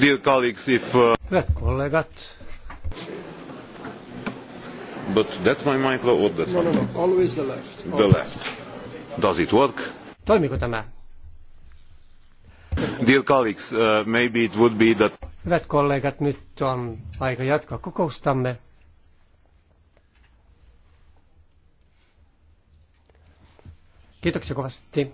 dear colleagues, if... Uh, kollegat. But that's my micro or that's no, no, no. Always the left. Always. The left. Does it work? Toimiko Dear colleagues, uh, maybe it would be that... Hyvät kollegat, nyt on aika jatkaa kokoustamme. Kiitoksia kovasti.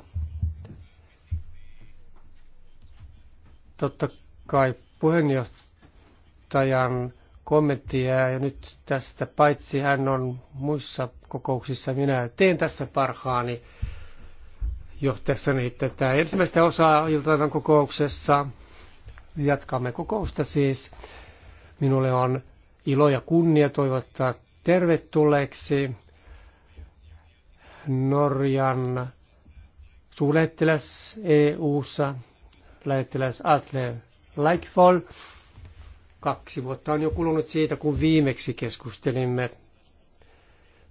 Totta kai puheenjohtajan kommenttia ja nyt tästä, paitsi hän on muissa kokouksissa, minä teen tässä parhaani johtessani tätä ensimmäistä osaa iltapäivän kokouksessa. Jatkamme kokousta siis. Minulle on ilo ja kunnia toivottaa tervetulleeksi Norjan suurlähettiläs EU-ssa, lähettiläs Atle Lightfall. Kaksi vuotta on jo kulunut siitä, kun viimeksi keskustelimme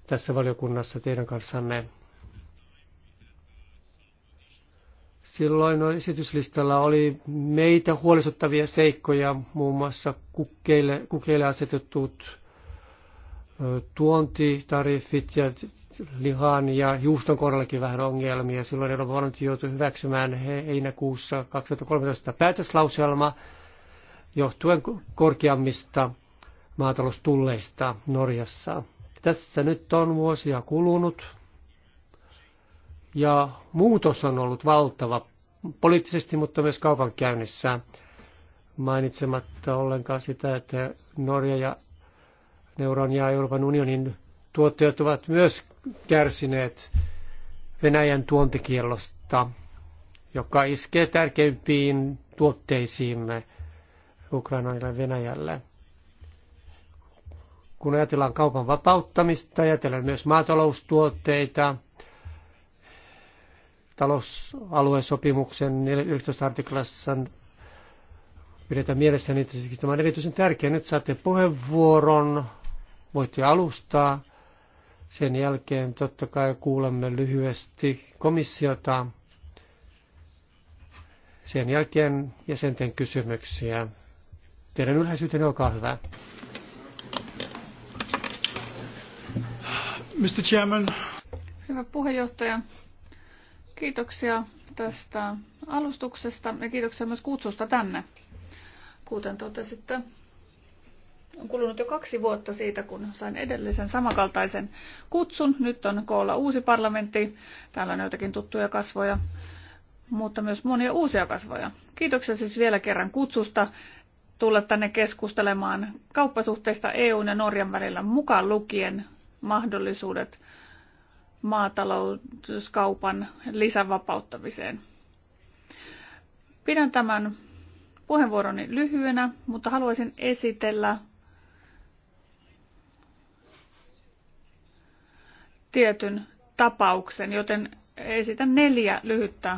tässä valiokunnassa teidän kanssanne. Silloin esityslistalla oli meitä huolestuttavia seikkoja, muun muassa kukkeille, kukeille asetetut tuontitariffit ja lihan ja juuston kohdallakin vähän ongelmia. Silloin Euroopan parlamentti joutui hyväksymään heinäkuussa 2013 päätöslauselma johtuen korkeammista maataloustulleista Norjassa. Tässä nyt on vuosia kulunut ja muutos on ollut valtava poliittisesti, mutta myös kaupankäynnissä mainitsematta ollenkaan sitä, että Norja ja euron ja Euroopan unionin tuottajat ovat myös kärsineet Venäjän tuontikiellosta, joka iskee tärkeimpiin tuotteisiimme Ukrainalle ja Venäjälle. Kun ajatellaan kaupan vapauttamista, ajatellaan myös maataloustuotteita, talousaluesopimuksen 11 artiklassa pidetään mielessäni, niin että tämä on erityisen tärkeää. Nyt saatte puheenvuoron voitte alustaa. Sen jälkeen totta kai kuulemme lyhyesti komissiota. Sen jälkeen jäsenten kysymyksiä. Teidän ylhäisyyteen olkaa hyvä. Mr. Chairman. Hyvä puheenjohtaja. Kiitoksia tästä alustuksesta ja kiitoksia myös kutsusta tänne. Kuten totesitte, on kulunut jo kaksi vuotta siitä, kun sain edellisen samankaltaisen kutsun. Nyt on koolla uusi parlamentti. Täällä on joitakin tuttuja kasvoja, mutta myös monia uusia kasvoja. Kiitoksia siis vielä kerran kutsusta tulla tänne keskustelemaan kauppasuhteista EUn ja Norjan välillä mukaan lukien mahdollisuudet maatalouskaupan lisävapauttamiseen. Pidän tämän puheenvuoroni lyhyenä, mutta haluaisin esitellä tietyn tapauksen, joten esitän neljä lyhyttä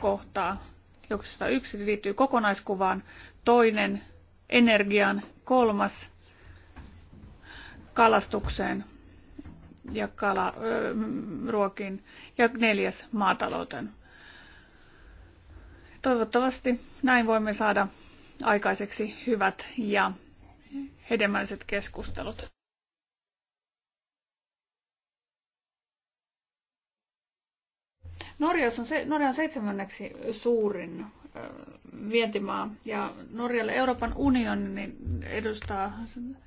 kohtaa, josta yksi liittyy kokonaiskuvaan, toinen energiaan, kolmas kalastukseen ja kala, ruokin ruokiin ja neljäs maatalouteen. Toivottavasti näin voimme saada aikaiseksi hyvät ja hedelmälliset keskustelut. Norjassa on se, Norjan seitsemänneksi suurin vientimaa ja Norjalle Euroopan unioni niin edustaa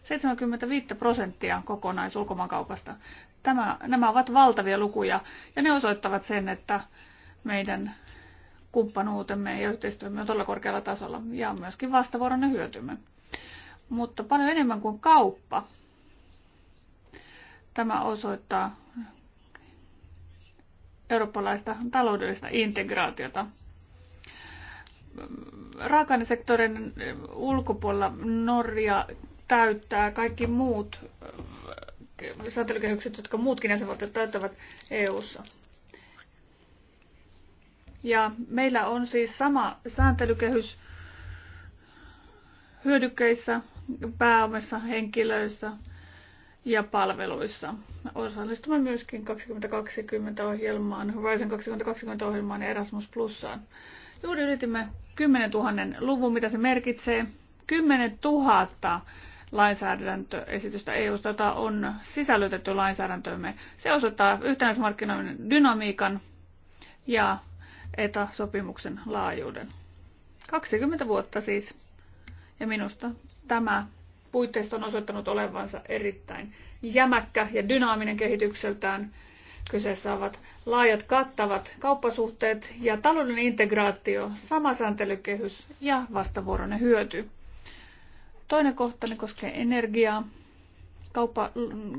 75 prosenttia kokonaisulkomaankaupasta. Tämä, nämä ovat valtavia lukuja ja ne osoittavat sen, että meidän kumppanuutemme ja yhteistyömme on todella korkealla tasolla ja myöskin vastavuoroinen hyötymme. Mutta paljon enemmän kuin kauppa. Tämä osoittaa eurooppalaista taloudellista integraatiota. Raaka-ainesektorin ulkopuolella Norja täyttää kaikki muut eh, sääntelykehykset, jotka muutkin jäsenvaltiot täyttävät EU-ssa. Ja meillä on siis sama sääntelykehys hyödykkeissä, pääomassa, henkilöissä, ja palveluissa. Osallistumme myöskin 2020-ohjelmaan, Horizon 2020-ohjelmaan ja Erasmus Plusaan. Juuri ylitimme 10 000 luvun, mitä se merkitsee. 10 000 lainsäädäntöesitystä EUsta, jota on sisällytetty lainsäädäntöömme. Se osoittaa yhtenäismarkkinoiden dynamiikan ja ETA-sopimuksen laajuuden. 20 vuotta siis. Ja minusta tämä puitteista on osoittanut olevansa erittäin jämäkkä ja dynaaminen kehitykseltään. Kyseessä ovat laajat kattavat kauppasuhteet ja taloudellinen integraatio, sama sääntelykehys ja vastavuoroinen hyöty. Toinen kohta ne koskee energiaa. Kauppa,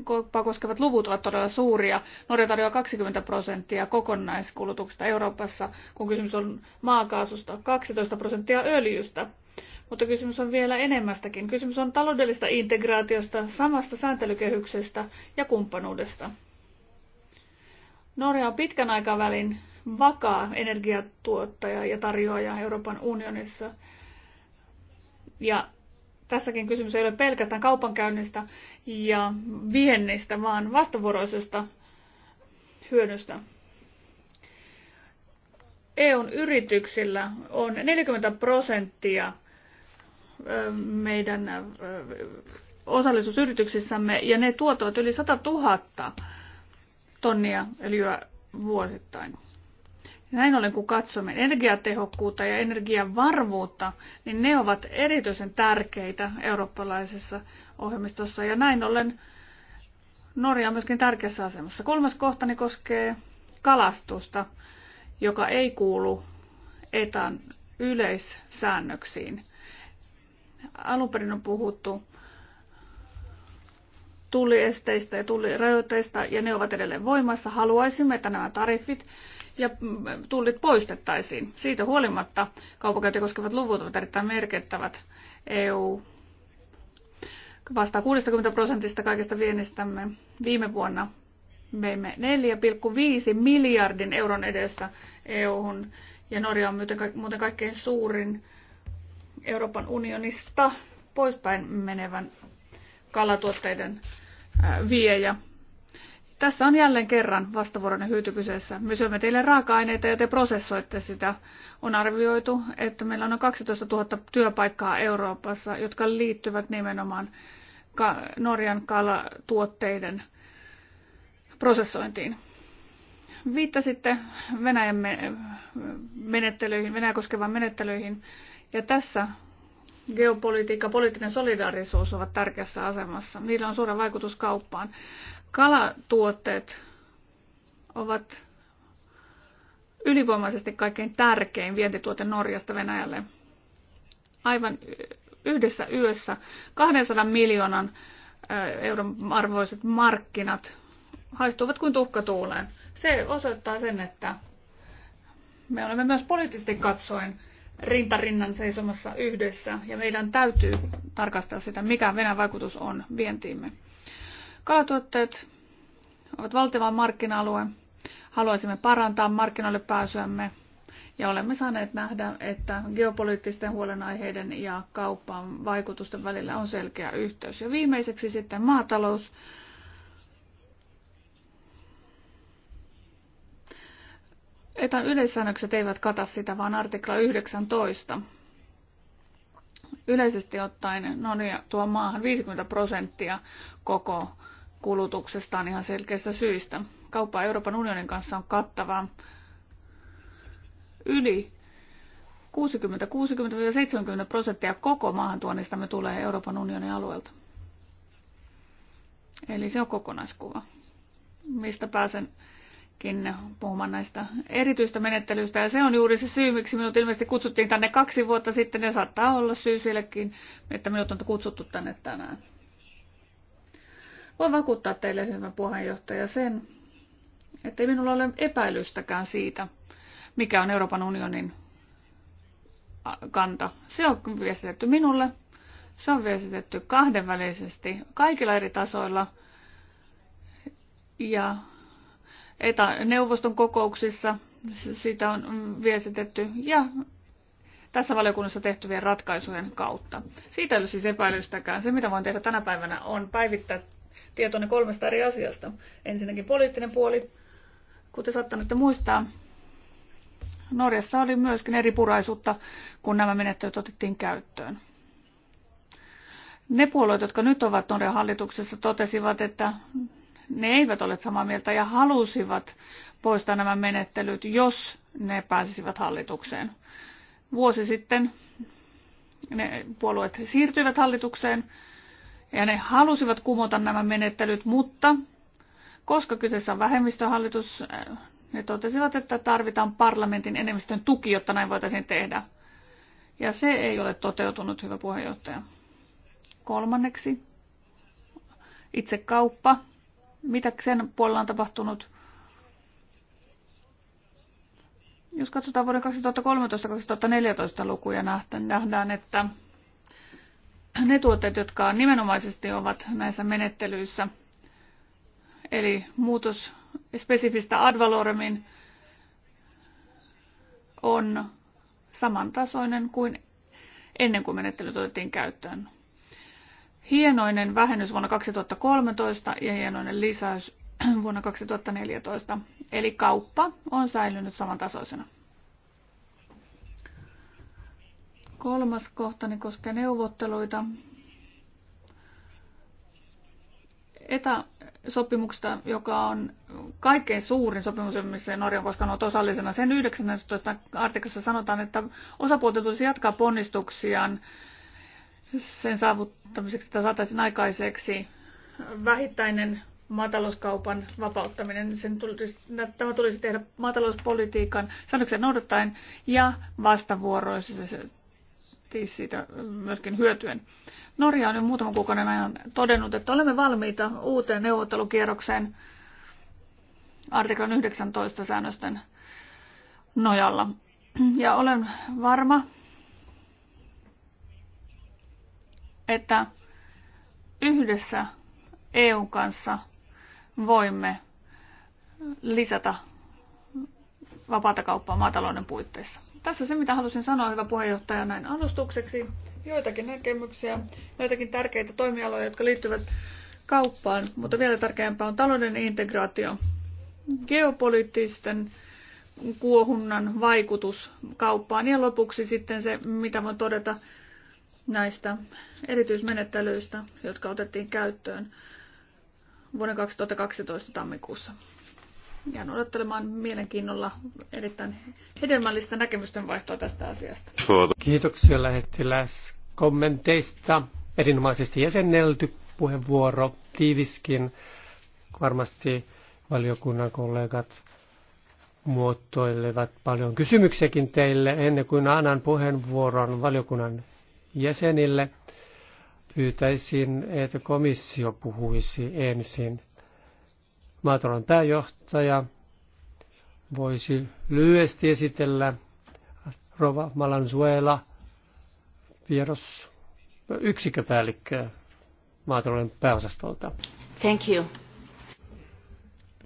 kauppaa koskevat luvut ovat todella suuria. Norja tarjoaa 20 prosenttia kokonaiskulutuksesta Euroopassa, kun kysymys on maakaasusta, 12 prosenttia öljystä mutta kysymys on vielä enemmästäkin. Kysymys on taloudellista integraatiosta, samasta sääntelykehyksestä ja kumppanuudesta. Norja on pitkän aikavälin vakaa energiatuottaja ja tarjoaja Euroopan unionissa. Ja tässäkin kysymys ei ole pelkästään kaupankäynnistä ja viennistä, vaan vastavuoroisesta hyödystä. EUn yrityksillä on 40 prosenttia meidän osallisuusyrityksissämme ja ne tuottavat yli 100 000 tonnia öljyä vuosittain. Näin ollen, kun katsomme energiatehokkuutta ja energiavarmuutta, niin ne ovat erityisen tärkeitä eurooppalaisessa ohjelmistossa. Ja näin ollen Norja on myöskin tärkeässä asemassa. Kolmas kohtani koskee kalastusta, joka ei kuulu etan yleissäännöksiin – Alun perin on puhuttu tulliesteistä ja tullirajoitteista, ja ne ovat edelleen voimassa. Haluaisimme, että nämä tariffit ja tullit poistettaisiin. Siitä huolimatta kaupankäyntiä koskevat luvut ovat erittäin merkittävät. EU vastaa 60 prosentista kaikesta viennistämme. Viime vuonna meimme 4,5 miljardin euron edestä EU-hun, ja Norja on muuten kaikkein suurin Euroopan unionista poispäin menevän kalatuotteiden viejä. Tässä on jälleen kerran vastavuoroinen hyyty kyseessä. Me syömme teille raaka-aineita ja te prosessoitte sitä. On arvioitu, että meillä on noin 12 000 työpaikkaa Euroopassa, jotka liittyvät nimenomaan Norjan kalatuotteiden prosessointiin. Viittasitte Venäjän menettelyihin, Venäjä koskevaan menettelyihin. Ja tässä geopolitiikka, poliittinen solidaarisuus ovat tärkeässä asemassa. Niillä on suora vaikutus kauppaan. Kalatuotteet ovat ylivoimaisesti kaikkein tärkein vientituote Norjasta Venäjälle. Aivan yhdessä yössä 200 miljoonan euron arvoiset markkinat haihtuvat kuin tuhkatuuleen. Se osoittaa sen, että me olemme myös poliittisesti katsoen rintarinnan seisomassa yhdessä ja meidän täytyy tarkastella sitä, mikä Venäjän vaikutus on vientiimme. Kalatuotteet ovat valtava markkina-alue. Haluaisimme parantaa markkinoille pääsyämme ja olemme saaneet nähdä, että geopoliittisten huolenaiheiden ja kaupan vaikutusten välillä on selkeä yhteys. Ja viimeiseksi sitten maatalous. Etan yleissäännökset eivät kata sitä, vaan artikla 19. Yleisesti ottaen no niin, tuo maahan 50 prosenttia koko kulutuksestaan ihan selkeistä syistä. Kauppa Euroopan unionin kanssa on kattavaa. Yli 60-70-70 prosenttia koko me tulee Euroopan unionin alueelta. Eli se on kokonaiskuva, mistä pääsen Kin puhumaan näistä erityistä menettelyistä. Ja se on juuri se syy, miksi minut ilmeisesti kutsuttiin tänne kaksi vuotta sitten ja saattaa olla syy sillekin, että minut on kutsuttu tänne tänään. Voin vakuuttaa teille, hyvä puheenjohtaja, sen, että ei minulla ole epäilystäkään siitä, mikä on Euroopan unionin kanta. Se on viestitetty minulle, se on viestitetty kahdenvälisesti, kaikilla eri tasoilla. Ja ETA-neuvoston kokouksissa, siitä on viestitetty, ja tässä valiokunnassa tehtyvien ratkaisujen kautta. Siitä ei ole siis epäilystäkään. Se, mitä voin tehdä tänä päivänä, on päivittää tietoinen kolmesta eri asiasta. Ensinnäkin poliittinen puoli. Kuten saattanette muistaa, Norjassa oli myöskin eri puraisuutta, kun nämä menettelyt otettiin käyttöön. Ne puolueet, jotka nyt ovat Norjan hallituksessa, totesivat, että ne eivät ole samaa mieltä ja halusivat poistaa nämä menettelyt, jos ne pääsisivät hallitukseen. Vuosi sitten ne puolueet siirtyivät hallitukseen ja ne halusivat kumota nämä menettelyt, mutta koska kyseessä on vähemmistöhallitus, ne totesivat, että tarvitaan parlamentin enemmistön tuki, jotta näin voitaisiin tehdä. Ja se ei ole toteutunut, hyvä puheenjohtaja. Kolmanneksi, itse kauppa mitä sen puolella on tapahtunut. Jos katsotaan vuoden 2013-2014 lukuja, nähdään, että ne tuotteet, jotka nimenomaisesti ovat näissä menettelyissä, eli muutos spesifistä advaloremin, on samantasoinen kuin ennen kuin menettely otettiin käyttöön hienoinen vähennys vuonna 2013 ja hienoinen lisäys vuonna 2014. Eli kauppa on säilynyt samantasoisena. Kolmas kohtani koskee neuvotteluita. Etäsopimuksesta, joka on kaikkein suurin sopimus, missä Norja on koskaan ollut osallisena. Sen 19. artiklassa sanotaan, että osapuolten tulisi jatkaa ponnistuksiaan sen saavuttamiseksi, tai saataisiin aikaiseksi vähittäinen maatalouskaupan vapauttaminen. Sen tulisi, tämä tulisi tehdä maatalouspolitiikan säännöksen noudattaen ja vastavuoroisesti siitä myöskin hyötyen. Norja on jo muutaman kuukauden ajan todennut, että olemme valmiita uuteen neuvottelukierrokseen artiklan 19 säännösten nojalla. Ja olen varma, että yhdessä EUn kanssa voimme lisätä vapaata kauppaa maatalouden puitteissa. Tässä se, mitä halusin sanoa, hyvä puheenjohtaja, näin alustukseksi. Joitakin näkemyksiä, joitakin tärkeitä toimialoja, jotka liittyvät kauppaan, mutta vielä tärkeämpää on talouden integraatio, geopoliittisten kuohunnan vaikutus kauppaan ja lopuksi sitten se, mitä voin todeta näistä erityismenettelyistä, jotka otettiin käyttöön vuoden 2012 tammikuussa. Jään odottelemaan mielenkiinnolla erittäin hedelmällistä näkemysten vaihtoa tästä asiasta. Kiitoksia lähettiläs kommenteista. Erinomaisesti jäsennelty puheenvuoro, tiiviskin. Varmasti valiokunnan kollegat muotoilevat paljon kysymyksiäkin teille ennen kuin annan puheenvuoron valiokunnan jäsenille. Pyytäisin, että komissio puhuisi ensin. Maatalon pääjohtaja voisi lyhyesti esitellä Rova Malanzuela, vieros yksikköpäällikkö maatalouden pääosastolta. Thank you.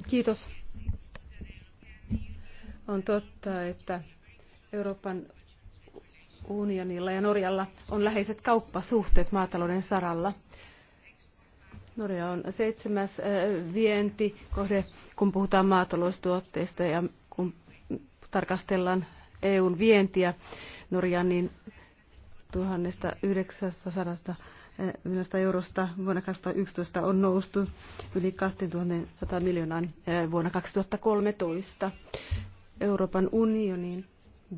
Kiitos. On totta, että Euroopan unionilla ja Norjalla on läheiset kauppasuhteet maatalouden saralla. Norja on seitsemäs vientikohde, kun puhutaan maataloustuotteista ja kun tarkastellaan EUn vientiä Norjaan, niin 1900 eurosta vuonna 2011 on noustu yli 2100 miljoonaan vuonna 2013. Euroopan unionin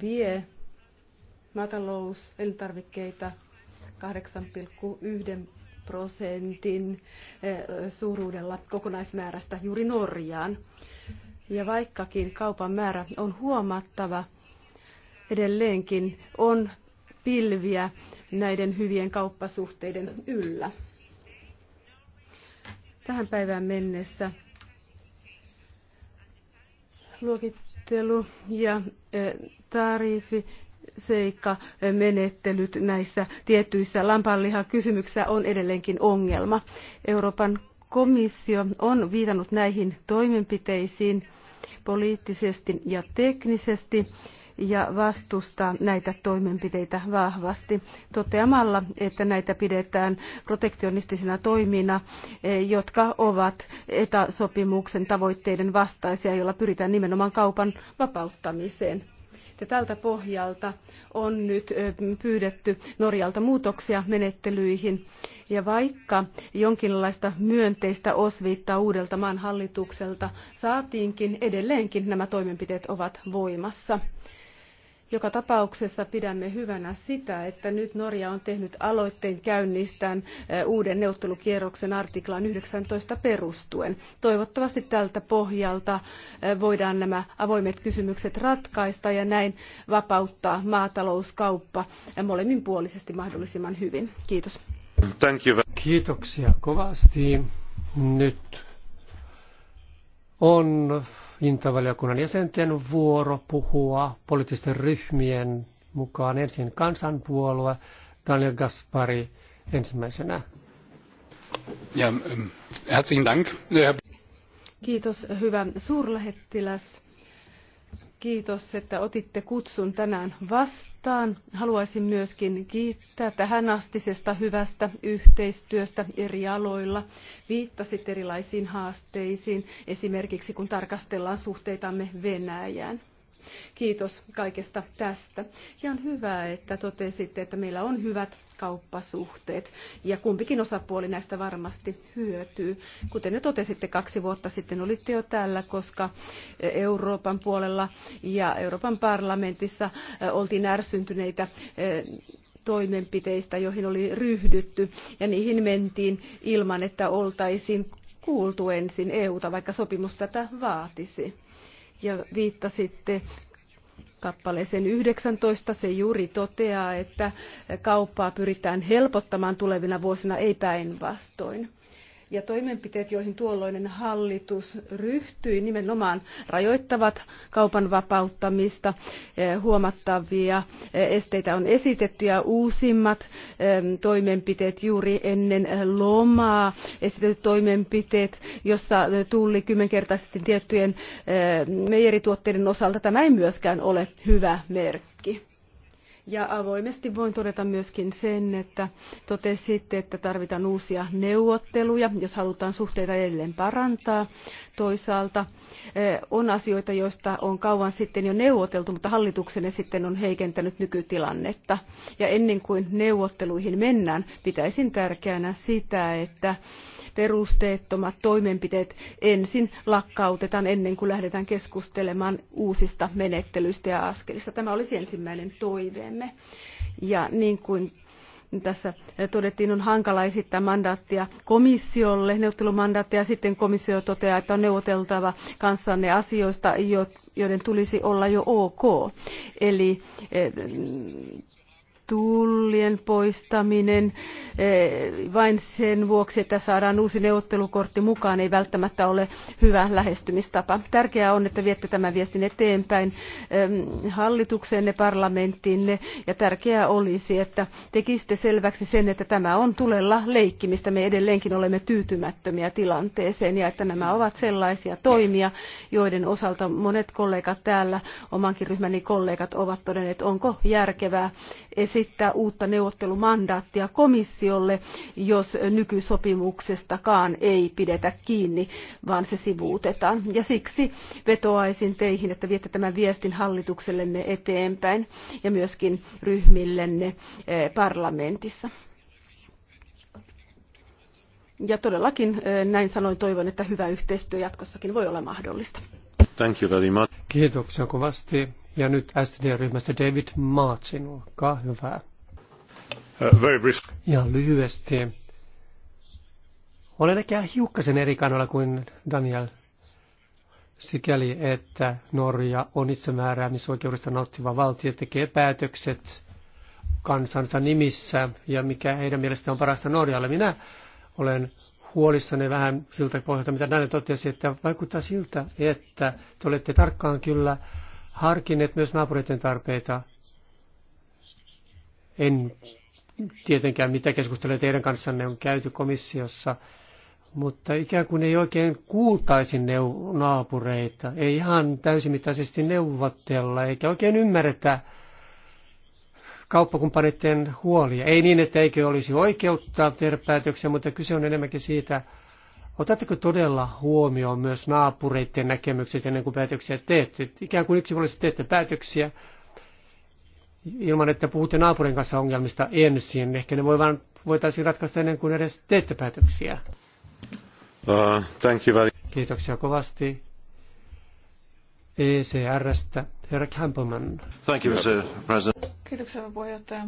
vie maatalous, elintarvikkeita 8,1 prosentin eh, suuruudella kokonaismäärästä juuri Norjaan. Ja vaikkakin kaupan määrä on huomattava, edelleenkin on pilviä näiden hyvien kauppasuhteiden yllä. Tähän päivään mennessä luokittelu ja eh, tarifi seikka menettelyt näissä tietyissä lampanlihakysymyksissä on edelleenkin ongelma. Euroopan komissio on viitannut näihin toimenpiteisiin poliittisesti ja teknisesti ja vastustaa näitä toimenpiteitä vahvasti toteamalla, että näitä pidetään protektionistisina toimina, eh, jotka ovat etäsopimuksen tavoitteiden vastaisia, joilla pyritään nimenomaan kaupan vapauttamiseen. Ja tältä pohjalta on nyt pyydetty Norjalta muutoksia menettelyihin. Ja vaikka jonkinlaista myönteistä osviittaa uudelta maan hallitukselta saatiinkin, edelleenkin nämä toimenpiteet ovat voimassa. Joka tapauksessa pidämme hyvänä sitä, että nyt Norja on tehnyt aloitteen käynnistään eh, uuden neuvottelukierroksen artiklaan 19 perustuen. Toivottavasti tältä pohjalta eh, voidaan nämä avoimet kysymykset ratkaista ja näin vapauttaa maatalouskauppa eh, molemminpuolisesti mahdollisimman hyvin. Kiitos. Kiitoksia kovasti. Nyt on intavaliokunnan jäsenten vuoro puhua poliittisten ryhmien mukaan ensin kansanpuolue, Daniel Gaspari ensimmäisenä. Ja, ähm, herzlichen Dank. Äh, Kiitos, hyvä suurlähettiläs. Kiitos, että otitte kutsun tänään vastaan. Haluaisin myöskin kiittää tähänastisesta hyvästä yhteistyöstä eri aloilla. Viittasit erilaisiin haasteisiin, esimerkiksi kun tarkastellaan suhteitamme Venäjään. Kiitos kaikesta tästä. Ja on hyvä, että totesitte, että meillä on hyvät kauppasuhteet. Ja kumpikin osapuoli näistä varmasti hyötyy. Kuten nyt totesitte, kaksi vuotta sitten olitte jo täällä, koska Euroopan puolella ja Euroopan parlamentissa eh, oltiin ärsyntyneitä eh, toimenpiteistä, joihin oli ryhdytty, ja niihin mentiin ilman, että oltaisiin kuultu ensin EUta, vaikka sopimus tätä vaatisi. Ja viittasitte kappaleeseen 19. Se juuri toteaa, että kauppaa pyritään helpottamaan tulevina vuosina, ei päinvastoin. Ja toimenpiteet, joihin tuolloinen hallitus ryhtyi, nimenomaan rajoittavat kaupan vapauttamista. Eh, huomattavia eh, esteitä on esitetty ja uusimmat eh, toimenpiteet juuri ennen lomaa, esitetyt toimenpiteet, jossa tulli kymmenkertaisesti tiettyjen meijerituotteiden osalta. Tämä ei myöskään ole hyvä merkki. Ja avoimesti voin todeta myöskin sen, että totesitte, että tarvitaan uusia neuvotteluja, jos halutaan suhteita edelleen parantaa. Toisaalta eh, on asioita, joista on kauan sitten jo neuvoteltu, mutta hallituksenne sitten on heikentänyt nykytilannetta. Ja ennen kuin neuvotteluihin mennään, pitäisin tärkeänä sitä, että perusteettomat toimenpiteet ensin lakkautetaan ennen kuin lähdetään keskustelemaan uusista menettelyistä ja askelista. Tämä olisi ensimmäinen toiveemme. Ja niin kuin tässä todettiin, on hankala esittää mandaattia komissiolle, neuvottelumandaattia, ja sitten komissio toteaa, että on neuvoteltava kanssanne asioista, joiden tulisi olla jo ok. Eli eh, tullien poistaminen eh, vain sen vuoksi, että saadaan uusi neuvottelukortti mukaan, ei välttämättä ole hyvä lähestymistapa. Tärkeää on, että viette tämän viestin eteenpäin ehm, hallitukseenne, parlamenttiinne ja tärkeää olisi, että tekisitte selväksi sen, että tämä on tulella leikki, mistä me edelleenkin olemme tyytymättömiä tilanteeseen ja että nämä ovat sellaisia toimia, joiden osalta monet kollegat täällä, omankin ryhmäni kollegat, ovat todenneet, onko järkevää esittää uutta neuvottelumandaattia komissiolle, jos nykysopimuksestakaan ei pidetä kiinni, vaan se sivuutetaan. Ja siksi vetoaisin teihin, että viette tämän viestin hallituksellenne eteenpäin ja myöskin ryhmillenne eh, parlamentissa. Ja todellakin eh, näin sanoin toivon, että hyvä yhteistyö jatkossakin voi olla mahdollista. Thank you very much. Kiitoksia kovasti. Ja nyt STD-ryhmästä David Maatsin, olkaa hyvä. Uh, very brief. Ja lyhyesti. Olen ehkä hiukkasen eri kannalla kuin Daniel sikäli, että Norja on itsemääräämisoikeudesta nauttiva valtio, tekee päätökset kansansa nimissä ja mikä heidän mielestään on parasta Norjalle. Minä olen huolissani vähän siltä pohjalta, mitä Daniel totesi, että vaikuttaa siltä, että te olette tarkkaan kyllä harkinneet myös naapureiden tarpeita. En tietenkään mitä keskustelua teidän kanssanne on käyty komissiossa, mutta ikään kuin ei oikein kuultaisi neu- naapureita, ei ihan täysimittaisesti neuvotella, eikä oikein ymmärretä kauppakumppaneiden huolia. Ei niin, että eikö olisi oikeutta tehdä päätöksiä, mutta kyse on enemmänkin siitä, Otatteko todella huomioon myös naapureiden näkemykset ennen kuin päätöksiä teette? Ikään kuin yksipuolisesti teette päätöksiä ilman, että puhutte naapurin kanssa ongelmista ensin. Ehkä ne voi vain, voitaisiin ratkaista ennen kuin edes teette päätöksiä. Uh, thank you very... Kiitoksia kovasti. ECRstä herra Campbellman. Thank you, Mr. President. Kiitoksia, puheenjohtaja.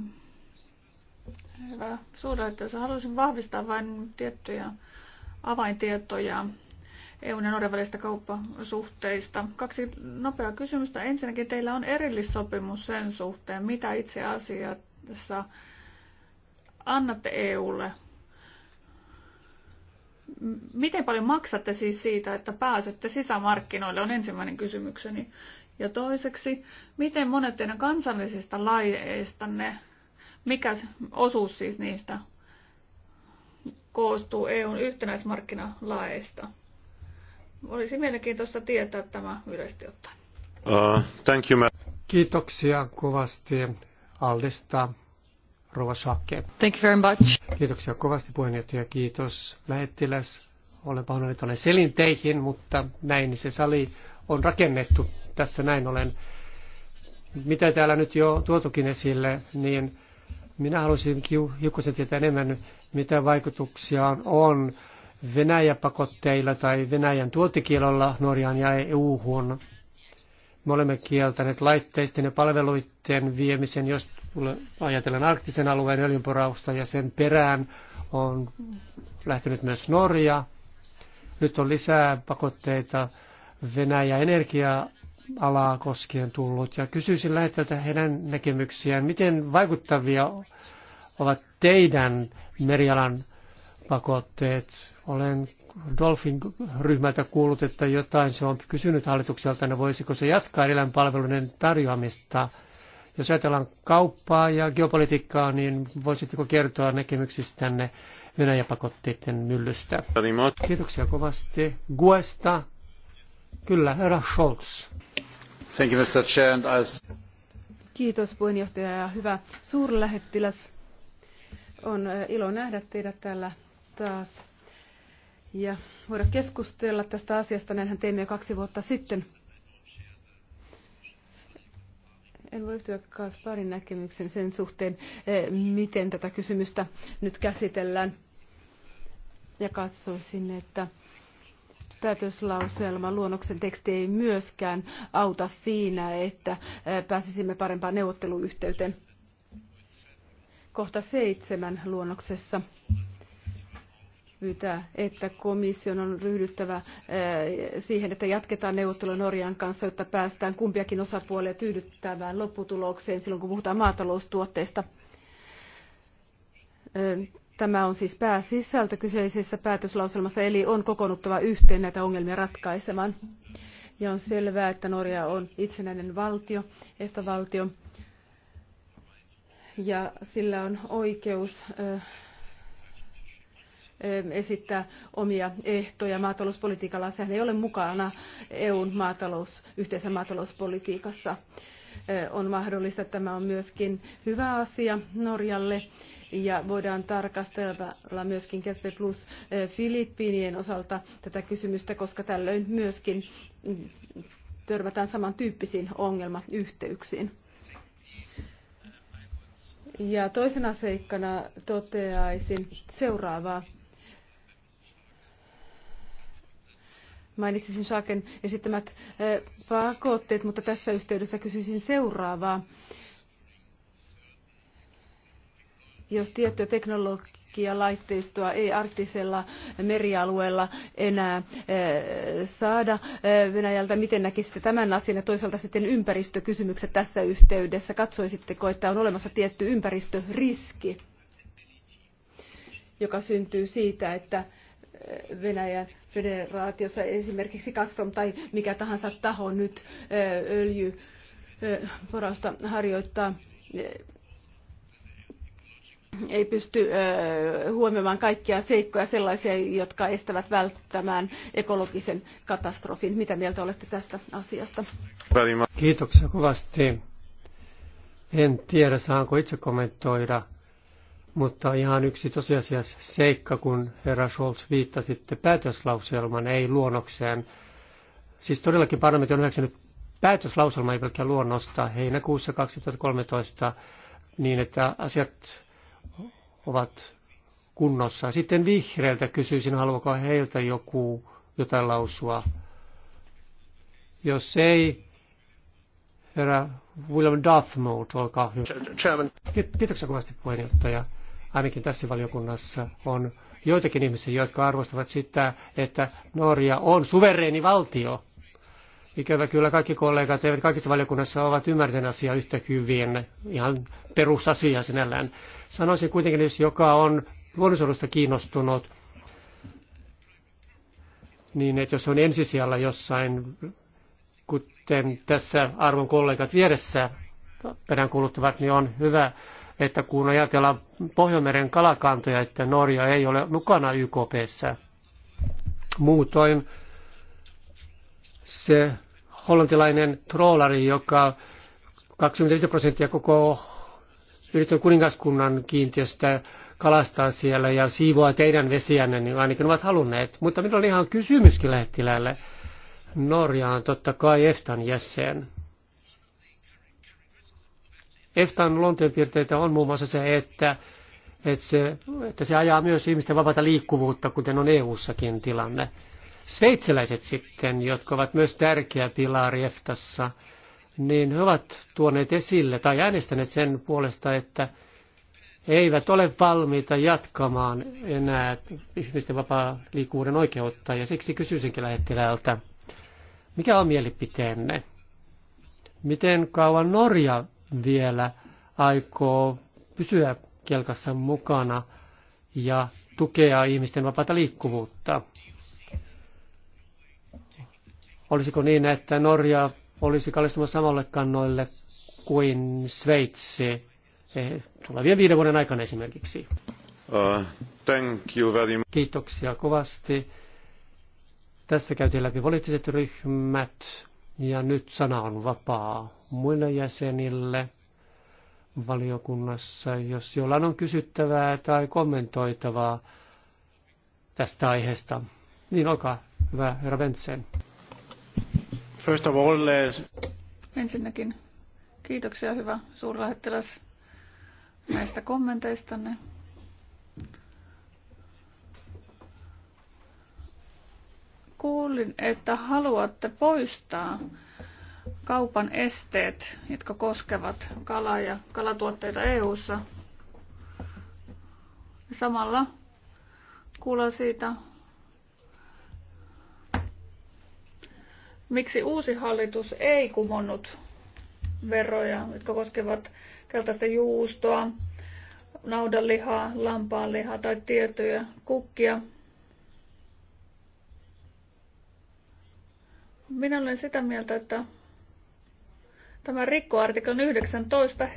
Hyvä. että haluaisin vahvistaa vain tiettyjä avaintietoja EUn ja Norjan välistä kauppasuhteista. Kaksi nopeaa kysymystä. Ensinnäkin teillä on erillissopimus sen suhteen, mitä itse asiassa annatte EUlle. Miten paljon maksatte siis siitä, että pääsette sisämarkkinoille, on ensimmäinen kysymykseni. Ja toiseksi, miten monet teidän kansallisista lajeistanne, mikä osuus siis niistä koostuu EUn yhtenäismarkkinalaeista. Olisi mielenkiintoista tietää tämä yleisesti ottaen. Uh, thank you, Kiitoksia kovasti Aldesta. Rova Thank you very much. Kiitoksia kovasti puheenjohtaja. Kiitos lähettiläs. Olen pahoillani, että olen selin teihin, mutta näin se sali on rakennettu. Tässä näin olen. Mitä täällä nyt jo tuotukin esille, niin minä haluaisin hiukkasen tietää enemmän mitä vaikutuksia on Venäjä-pakotteilla tai Venäjän tuotikielolla Norjaan ja eu huon Me olemme kieltäneet laitteisten ja palveluiden viemisen, jos ajatellaan arktisen alueen öljynporausta ja sen perään on lähtenyt myös Norja. Nyt on lisää pakotteita Venäjä energia-alaa koskien tullut ja kysyisin lähettäjältä heidän näkemyksiään, miten vaikuttavia ovat teidän merialan pakotteet? Olen Dolphin ryhmältä kuullut, että jotain se on kysynyt hallitukselta, no voisiko se jatkaa edellä palveluiden tarjoamista. Jos ajatellaan kauppaa ja geopolitiikkaa, niin voisitteko kertoa näkemyksistänne Venäjäpakotteiden myllystä? Kiitoksia kovasti. Guesta. Kyllä, herra Scholz. Thank you, Mr. Chair, Kiitos puheenjohtaja ja hyvä suurlähettiläs. On ilo nähdä teidät täällä taas ja voida keskustella tästä asiasta. Näinhän teimme jo kaksi vuotta sitten. En voi yhtyä Kasparin näkemyksen sen suhteen, miten tätä kysymystä nyt käsitellään. Ja katsoisin, että päätöslauselma luonnoksen teksti ei myöskään auta siinä, että pääsisimme parempaan neuvotteluyhteyteen kohta seitsemän luonnoksessa pyytää, että komission on ryhdyttävä eh, siihen, että jatketaan neuvotteluja Norjan kanssa, jotta päästään kumpiakin osapuolia tyydyttävään lopputulokseen silloin, kun puhutaan maataloustuotteista. Eh, tämä on siis pääsisältö kyseisessä päätöslauselmassa, eli on kokoonnuttava yhteen näitä ongelmia ratkaisemaan. Ja on selvää, että Norja on itsenäinen valtio, EFTA-valtio, ja sillä on oikeus esittää omia ehtoja maatalouspolitiikalla. Sehän ei ole mukana EUn maatalous, yhteisen maatalouspolitiikassa. On mahdollista, että tämä on myöskin hyvä asia Norjalle ja voidaan tarkastella myöskin Kespe Plus Filippiinien osalta tätä kysymystä, koska tällöin myöskin törmätään samantyyppisiin ongelmayhteyksiin. Ja toisena seikkana toteaisin seuraavaa. Mainitsisin Schaken esittämät pakotteet, mutta tässä yhteydessä kysyisin seuraavaa. Jos tiettyä teknologiaa tutkia laitteistoa ei arktisella merialueella enää eh, saada eh, Venäjältä. Miten näkisitte tämän asian ja toisaalta sitten ympäristökysymykset tässä yhteydessä? Katsoisitteko, että on olemassa tietty ympäristöriski, joka syntyy siitä, että eh, Venäjän federaatiossa esimerkiksi Gazprom tai mikä tahansa taho nyt öljy porausta harjoittaa ei pysty huomioimaan kaikkia seikkoja, sellaisia, jotka estävät välttämään ekologisen katastrofin. Mitä mieltä olette tästä asiasta? Kiitoksia kovasti. En tiedä, saanko itse kommentoida, mutta ihan yksi tosiasias seikka, kun herra Scholz viittasitte päätöslauselman, ei luonnokseen. Siis todellakin parlamentti on hyväksynyt päätöslauselma, ei pelkkää luonnosta, heinäkuussa 2013, niin että asiat ovat kunnossa. Sitten vihreiltä kysyisin, haluaako heiltä joku jotain lausua. Jos ei, herra William Dartmouth, olkaa hyvä. Chairman. Kiitoksia kovasti puheenjohtaja. Ainakin tässä valiokunnassa on joitakin ihmisiä, jotka arvostavat sitä, että Norja on suvereeni valtio. Ikävä kyllä kaikki kollegat eivät kaikissa valiokunnassa ovat ymmärtäneet asiaa yhtä hyvin, ihan perusasia sinällään. Sanoisin kuitenkin, että jos joka on luonnonsuojelusta kiinnostunut, niin että jos on ensisijalla jossain, kuten tässä arvon kollegat vieressä peräänkuuluttavat, niin on hyvä, että kun ajatellaan Pohjanmeren kalakantoja, että Norja ei ole mukana YKPssä. Muutoin se hollantilainen troolari, joka 25 prosenttia koko yritetty kuningaskunnan kiintiöstä kalastaa siellä ja siivoaa teidän vesiänne, niin ainakin ovat halunneet. Mutta minulla oli ihan kysymyskin lähettilälle. Norja on totta kai EFTAn jäsen. EFTAn luonteenpiirteitä on muun muassa se, että, että se, että se ajaa myös ihmisten vapaata liikkuvuutta, kuten on EU-sakin tilanne sveitsiläiset sitten, jotka ovat myös tärkeä pilari EFTassa, niin he ovat tuoneet esille tai äänestäneet sen puolesta, että eivät ole valmiita jatkamaan enää ihmisten vapaa liikkuuden oikeutta. Ja siksi kysyisinkin lähettilältä, mikä on mielipiteenne? Miten kauan Norja vielä aikoo pysyä kelkassa mukana ja tukea ihmisten vapaata liikkuvuutta? Olisiko niin, että Norja olisi kallistumassa samalle kannoille kuin Sveitsi eh, tulevien viiden vuoden aikana esimerkiksi? Uh, thank you very much. Kiitoksia kovasti. Tässä käytiin läpi poliittiset ryhmät ja nyt sana on vapaa muille jäsenille valiokunnassa. Jos jollain on kysyttävää tai kommentoitavaa tästä aiheesta, niin olkaa hyvä, herra Bentsen. First of all, uh... Ensinnäkin kiitoksia hyvä suurlähettiläs näistä kommenteistanne. Kuulin, että haluatte poistaa kaupan esteet, jotka koskevat kalaa ja kalatuotteita EU:ssa. Samalla kuulla siitä, miksi uusi hallitus ei kumonnut veroja, jotka koskevat keltaista juustoa, naudanlihaa, lampaanlihaa tai tiettyjä kukkia. Minä olen sitä mieltä, että tämä rikko artiklan 19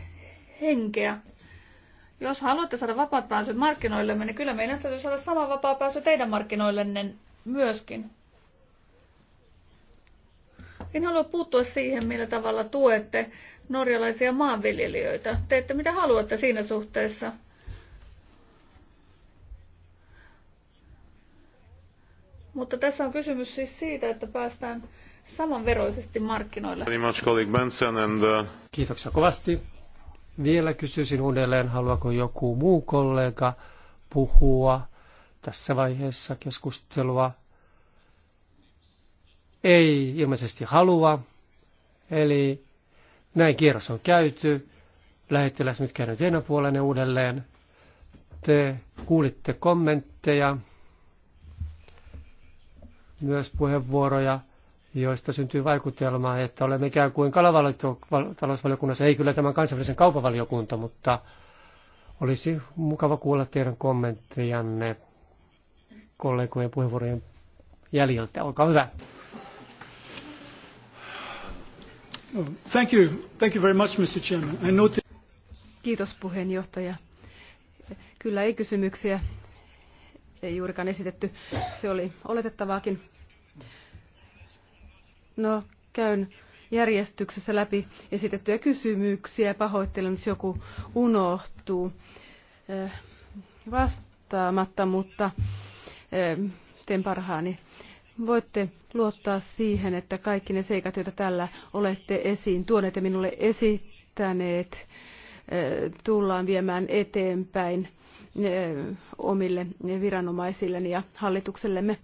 henkeä. Jos haluatte saada vapaat pääsyt markkinoillemme, niin kyllä meidän täytyy saada sama vapaa pääsy teidän markkinoillenne myöskin. En halua puuttua siihen, millä tavalla tuette norjalaisia maanviljelijöitä. Teette mitä haluatte siinä suhteessa. Mutta tässä on kysymys siis siitä, että päästään samanveroisesti markkinoille. Uh, Kiitoksia kovasti. Vielä kysyisin uudelleen, haluaako joku muu kollega puhua tässä vaiheessa keskustelua ei ilmeisesti halua. Eli näin kierros on käyty. Lähettiläs nyt käynyt teidän puolenne uudelleen. Te kuulitte kommentteja, myös puheenvuoroja, joista syntyy vaikutelma, että olemme ikään kuin kalatalousvaliokunnassa, ei kyllä tämän kansainvälisen kaupavaliokunta, mutta olisi mukava kuulla teidän kommenttejanne kollegojen puheenvuorojen jäljiltä. Olkaa hyvä. Thank you. Thank you very much, Mr. Chairman. I Kiitos puheenjohtaja. Kyllä ei kysymyksiä ei juurikaan esitetty. Se oli oletettavaakin. No, käyn järjestyksessä läpi esitettyjä kysymyksiä. Pahoittelen, jos joku unohtuu eh, vastaamatta, mutta eh, teen parhaani voitte luottaa siihen, että kaikki ne seikat, joita tällä olette esiin tuoneet ja minulle esittäneet, eh, tullaan viemään eteenpäin eh, omille viranomaisilleni ja hallituksellemme.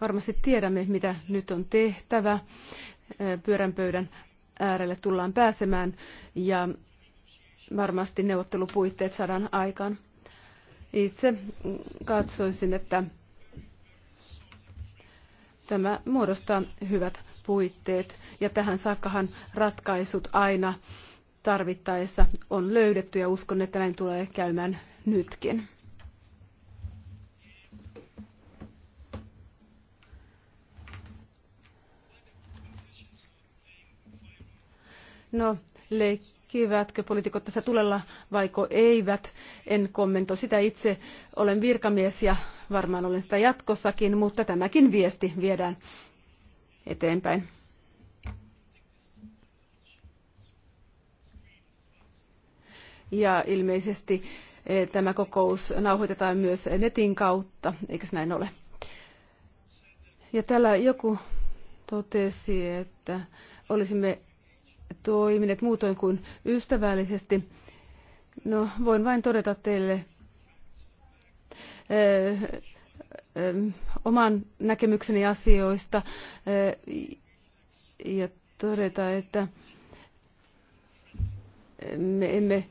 Varmasti tiedämme, mitä nyt on tehtävä. Eh, pöydän äärelle tullaan pääsemään ja varmasti neuvottelupuitteet saadaan aikaan. Itse katsoisin, että tämä muodostaa hyvät puitteet ja tähän saakkahan ratkaisut aina tarvittaessa on löydetty ja uskon, että näin tulee käymään nytkin. No, leikki näkivätkö poliitikot tässä tulella vaiko eivät. En kommentoi sitä itse. Olen virkamies ja varmaan olen sitä jatkossakin, mutta tämäkin viesti viedään eteenpäin. Ja ilmeisesti eh, tämä kokous nauhoitetaan myös netin kautta, eikös näin ole? Ja täällä joku totesi, että olisimme toimineet muutoin kuin ystävällisesti. No, voin vain todeta teille oman näkemykseni asioista ja todeta, että me emme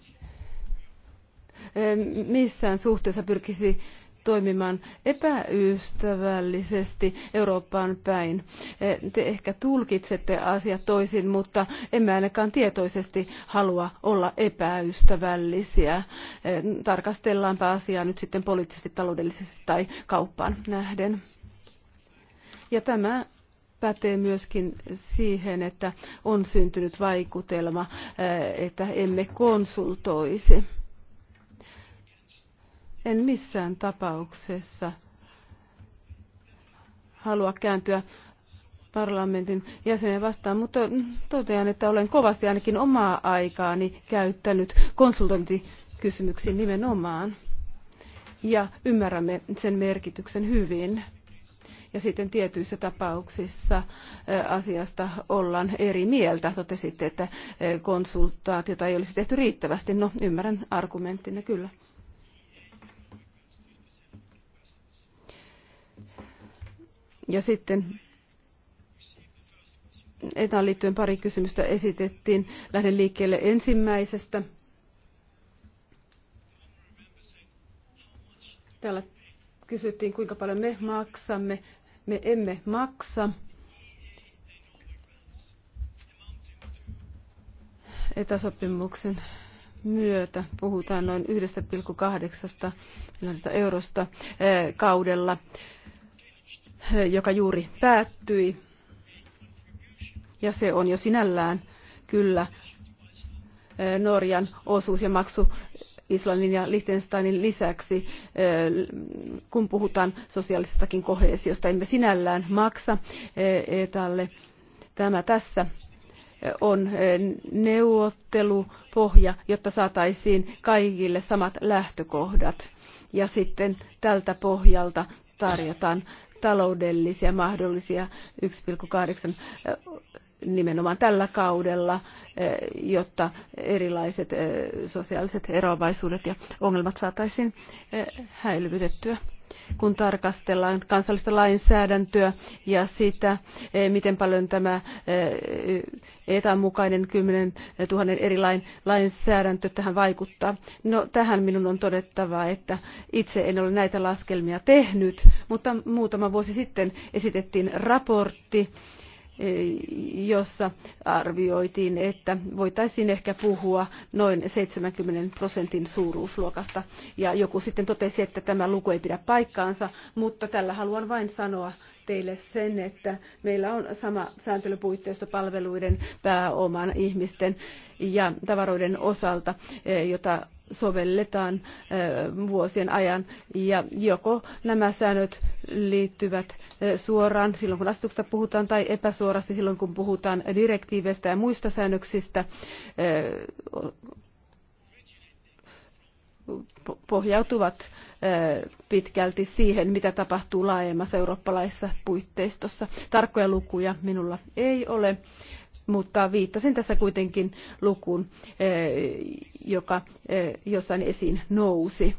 missään suhteessa pyrkisi toimimaan epäystävällisesti Eurooppaan päin. Eh, te ehkä tulkitsette asiat toisin, mutta emme ainakaan tietoisesti halua olla epäystävällisiä. Eh, tarkastellaanpa asiaa nyt sitten poliittisesti, taloudellisesti tai kauppaan nähden. Ja tämä pätee myöskin siihen, että on syntynyt vaikutelma, eh, että emme konsultoisi en missään tapauksessa halua kääntyä parlamentin jäsenen vastaan, mutta totean, että olen kovasti ainakin omaa aikaani käyttänyt konsultointikysymyksiin nimenomaan. Ja ymmärrämme sen merkityksen hyvin. Ja sitten tietyissä tapauksissa eh, asiasta ollaan eri mieltä. Totesitte, että eh, konsultaatiota ei olisi tehty riittävästi. No, ymmärrän argumenttinne kyllä. Ja sitten etaan liittyen pari kysymystä esitettiin. Lähden liikkeelle ensimmäisestä. Täällä kysyttiin, kuinka paljon me maksamme. Me emme maksa. Etäsopimuksen myötä puhutaan noin 1,8 eurosta eh, kaudella joka juuri päättyi. Ja se on jo sinällään kyllä Norjan osuus ja maksu Islannin ja Liechtensteinin lisäksi, kun puhutaan sosiaalisestakin koheesiosta, emme sinällään maksa etälle Tämä tässä on neuvottelupohja, jotta saataisiin kaikille samat lähtökohdat. Ja sitten tältä pohjalta tarjotaan taloudellisia mahdollisia 1,8 eh, nimenomaan tällä kaudella, eh, jotta erilaiset eh, sosiaaliset eroavaisuudet ja ongelmat saataisiin häilytettyä kun tarkastellaan kansallista lainsäädäntöä ja sitä, eh, miten paljon tämä eh, etan mukainen 10 000 eri lain, lainsäädäntö tähän vaikuttaa. No tähän minun on todettava, että itse en ole näitä laskelmia tehnyt, mutta muutama vuosi sitten esitettiin raportti, raportti, jossa arvioitiin, että voitaisiin ehkä puhua noin 70 prosentin suuruusluokasta. Ja joku sitten totesi, että tämä luku ei pidä paikkaansa, mutta tällä haluan vain sanoa teille sen, että meillä on sama sääntelypuitteisto palveluiden, pääoman, ihmisten ja tavaroiden osalta, eh, jota sovelletaan vuosien ajan ja joko nämä säännöt liittyvät suoraan silloin kun asetuksesta puhutaan tai epäsuorasti silloin kun puhutaan direktiiveistä ja muista säännöksistä pohjautuvat pitkälti siihen, mitä tapahtuu laajemmassa eurooppalaisessa puitteistossa. Tarkkoja lukuja minulla ei ole, mutta viittasin tässä kuitenkin lukuun, eh, joka eh, jossain esiin nousi.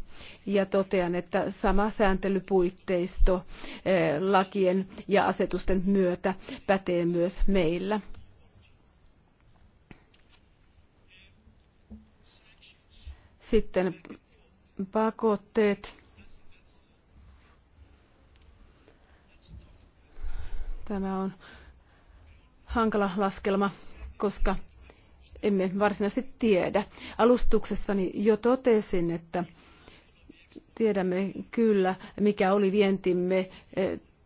Ja totean, että sama sääntelypuitteisto eh, lakien ja asetusten myötä pätee myös meillä. Sitten pakotteet. Tämä on hankala laskelma, koska emme varsinaisesti tiedä. Alustuksessani jo totesin, että tiedämme kyllä, mikä oli vientimme e,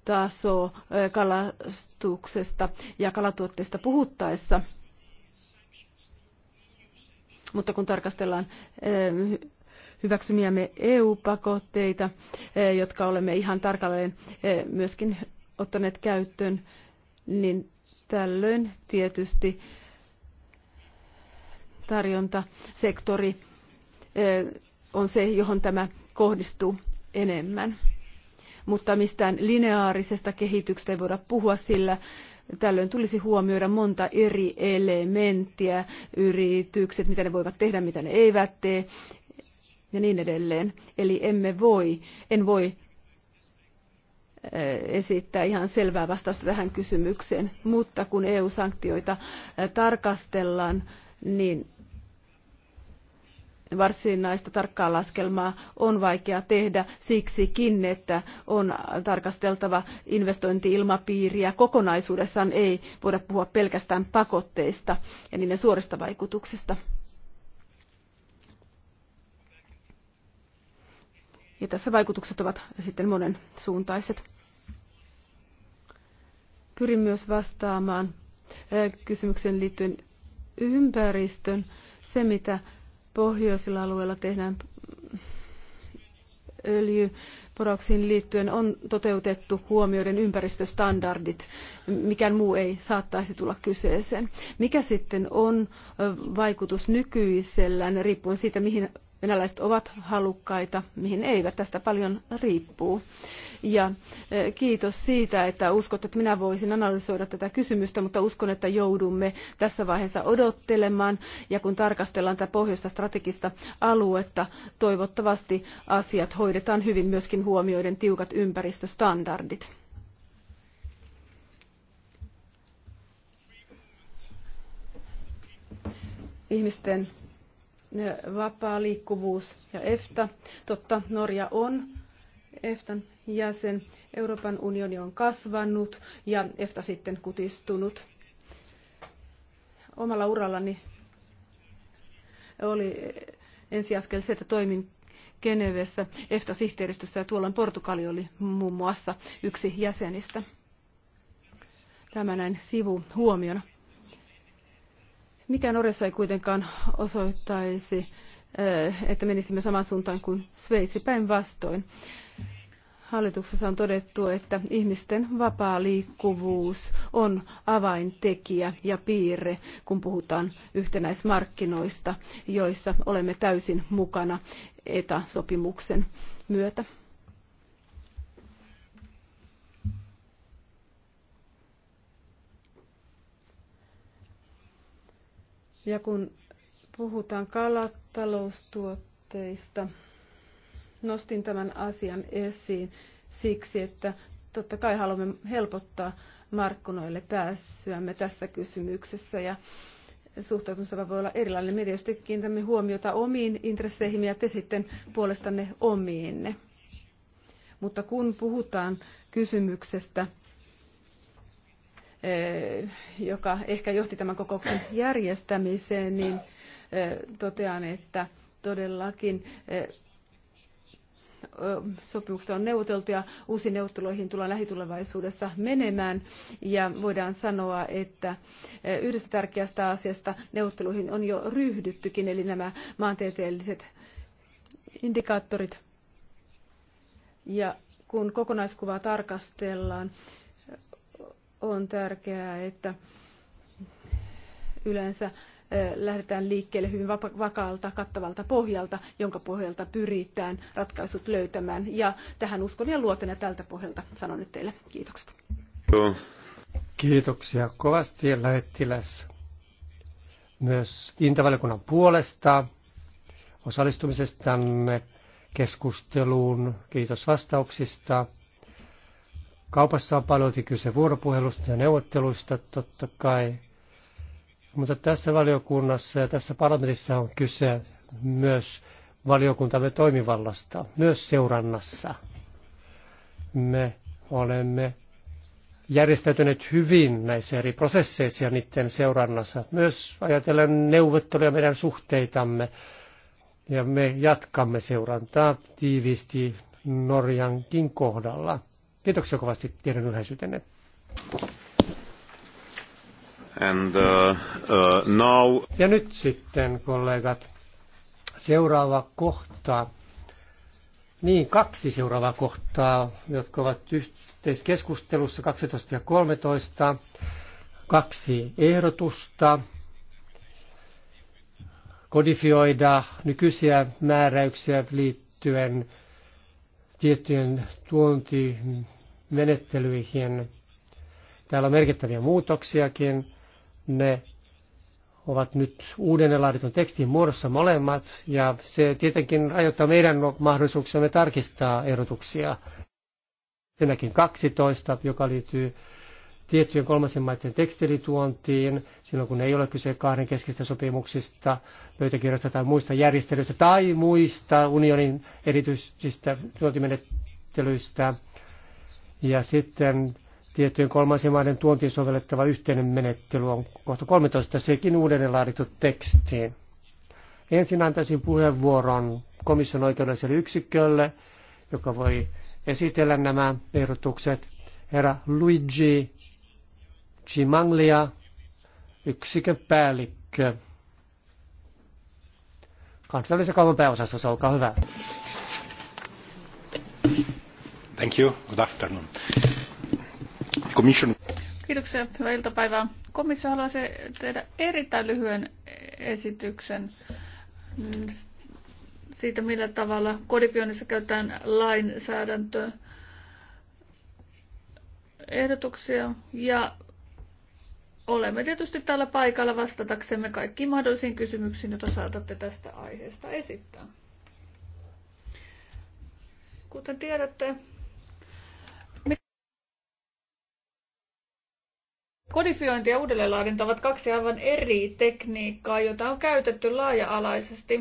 taso e, kalastuksesta ja kalatuotteista puhuttaessa. Mutta kun tarkastellaan e, hyväksymiämme EU-pakotteita, jotka olemme ihan tarkalleen myöskin ottaneet käyttöön, niin Tällöin tietysti tarjontasektori on se, johon tämä kohdistuu enemmän. Mutta mistään lineaarisesta kehityksestä ei voida puhua, sillä tällöin tulisi huomioida monta eri elementtiä, yritykset, mitä ne voivat tehdä, mitä ne eivät tee ja niin edelleen. Eli emme voi, en voi Eh, esittää ihan selvää vastausta tähän kysymykseen, mutta kun EU-sanktioita eh, tarkastellaan, niin varsinaista tarkkaa laskelmaa on vaikea tehdä siksikin, että on tarkasteltava investointiilmapiiriä. Kokonaisuudessaan ei voida puhua pelkästään pakotteista ja niiden suorista vaikutuksista Ja tässä vaikutukset ovat sitten monen suuntaiset. Pyrin myös vastaamaan kysymykseen liittyen ympäristön. Se, mitä pohjoisilla alueilla tehdään öljyporauksiin liittyen, on toteutettu huomioiden ympäristöstandardit. Mikään muu ei saattaisi tulla kyseeseen. Mikä sitten on vaikutus nykyisellään, riippuen siitä, mihin venäläiset ovat halukkaita, mihin eivät. Tästä paljon riippuu. Ja e, kiitos siitä, että uskot, että minä voisin analysoida tätä kysymystä, mutta uskon, että joudumme tässä vaiheessa odottelemaan. Ja kun tarkastellaan tätä pohjoista strategista aluetta, toivottavasti asiat hoidetaan hyvin myöskin huomioiden tiukat ympäristöstandardit. Ihmisten vapaa liikkuvuus ja EFTA. Totta, Norja on EFTAn jäsen. Euroopan unioni on kasvanut ja EFTA sitten kutistunut. Omalla urallani oli ensiaskel se, että toimin Genevessä EFTA-sihteeristössä ja tuolloin Portugali oli muun muassa yksi jäsenistä. Tämä näin sivu huomiona. Mikä Norjassa ei kuitenkaan osoittaisi, eh, että menisimme samaan suuntaan kuin Sveitsi päinvastoin. Hallituksessa on todettu, että ihmisten vapaa liikkuvuus on avaintekijä ja piirre, kun puhutaan yhtenäismarkkinoista, joissa olemme täysin mukana ETA-sopimuksen myötä. Ja kun puhutaan kalataloustuotteista, nostin tämän asian esiin siksi, että totta kai haluamme helpottaa markkinoille pääsyämme tässä kysymyksessä ja suhtautumisella voi olla erilainen. Me tietysti kiinnitämme huomiota omiin intresseihin ja te sitten puolestanne omiinne. Mutta kun puhutaan kysymyksestä, Eh, joka ehkä johti tämän kokouksen järjestämiseen, niin eh, totean, että todellakin eh, sopimuksesta on neuvoteltu ja uusiin neuvotteluihin tullaan lähitulevaisuudessa menemään. Ja voidaan sanoa, että yhdestä tärkeästä asiasta neuvotteluihin on jo ryhdyttykin, eli nämä maantieteelliset indikaattorit. Ja kun kokonaiskuvaa tarkastellaan, on tärkeää, että yleensä lähdetään liikkeelle hyvin vakaalta, kattavalta pohjalta, jonka pohjalta pyritään ratkaisut löytämään. Ja tähän uskon ja luotan ja tältä pohjalta sanon nyt teille kiitokset. Kiitoksia kovasti lähettiläs myös Intavaliokunnan puolesta osallistumisestanne keskusteluun. Kiitos vastauksista. Kaupassa on paljon kyse vuoropuhelusta ja neuvotteluista totta kai, mutta tässä valiokunnassa ja tässä parlamentissa on kyse myös valiokuntamme toimivallasta, myös seurannassa. Me olemme järjestäytyneet hyvin näissä eri prosesseissa ja niiden seurannassa. Myös ajatellen neuvotteluja meidän suhteitamme ja me jatkamme seurantaa tiiviisti Norjankin kohdalla. Kiitoksia kovasti tiedon yleisyytenne. And, uh, uh, now... Ja nyt sitten, kollegat, seuraava kohta. Niin, kaksi seuraavaa kohtaa, jotka ovat yhteiskeskustelussa 12 ja 13. Kaksi ehdotusta kodifioida nykyisiä määräyksiä liittyen tiettyjen tuontimenettelyihin. Täällä on merkittäviä muutoksiakin. Ne ovat nyt uuden laaditun tekstin muodossa molemmat, ja se tietenkin rajoittaa meidän mahdollisuuksiamme tarkistaa erotuksia. Ensinnäkin 12, joka liittyy tiettyjen kolmansien maiden tekstilituontiin, silloin kun ei ole kyse kahden keskistä sopimuksista, pöytäkirjoista tai muista järjestelyistä tai muista unionin erityisistä tuontimenettelyistä. Ja sitten tiettyjen kolmansien maiden tuontiin sovellettava yhteinen menettely on kohta 13, sekin uudelleen laadittu teksti. Ensin antaisin puheenvuoron komission oikeudelliselle yksikölle, joka voi esitellä nämä ehdotukset. Herra Luigi Chimanglia, yksikön päällikkö. Kansallisen kaupan pääosastossa, olkaa hyvä. Thank you. Good afternoon. Commission. Kiitoksia. Hyvää iltapäivää. Komissio haluaisi tehdä erittäin lyhyen esityksen siitä, millä tavalla kodifioinnissa käytetään lainsäädäntöä ehdotuksia ja Olemme tietysti täällä paikalla vastataksemme kaikkiin mahdollisiin kysymyksiin, joita saatatte tästä aiheesta esittää. Kuten tiedätte, Kodifiointi ja uudelleenlaadinta ovat kaksi aivan eri tekniikkaa, jota on käytetty laaja-alaisesti,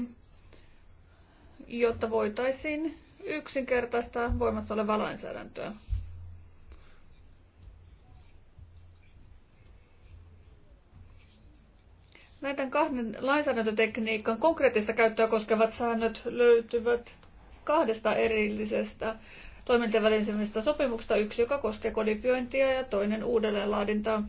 jotta voitaisiin yksinkertaistaa voimassa olevaa lainsäädäntöä. Näiden kahden lainsäädäntötekniikan konkreettista käyttöä koskevat säännöt löytyvät kahdesta erillisestä toimintavälisemmistä sopimuksesta, yksi joka koskee kodifiointia ja toinen uudelleenlaadintaa.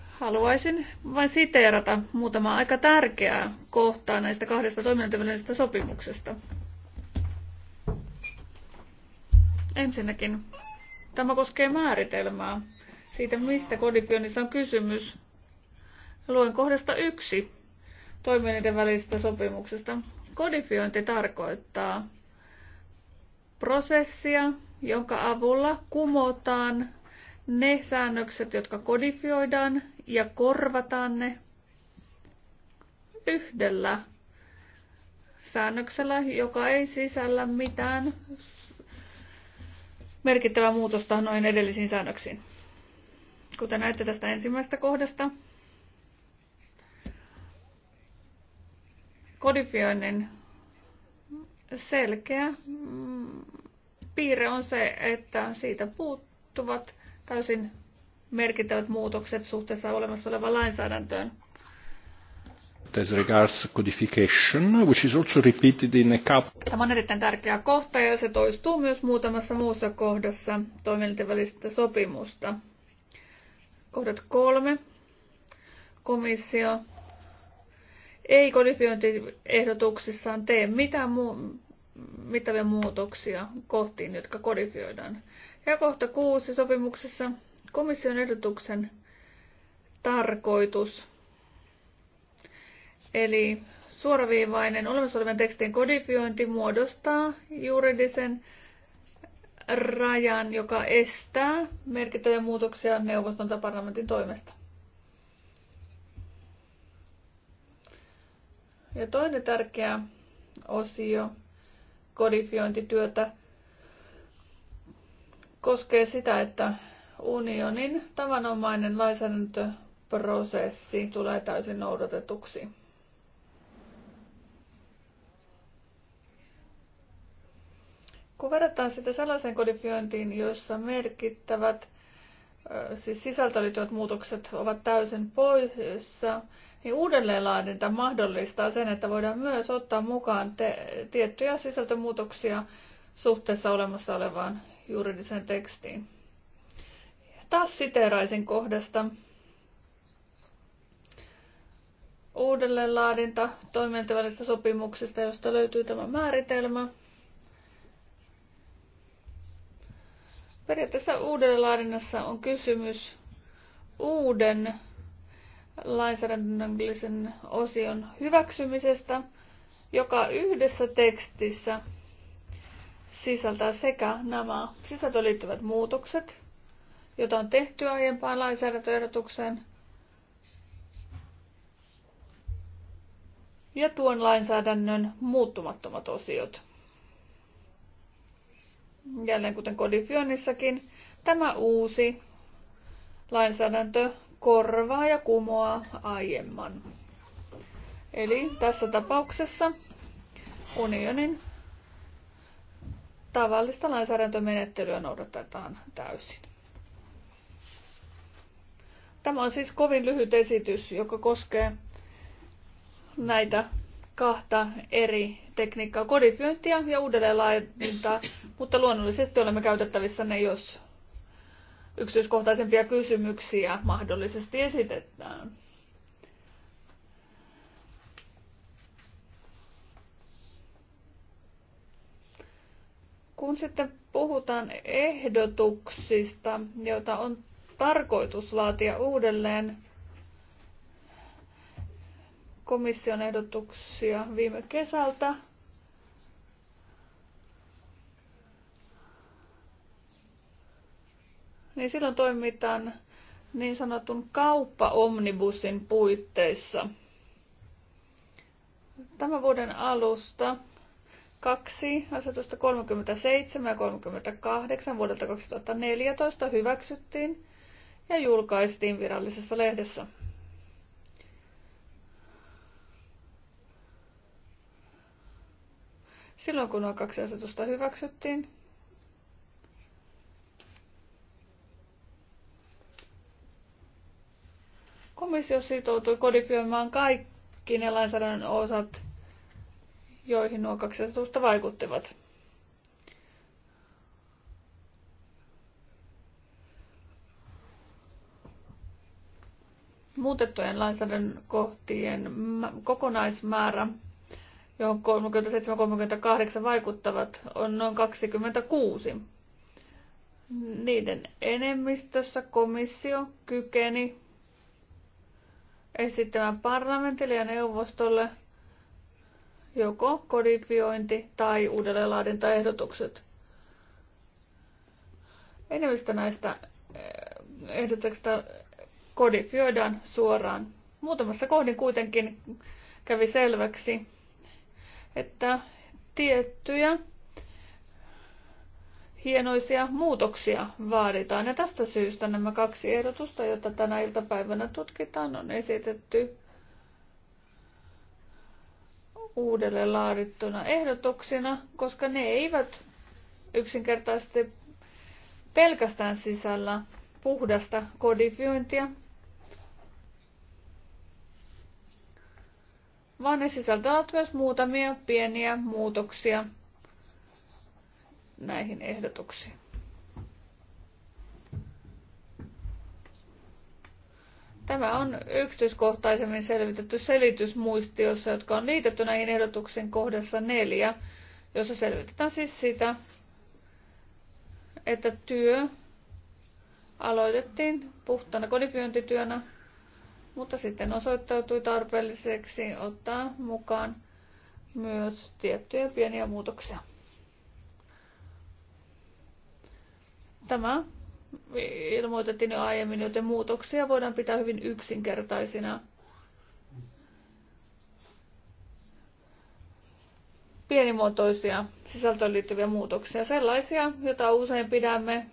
Haluaisin vain siteerata muutamaa aika tärkeää kohtaa näistä kahdesta toimintavälisestä sopimuksesta. Ensinnäkin tämä koskee määritelmää siitä, mistä kodipionissa on kysymys. Luen kohdasta yksi toimijoiden välisestä sopimuksesta. Kodifiointi tarkoittaa prosessia, jonka avulla kumotaan ne säännökset, jotka kodifioidaan ja korvataan ne yhdellä säännöksellä, joka ei sisällä mitään merkittävää muutosta noin edellisiin säännöksiin. Kuten näette tästä ensimmäisestä kohdasta, kodifioinnin selkeä mm, piirre on se, että siitä puuttuvat täysin merkittävät muutokset suhteessa olemassa olevaan lainsäädäntöön as regards codification, which is also repeated in a couple. Tämä on erittäin tärkeä kohta ja se toistuu myös muutamassa muussa kohdassa toimielinten välistä sopimusta. Kohdat kolme. Komissio ei kodifiointiehdotuksissaan tee mitään muu, mittavia muutoksia kohtiin, jotka kodifioidaan. Ja kohta kuusi sopimuksessa komission ehdotuksen tarkoitus Eli suoraviivainen olemassa olevan tekstin kodifiointi muodostaa juridisen rajan, joka estää merkittäviä muutoksia neuvoston tai parlamentin toimesta. Ja toinen tärkeä osio kodifiointityötä koskee sitä, että unionin tavanomainen lainsäädäntöprosessi tulee täysin noudatetuksi. Kun verrataan sitä sellaiseen kodifiointiin, jossa merkittävät siis sisältöön liittyvät muutokset ovat täysin poissa, niin uudelleenlaadinta mahdollistaa sen, että voidaan myös ottaa mukaan te- tiettyjä sisältömuutoksia suhteessa olemassa olevaan juridiseen tekstiin. Taas siteeraisin kohdasta. Uudelleenlaadinta toimintavälistä sopimuksista, josta löytyy tämä määritelmä – Periaatteessa uudelleenlaadinnassa on kysymys uuden lainsäädännöllisen osion hyväksymisestä, joka yhdessä tekstissä sisältää sekä nämä sisältöön liittyvät muutokset, joita on tehty aiempaan lainsäädäntöehdotukseen, ja tuon lainsäädännön muuttumattomat osiot jälleen kuten kodifioinnissakin, tämä uusi lainsäädäntö korvaa ja kumoaa aiemman. Eli tässä tapauksessa unionin tavallista lainsäädäntömenettelyä noudatetaan täysin. Tämä on siis kovin lyhyt esitys, joka koskee näitä kahta eri tekniikkaa, kodifiointia ja uudelleenlaajentaa, mutta luonnollisesti olemme käytettävissä ne, jos yksityiskohtaisempia kysymyksiä mahdollisesti esitetään. Kun sitten puhutaan ehdotuksista, joita on tarkoitus laatia uudelleen, komission ehdotuksia viime kesältä. Niin silloin toimitaan niin sanotun kauppa-omnibusin puitteissa. Tämän vuoden alusta kaksi asetusta 37 ja 38 vuodelta 2014 hyväksyttiin ja julkaistiin virallisessa lehdessä. Silloin kun nuo kaksi asetusta hyväksyttiin, komissio sitoutui kodifioimaan kaikki ne lainsäädännön osat, joihin nuo kaksi asetusta vaikuttivat. Muutettujen lainsäädännön kohtien kokonaismäärä johon 37-38 vaikuttavat, on noin 26. Niiden enemmistössä komissio kykeni esittämään parlamentille ja neuvostolle joko kodifiointi- tai uudelleenlaadintaehdotukset. Enemmistö näistä eh, ehdotuksista kodifioidaan suoraan. Muutamassa kohdin kuitenkin kävi selväksi, että tiettyjä hienoisia muutoksia vaaditaan. Ja tästä syystä nämä kaksi ehdotusta, joita tänä iltapäivänä tutkitaan, on esitetty uudelle laadittuna ehdotuksina, koska ne eivät yksinkertaisesti pelkästään sisällä puhdasta kodifiointia, vaan ne sisältävät myös muutamia pieniä muutoksia näihin ehdotuksiin. Tämä on yksityiskohtaisemmin selvitetty selitysmuistiossa, jotka on liitetty näihin ehdotuksiin kohdassa neljä, jossa selvitetään siis sitä, että työ aloitettiin puhtana kodifiointityönä mutta sitten osoittautui tarpeelliseksi ottaa mukaan myös tiettyjä pieniä muutoksia. Tämä ilmoitettiin jo aiemmin, joten muutoksia voidaan pitää hyvin yksinkertaisina. Pienimuotoisia sisältöön liittyviä muutoksia, sellaisia, joita usein pidämme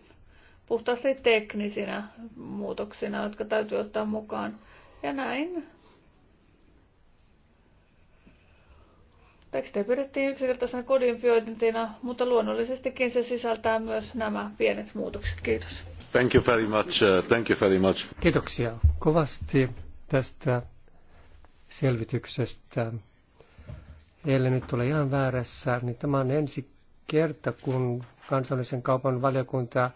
puhtaasti teknisinä muutoksina, jotka täytyy ottaa mukaan ja näin. Tekstejä pidettiin yksinkertaisena kodinfiointina, mutta luonnollisestikin se sisältää myös nämä pienet muutokset. Kiitos. Thank you very much. Uh, thank you very much. Kiitoksia kovasti tästä selvityksestä. Eli nyt ole ihan väärässä, niin tämä on ensi kerta, kun kansallisen kaupan valiokunta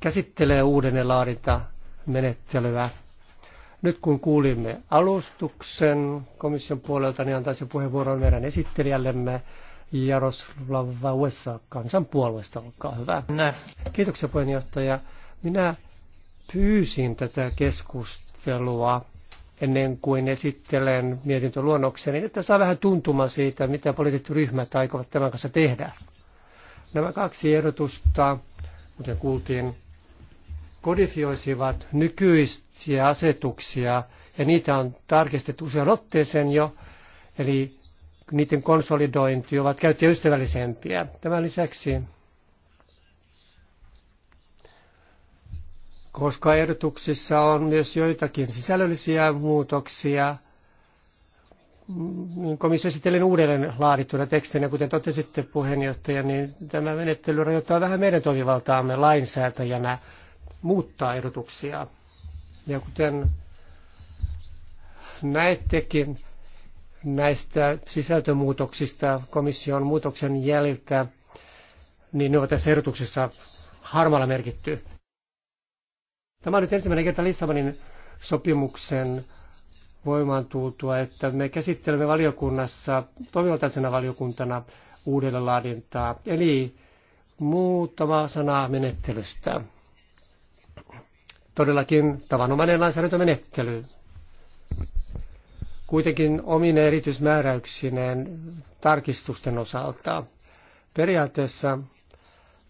käsittelee uuden laadinta menettelyä. Nyt kun kuulimme alustuksen komission puolelta, niin antaisin puheenvuoron meidän esittelijällemme Jaroslav USA kansanpuolueesta. Olkaa hyvä. Näin. Kiitoksia puheenjohtaja. Minä pyysin tätä keskustelua ennen kuin esittelen mietintöluonnoksen, niin että saa vähän tuntuma siitä, mitä poliittiset ryhmät aikovat tämän kanssa tehdä. Nämä kaksi ehdotusta, kuten kuultiin, kodifioisivat nykyisiä asetuksia, ja niitä on tarkistettu usean otteeseen jo, eli niiden konsolidointi ovat käyttäjäystävällisempiä. Tämän lisäksi, koska ehdotuksissa on myös joitakin sisällöllisiä muutoksia, niin komissio sitten uudelleen laadittuna tekstinä, kuten totesitte puheenjohtaja, niin tämä menettely rajoittaa vähän meidän toimivaltaamme lainsäätäjänä muuttaa ehdotuksia. Ja kuten näettekin näistä sisältömuutoksista komission muutoksen jäljiltä, niin ne ovat tässä ehdotuksessa harmalla merkitty. Tämä on nyt ensimmäinen kerta Lissabonin sopimuksen voimaan tultua, että me käsittelemme valiokunnassa toimivaltaisena valiokuntana uudella laadintaa. Eli muutama sana menettelystä todellakin tavanomainen lainsäädäntömenettely. Kuitenkin omine erityismääräyksineen tarkistusten osalta. Periaatteessa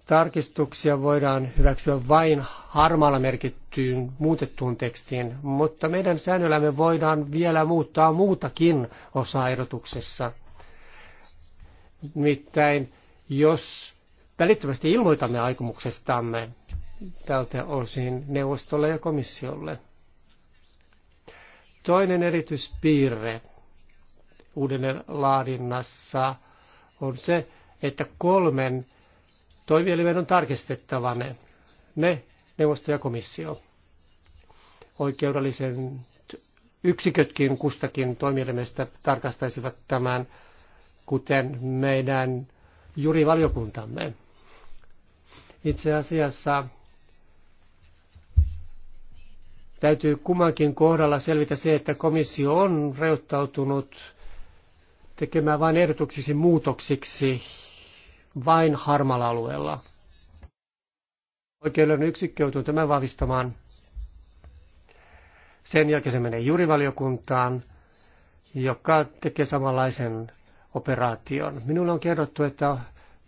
tarkistuksia voidaan hyväksyä vain harmaalla merkittyyn muutettuun tekstiin, mutta meidän säännöllämme voidaan vielä muuttaa muutakin osaa ehdotuksessa. Nimittäin, jos välittömästi ilmoitamme aikomuksestamme, tältä osin neuvostolle ja komissiolle. Toinen erityispiirre uuden laadinnassa on se, että kolmen toimielimen on tarkistettava ne, ne neuvosto ja komissio. Oikeudellisen yksikötkin kustakin toimielimestä tarkastaisivat tämän, kuten meidän jurivaliokuntamme. Itse asiassa Täytyy kummankin kohdalla selvitä se, että komissio on rajoittautunut tekemään vain ehdotuksiksi muutoksiksi vain harmalla alueella. Oikeuden yksikkö joutuu tämän vahvistamaan. Sen jälkeen se menee juurivaliokuntaan, joka tekee samanlaisen operaation. Minulle on kerrottu, että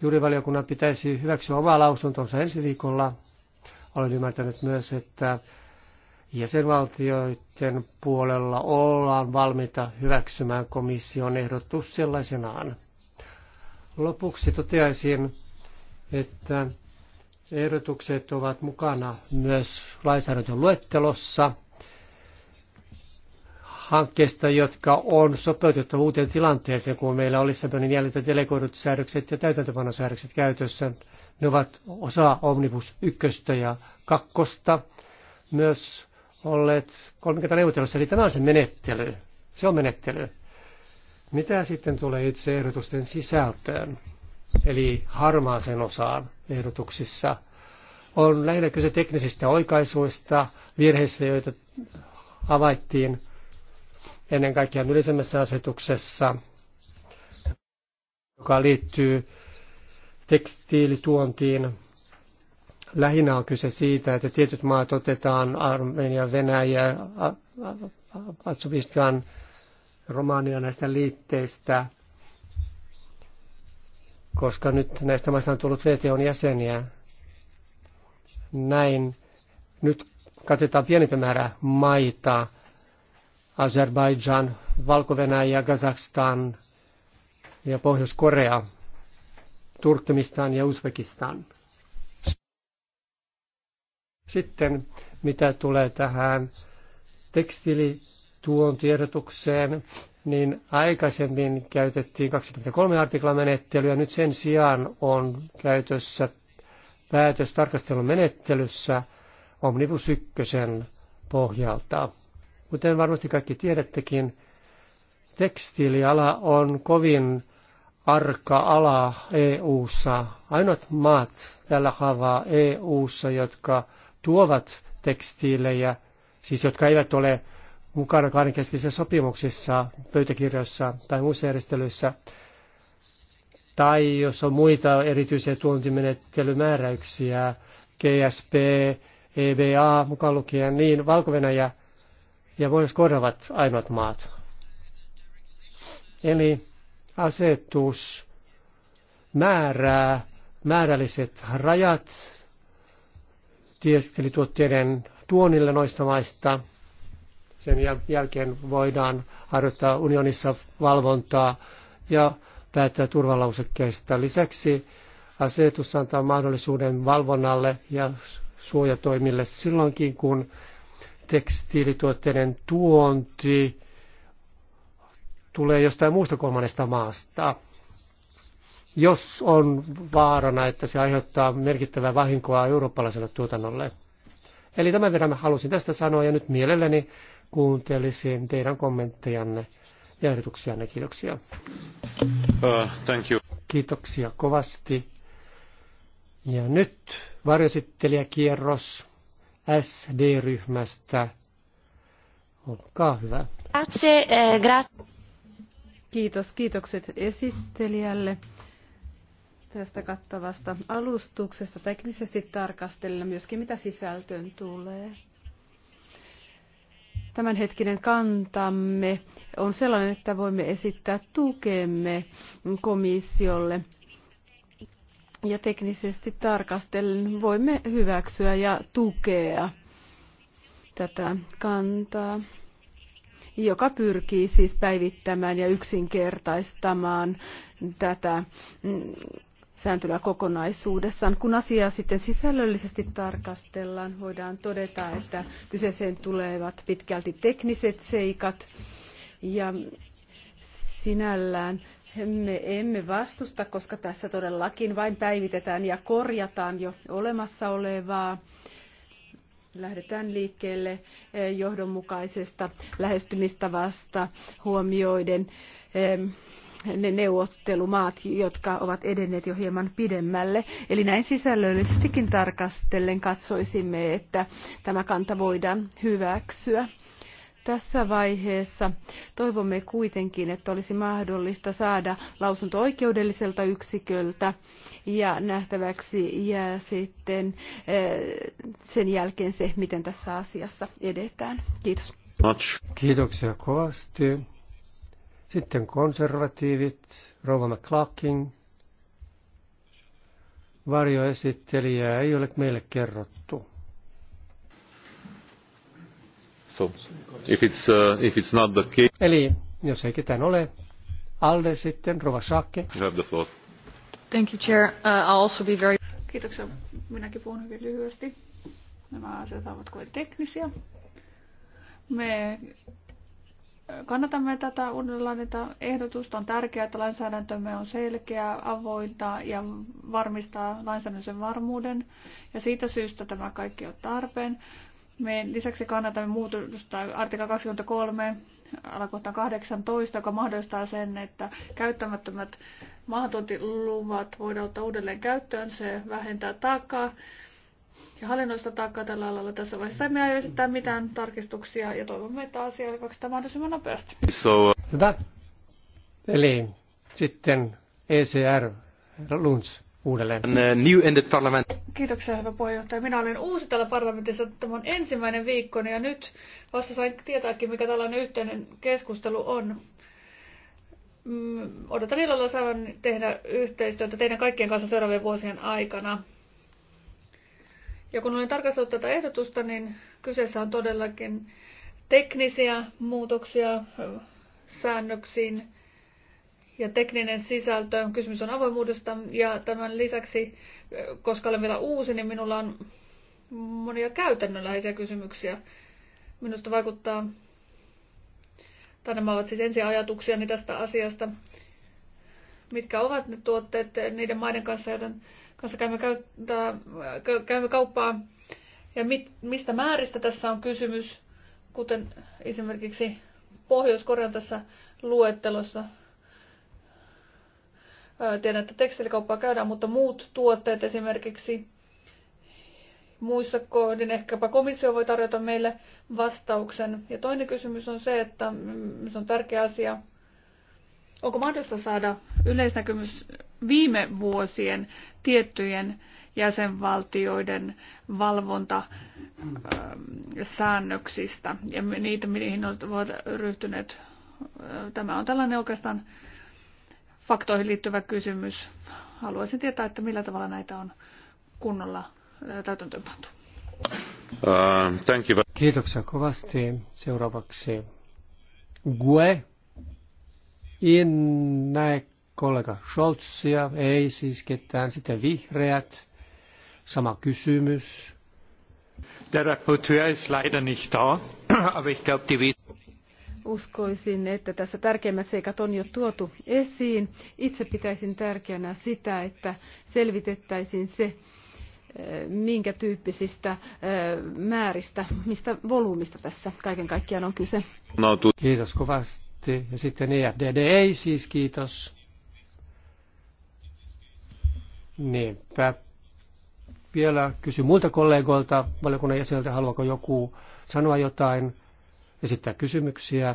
juurivaliokunnan pitäisi hyväksyä oma lausuntonsa ensi viikolla. Olen ymmärtänyt myös, että jäsenvaltioiden puolella ollaan valmiita hyväksymään komission ehdotus sellaisenaan. Lopuksi toteaisin, että ehdotukset ovat mukana myös luettelossa hankkeista, jotka on sopeutettu uuteen tilanteeseen, kun meillä olisi sellainen jäljiltä delegoidut säädökset ja täytäntöpanosäädökset käytössä. Ne ovat osa Omnibus ykköstä ja kakkosta. Myös olleet neuvottelussa, eli tämä on se menettely. Se on menettely. Mitä sitten tulee itse ehdotusten sisältöön, eli harmaaseen osaan ehdotuksissa, on lähinnä kyse teknisistä oikaisuista, virheistä, joita havaittiin ennen kaikkea yleisemmässä asetuksessa, joka liittyy tekstiilituontiin Lähinnä on kyse siitä, että tietyt maat otetaan, Armenia, Venäjä, Atsubistan, Romania näistä liitteistä, koska nyt näistä maista on tullut VTOn jäseniä. Näin nyt katetaan pienintä määrä maita, Azerbaidžan, valko venäjä Kazakstan ja Pohjois-Korea, Turkmenistan ja Uzbekistan. Sitten mitä tulee tähän tiedotukseen, niin aikaisemmin käytettiin 23 artiklamenettelyä, nyt sen sijaan on käytössä päätös tarkastelun menettelyssä Omnibus 1 pohjalta. Kuten varmasti kaikki tiedättekin, tekstiiliala on kovin arka ala EU-ssa. Ainoat maat tällä haavaa EU-ssa, jotka tuovat tekstiilejä, siis jotka eivät ole mukana kahdenkeskisissä sopimuksissa, pöytäkirjoissa tai muissa järjestelyissä, tai jos on muita erityisiä tuontimenettelymääräyksiä, GSP, EBA mukaan lukien, niin valko ja pohjois korvat ainoat maat. Eli asetus määrää määrälliset rajat tieskelituotteiden tuonnille noista maista. Sen jälkeen voidaan harjoittaa unionissa valvontaa ja päättää turvalausekkeista. Lisäksi asetus antaa mahdollisuuden valvonnalle ja suojatoimille silloinkin, kun tekstiilituotteiden tuonti tulee jostain muusta kolmannesta maasta jos on vaarana, että se aiheuttaa merkittävää vahinkoa eurooppalaiselle tuotannolle. Eli tämän verran mä halusin tästä sanoa ja nyt mielelläni kuuntelisin teidän kommenttejanne ja ehdotuksianne. Kiitoksia. Uh, thank you. Kiitoksia kovasti. Ja nyt varjosittelijakierros SD-ryhmästä. Olkaa hyvä. Grazie, eh, Kiitos, kiitokset esittelijälle tästä kattavasta alustuksesta teknisesti tarkastella myöskin mitä sisältöön tulee. Tämänhetkinen kantamme on sellainen, että voimme esittää tukemme komissiolle ja teknisesti tarkastellen voimme hyväksyä ja tukea tätä kantaa, joka pyrkii siis päivittämään ja yksinkertaistamaan tätä mm, sääntelyä kokonaisuudessaan. Kun asiaa sitten sisällöllisesti tarkastellaan, voidaan todeta, että kyseeseen tulevat pitkälti tekniset seikat ja sinällään me emme vastusta, koska tässä todellakin vain päivitetään ja korjataan jo olemassa olevaa. Lähdetään liikkeelle eh, johdonmukaisesta lähestymistavasta huomioiden eh, ne neuvottelumaat, jotka ovat edenneet jo hieman pidemmälle. Eli näin sisällöllisestikin tarkastellen katsoisimme, että tämä kanta voidaan hyväksyä tässä vaiheessa. Toivomme kuitenkin, että olisi mahdollista saada lausunto oikeudelliselta yksiköltä ja nähtäväksi jää sitten eh, sen jälkeen se, miten tässä asiassa edetään. Kiitos. Kiitoksia kovasti. Sitten konservatiivit, Rova McClarkin. Varjoesittelijää ei ole meille kerrottu. So, if it's, uh, if it's not the case... Eli jos ei ketään ole, Alde sitten, Rova Shake. You have the floor. Thank you, Chair. Uh, I'll also be very... Kiitoksia. Minäkin puhun hyvin lyhyesti. Nämä asiat ovat kovin teknisiä. Me Kannatamme tätä uudelleenlaadinta ehdotusta. On tärkeää, että lainsäädäntömme on selkeä, avointa ja varmistaa lainsäädännön varmuuden. Ja siitä syystä tämä kaikki on tarpeen. Me lisäksi kannatamme muutosta artikla 23 alakohta 18, joka mahdollistaa sen, että käyttämättömät maahantuontiluvat voidaan ottaa uudelleen käyttöön. Se vähentää taakkaa ja hallinnoista taakkaa tällä alalla tässä vaiheessa. Emme aio esittää mitään tarkistuksia ja toivomme, että asia hyväksytään mahdollisimman nopeasti. So, uh, Hyvä. Eli sitten ECR Lunds uudelleen. Uh, new in the parliament. Kiitoksia, hyvä puheenjohtaja. Minä olen uusi täällä parlamentissa. Tämä on ensimmäinen viikko ja nyt vasta sain tietääkin, mikä tällainen yhteinen keskustelu on. Mm, odotan illalla saavan tehdä yhteistyötä teidän kaikkien kanssa seuraavien vuosien aikana ja kun olen tarkastellut tätä ehdotusta, niin kyseessä on todellakin teknisiä muutoksia säännöksiin ja tekninen sisältö. Kysymys on avoimuudesta ja tämän lisäksi, koska olen vielä uusi, niin minulla on monia käytännönläheisiä kysymyksiä. Minusta vaikuttaa, tai nämä ovat siis ensi ajatuksiani tästä asiasta, mitkä ovat ne tuotteet niiden maiden kanssa, joiden kanssa käymme, käyttää, käymme kauppaa. Ja mit, mistä määristä tässä on kysymys, kuten esimerkiksi Pohjois-Korean tässä luettelossa. Tiedän, että tekstilikauppaa käydään, mutta muut tuotteet esimerkiksi muissa kohdin ehkäpä komissio voi tarjota meille vastauksen. Ja toinen kysymys on se, että mm, se on tärkeä asia, onko mahdollista saada yleisnäkemys viime vuosien tiettyjen jäsenvaltioiden valvontasäännöksistä ähm, ja niitä, mihin ovat ryhtyneet. Äh, tämä on tällainen oikeastaan faktoihin liittyvä kysymys. Haluaisin tietää, että millä tavalla näitä on kunnolla äh, täytäntöönpantu. Uh, Kiitoksia kovasti. Seuraavaksi Gue en näe kollega Scholzia, ei siis ketään. Sitten vihreät, sama kysymys. Der Rapporteur ist leider nicht da, aber ich glaube, die Uskoisin, että tässä tärkeimmät seikat on jo tuotu esiin. Itse pitäisin tärkeänä sitä, että selvitettäisiin se, eh, minkä tyyppisistä eh, määristä, mistä volyymista tässä kaiken kaikkiaan on kyse. No, Kiitos kovasti Budjetti ja sitten EFDD ei siis, kiitos. Niinpä vielä kysy muilta kollegoilta, valiokunnan jäseniltä, haluaako joku sanoa jotain, esittää kysymyksiä.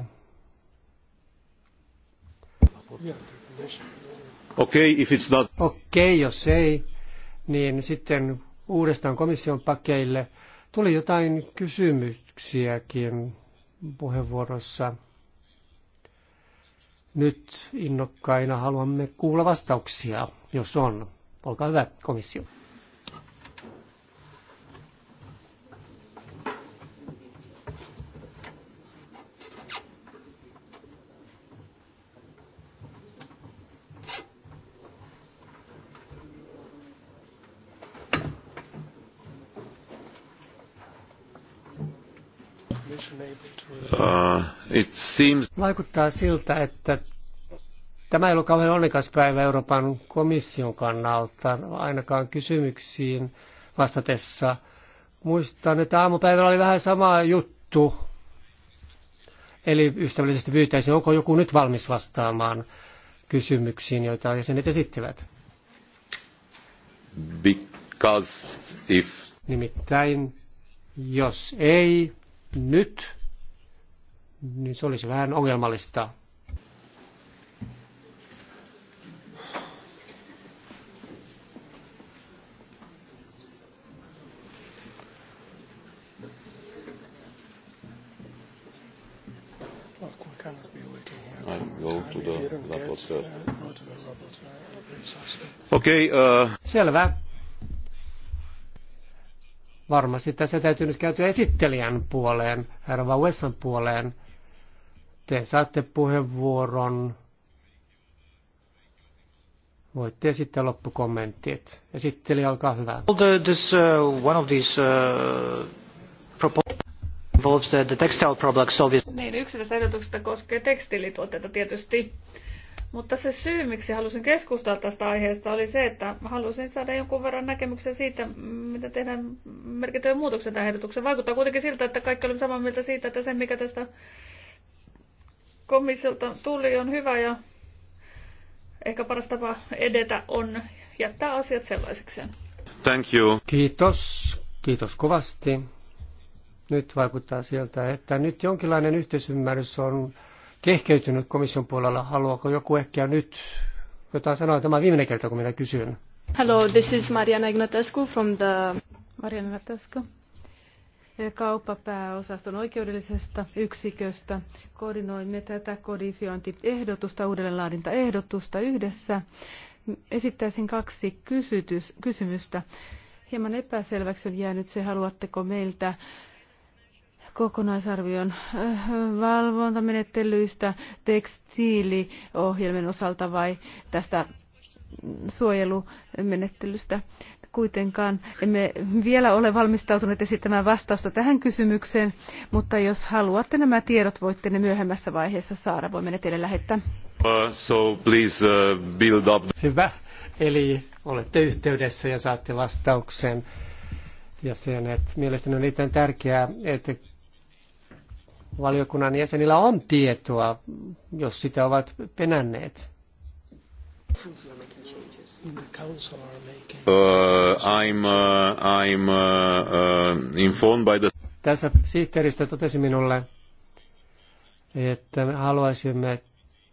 Okei, okay, if it's not... okay, jos ei, niin sitten uudestaan komission pakeille. Tuli jotain kysymyksiäkin puheenvuorossa. Nyt innokkaina haluamme kuulla vastauksia, jos on. Olkaa hyvä, komissio. seems... Vaikuttaa siltä, että tämä ei ollut kauhean onnekas päivä Euroopan komission kannalta, ainakaan kysymyksiin vastatessa. Muistan, että aamupäivällä oli vähän sama juttu. Eli ystävällisesti pyytäisin, onko joku nyt valmis vastaamaan kysymyksiin, joita jäsenet esittivät. Because if... Nimittäin, jos ei nyt, niin se olisi vähän ongelmallista. Okei. Uh, uh, uh, okay, uh... Selvä. Varmasti tässä täytyy nyt käytyä esittelijän puoleen, herra Wesson puoleen. Te saatte puheenvuoron. Voitte esittää loppukommentit. Esitteli, olkaa hyvä. This, uh, one of these, uh, involves the, the textile products, obviously. Niin, yksi tästä ehdotuksesta koskee tekstiilituotteita tietysti. Mutta se syy, miksi halusin keskustella tästä aiheesta, oli se, että halusin saada jonkun verran näkemyksen siitä, mitä tehdään merkittäviä muutoksia tähän ehdotukseen. Vaikuttaa kuitenkin siltä, että kaikki olemme samaa mieltä siitä, että se, mikä tästä komissiolta tuli on hyvä ja ehkä paras tapa edetä on jättää asiat sellaisekseen. Thank you. Kiitos. Kiitos kovasti. Nyt vaikuttaa sieltä, että nyt jonkinlainen yhteisymmärrys on kehkeytynyt komission puolella. Haluaako joku ehkä nyt jotain sanoa? Tämä on viimeinen kerta, kun minä kysyn. Hello, this is Mariana Ignatescu from the... Mariana Ignatescu kauppapääosaston oikeudellisesta yksiköstä. Koordinoimme tätä kodifiointiehdotusta, uudelleenlaadintaehdotusta yhdessä. Esittäisin kaksi kysytys, kysymystä. Hieman epäselväksi on jäänyt se, haluatteko meiltä kokonaisarvion äh, valvontamenettelyistä tekstiiliohjelmien osalta vai tästä suojelumenettelystä. Kuitenkaan emme vielä ole valmistautuneet esittämään vastausta tähän kysymykseen, mutta jos haluatte nämä tiedot, voitte ne myöhemmässä vaiheessa saada. Voimme ne teille lähettää. Uh, so please, uh, build up. Hyvä. Eli olette yhteydessä ja saatte vastauksen. Ja sen, että mielestäni on erittäin tärkeää, että valiokunnan jäsenillä on tietoa, jos sitä ovat penänneet in the council are making? Uh, I'm, uh, I'm uh, uh, informed by the... Tässä sihteeristö totesi minulle, että me haluaisimme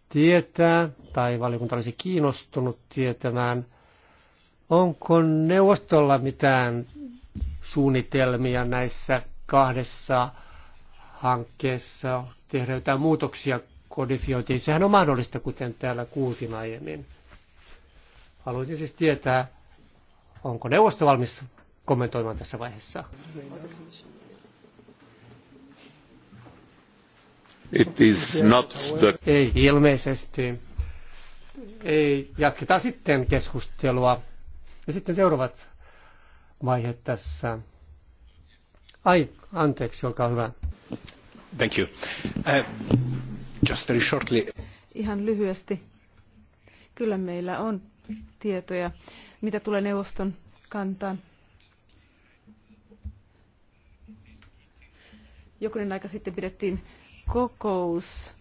tietää, tai valiokunta olisi kiinnostunut tietämään, onko neuvostolla mitään suunnitelmia näissä kahdessa hankkeessa tehdä jotain muutoksia kodifiointiin. Sehän on mahdollista, kuten täällä kuultiin aiemmin. Haluaisin siis tietää, onko neuvosto valmis kommentoimaan tässä vaiheessa. It is not the... Ei ilmeisesti. Ei, jatketaan sitten keskustelua. Ja sitten seuraavat vaiheet tässä. Ai, anteeksi, olkaa hyvä. Thank you. Uh, just very shortly. Ihan lyhyesti. Kyllä meillä on tietoja, mitä tulee neuvoston kantaan. Jokunen aika sitten pidettiin kokous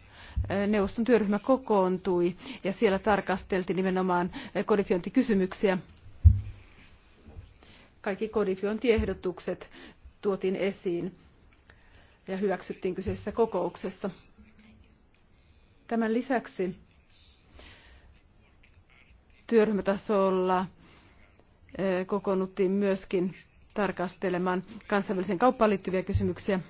neuvoston työryhmä kokoontui ja siellä tarkasteltiin nimenomaan kodifiointikysymyksiä. Kaikki kodifiointiehdotukset tuotiin esiin ja hyväksyttiin kyseisessä kokouksessa. Tämän lisäksi työryhmätasolla kokoonnuttiin myöskin tarkastelemaan kansainväliseen kauppaan liittyviä kysymyksiä.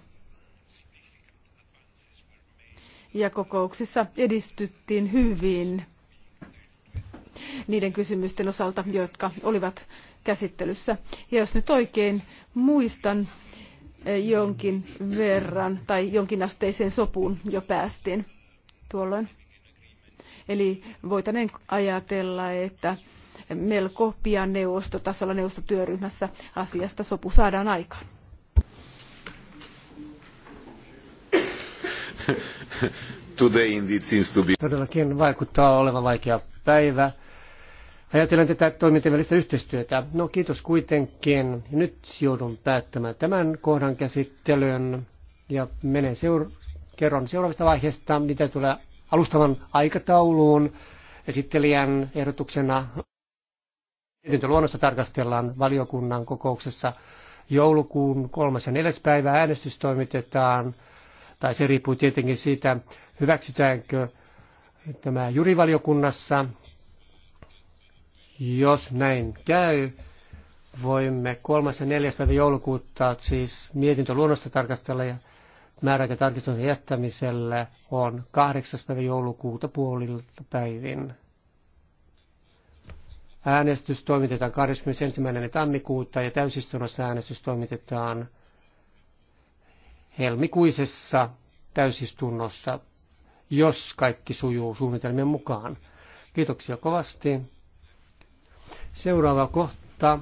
Ja kokouksissa edistyttiin hyvin niiden kysymysten osalta, jotka olivat käsittelyssä. Ja jos nyt oikein muistan, jonkin verran tai jonkinasteiseen sopuun jo päästiin tuolloin. Eli voitaneen ajatella, että melko pian neuvostotasolla neuvostotyöryhmässä asiasta sopu saadaan aikaan. Today indeed seems to be. Todellakin vaikuttaa olevan vaikea päivä. Ajatellen tätä toimintavälistä yhteistyötä. No kiitos kuitenkin. Nyt joudun päättämään tämän kohdan käsittelyn ja menen seur- kerron seuraavasta vaiheesta, mitä tulee alustavan aikatauluun. Esittelijän ehdotuksena mietintöluonnosta tarkastellaan valiokunnan kokouksessa joulukuun 3. ja 4. päivä äänestys toimitetaan, tai se riippuu tietenkin siitä, hyväksytäänkö tämä jurivaliokunnassa. Jos näin käy, voimme 3. ja 4. päivä joulukuuta siis mietintöluonnosta tarkastella ja määräaika tarkistuksen jättämiselle on 8. päivä joulukuuta puolilta päivin. Äänestys toimitetaan 21. tammikuuta ja täysistunnossa äänestys toimitetaan helmikuisessa täysistunnossa, jos kaikki sujuu suunnitelmien mukaan. Kiitoksia kovasti. Seuraava kohta,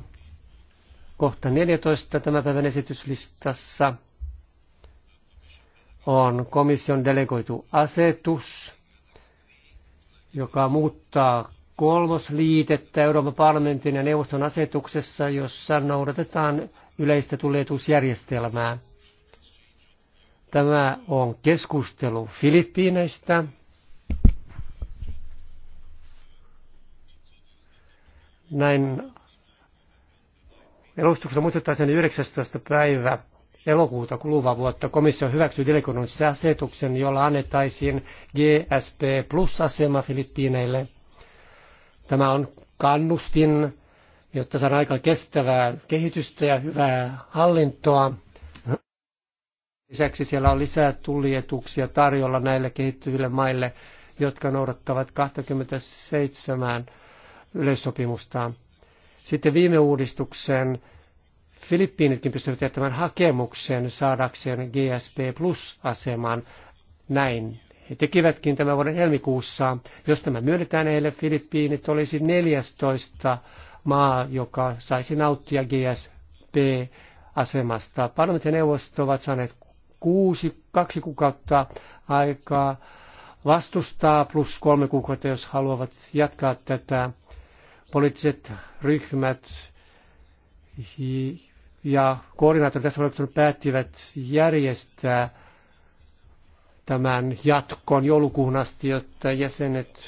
kohta 14 tämän päivän esityslistassa on komission delegoitu asetus, joka muuttaa kolmosliitettä Euroopan parlamentin ja neuvoston asetuksessa, jossa noudatetaan yleistä tuletusjärjestelmää. Tämä on keskustelu Filippiineistä. Näin muistuttaa sen 19. päivä elokuuta kuluvaa vuotta komissio hyväksyi delegoinnissa asetuksen, jolla annettaisiin GSP Plus-asema Filippiineille. Tämä on kannustin, jotta saadaan aika kestävää kehitystä ja hyvää hallintoa. Lisäksi siellä on lisää tullietuuksia tarjolla näille kehittyville maille, jotka noudattavat 27 yleissopimusta. Sitten viime uudistuksen Filippiinitkin pystyvät jättämään hakemuksen saadakseen GSP Plus-aseman. Näin he tekivätkin tämän vuoden helmikuussa. Jos tämä myönnetään heille, Filippiinit olisi 14 maa, joka saisi nauttia GSP-asemasta. Parlamentin neuvosto ovat saaneet kuusi, kaksi kuukautta aikaa vastustaa, plus kolme kuukautta, jos haluavat jatkaa tätä. Poliittiset ryhmät ja koordinaattori tässä valiokunnassa päättivät järjestää tämän jatkon joulukuun asti, jotta jäsenet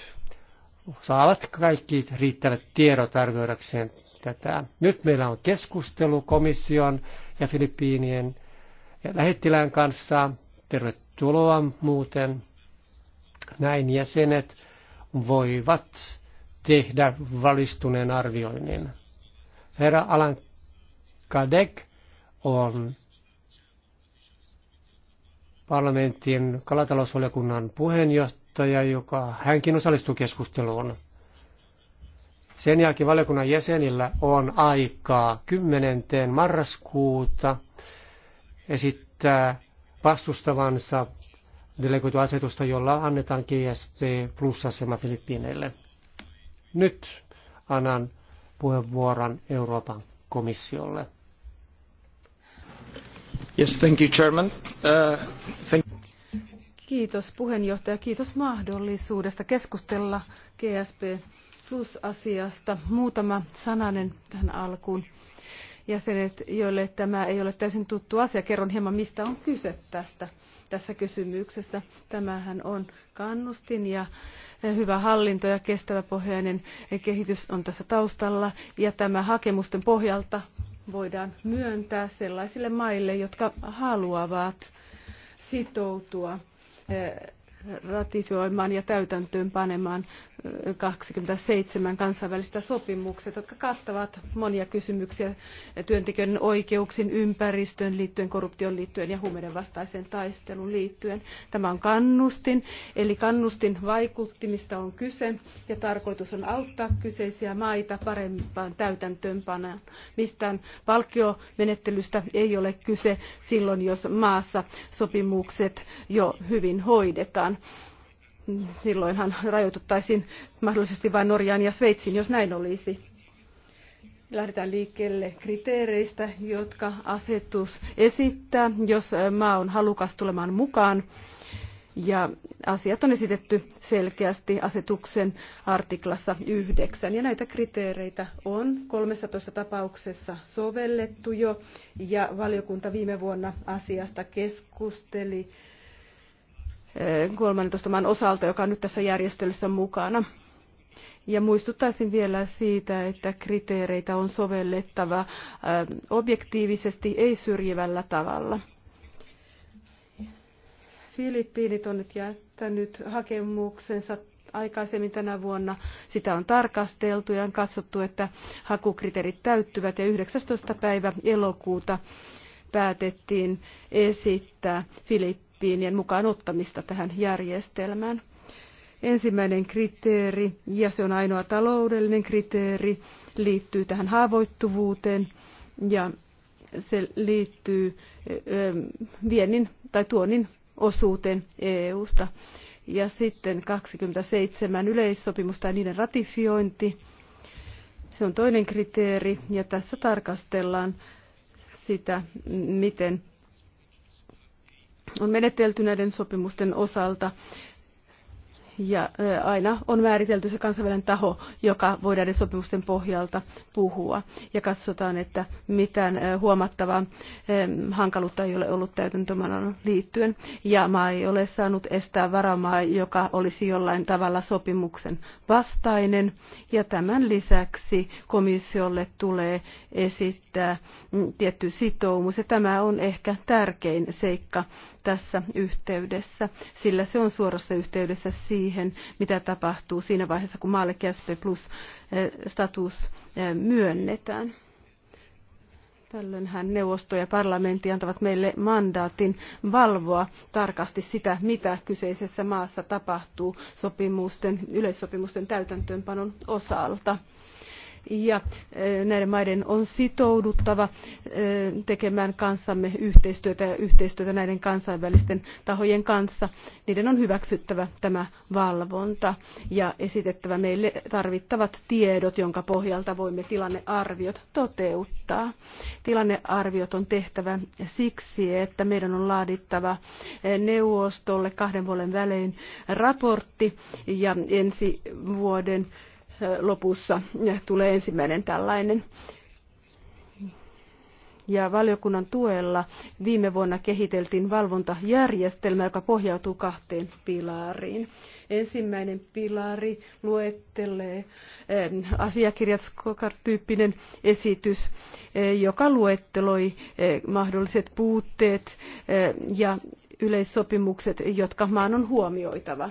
saavat kaikki riittävät tiedot arvioidakseen tätä. Nyt meillä on keskustelu komission ja Filippiinien lähettilään kanssa. Tervetuloa muuten. Näin jäsenet voivat tehdä valistuneen arvioinnin. Herra Alan Kadek on parlamentin kalatalousvaliokunnan puheenjohtaja, joka hänkin osallistuu keskusteluun. Sen jälkeen valiokunnan jäsenillä on aikaa 10. marraskuuta esittää vastustavansa delegoitu asetusta, jolla annetaan GSP plus-asema Filippiineille. Nyt annan puheenvuoron Euroopan komissiolle. Kiitos thank ja uh, Kiitos puheenjohtaja, kiitos mahdollisuudesta keskustella GSP Plus-asiasta. Muutama sananen tähän alkuun. Jäsenet, joille tämä ei ole täysin tuttu asia, kerron hieman mistä on kyse tästä, tässä kysymyksessä. Tämähän on kannustin ja hyvä hallinto ja kestäväpohjainen kehitys on tässä taustalla ja tämä hakemusten pohjalta voidaan myöntää sellaisille maille, jotka haluavat sitoutua eh, ratifioimaan ja täytäntöön panemaan 27 kansainvälistä sopimukset, jotka kattavat monia kysymyksiä työntekijöiden oikeuksiin, ympäristöön liittyen, korruption liittyen ja huumeiden vastaiseen taisteluun liittyen. Tämä on kannustin, eli kannustin vaikuttimista on kyse ja tarkoitus on auttaa kyseisiä maita parempaan täytäntöönpanoon. Mistään palkkiomenettelystä ei ole kyse silloin, jos maassa sopimukset jo hyvin hoidetaan Norjaan. Silloinhan rajoituttaisiin mahdollisesti vain Norjaan ja Sveitsiin, jos näin olisi. Lähdetään liikkeelle kriteereistä, jotka asetus esittää, jos maa on halukas tulemaan mukaan. Ja asiat on esitetty selkeästi asetuksen artiklassa 9. Ja näitä kriteereitä on 13 tapauksessa sovellettu jo. Ja valiokunta viime vuonna asiasta keskusteli maan osalta, joka on nyt tässä järjestelyssä mukana. Ja muistuttaisin vielä siitä, että kriteereitä on sovellettava objektiivisesti, ei syrjivällä tavalla. Filippiinit on nyt jättänyt hakemuksensa aikaisemmin tänä vuonna. Sitä on tarkasteltu ja on katsottu, että hakukriteerit täyttyvät ja 19. päivä elokuuta päätettiin esittää Filippiinien delfiinien mukaan ottamista tähän järjestelmään. Ensimmäinen kriteeri, ja se on ainoa taloudellinen kriteeri, liittyy tähän haavoittuvuuteen ja se liittyy viennin tai tuonnin osuuteen EU-sta. Ja sitten 27 yleissopimusta ja niiden ratifiointi. Se on toinen kriteeri ja tässä tarkastellaan sitä, miten on menetelty näiden sopimusten osalta ja aina on määritelty se kansainvälinen taho, joka voidaan näiden sopimusten pohjalta puhua. Ja katsotaan, että mitään huomattavaa hankaluutta ei ole ollut täytäntömanon liittyen. Ja maa ei ole saanut estää varamaa, joka olisi jollain tavalla sopimuksen vastainen. Ja tämän lisäksi komissiolle tulee esittää mm, tietty sitoumus. Ja tämä on ehkä tärkein seikka tässä yhteydessä, sillä se on suorassa yhteydessä siihen, siihen, mitä tapahtuu siinä vaiheessa, kun maalle GSP Plus eh, status eh, myönnetään. Tällöinhän neuvosto ja parlamentti antavat meille mandaatin valvoa tarkasti sitä, mitä kyseisessä maassa tapahtuu sopimusten, yleissopimusten täytäntöönpanon osalta ja eh, näiden maiden on sitouduttava eh, tekemään kanssamme yhteistyötä ja yhteistyötä näiden kansainvälisten tahojen kanssa. Niiden on hyväksyttävä tämä valvonta ja esitettävä meille tarvittavat tiedot, jonka pohjalta voimme tilannearviot toteuttaa. Tilannearviot on tehtävä siksi, että meidän on laadittava eh, neuvostolle kahden vuoden välein raportti ja ensi vuoden lopussa tulee ensimmäinen tällainen. Ja valiokunnan tuella viime vuonna kehiteltiin valvontajärjestelmä, joka pohjautuu kahteen pilariin. Ensimmäinen pilari luettelee eh, asiakirjat esitys, eh, joka luetteloi eh, mahdolliset puutteet ja yleissopimukset, jotka maan on huomioitava.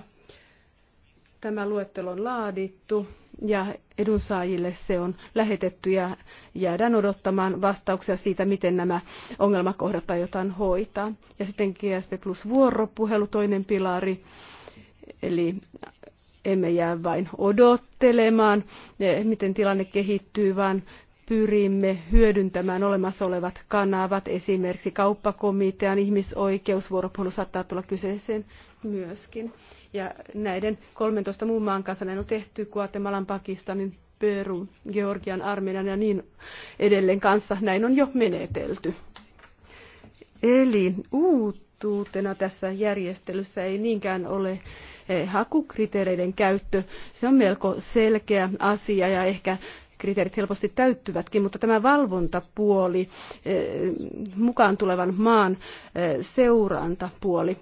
Tämä luettelo on laadittu ja edunsaajille se on lähetetty ja jäädään odottamaan vastauksia siitä, miten nämä ongelmakohdat aiotaan hoitaa. Ja sitten GSP plus vuoropuhelu, toinen pilari, eli emme jää vain odottelemaan, e, miten tilanne kehittyy, vaan pyrimme hyödyntämään olemassa olevat kanavat, esimerkiksi kauppakomitean ihmisoikeusvuoropuhelu saattaa tulla kyseeseen myöskin. Ja näiden 13 muun maan kanssa näin on tehty Guatemalan, Pakistanin, Perun, Georgian, Armenian ja niin edelleen kanssa. Näin on jo menetelty. Eli uutuutena tässä järjestelyssä ei niinkään ole eh, hakukriteereiden käyttö. Se on melko selkeä asia ja ehkä kriteerit helposti täyttyvätkin, mutta tämä valvontapuoli, eh, mukaan tulevan maan eh, seurantapuoli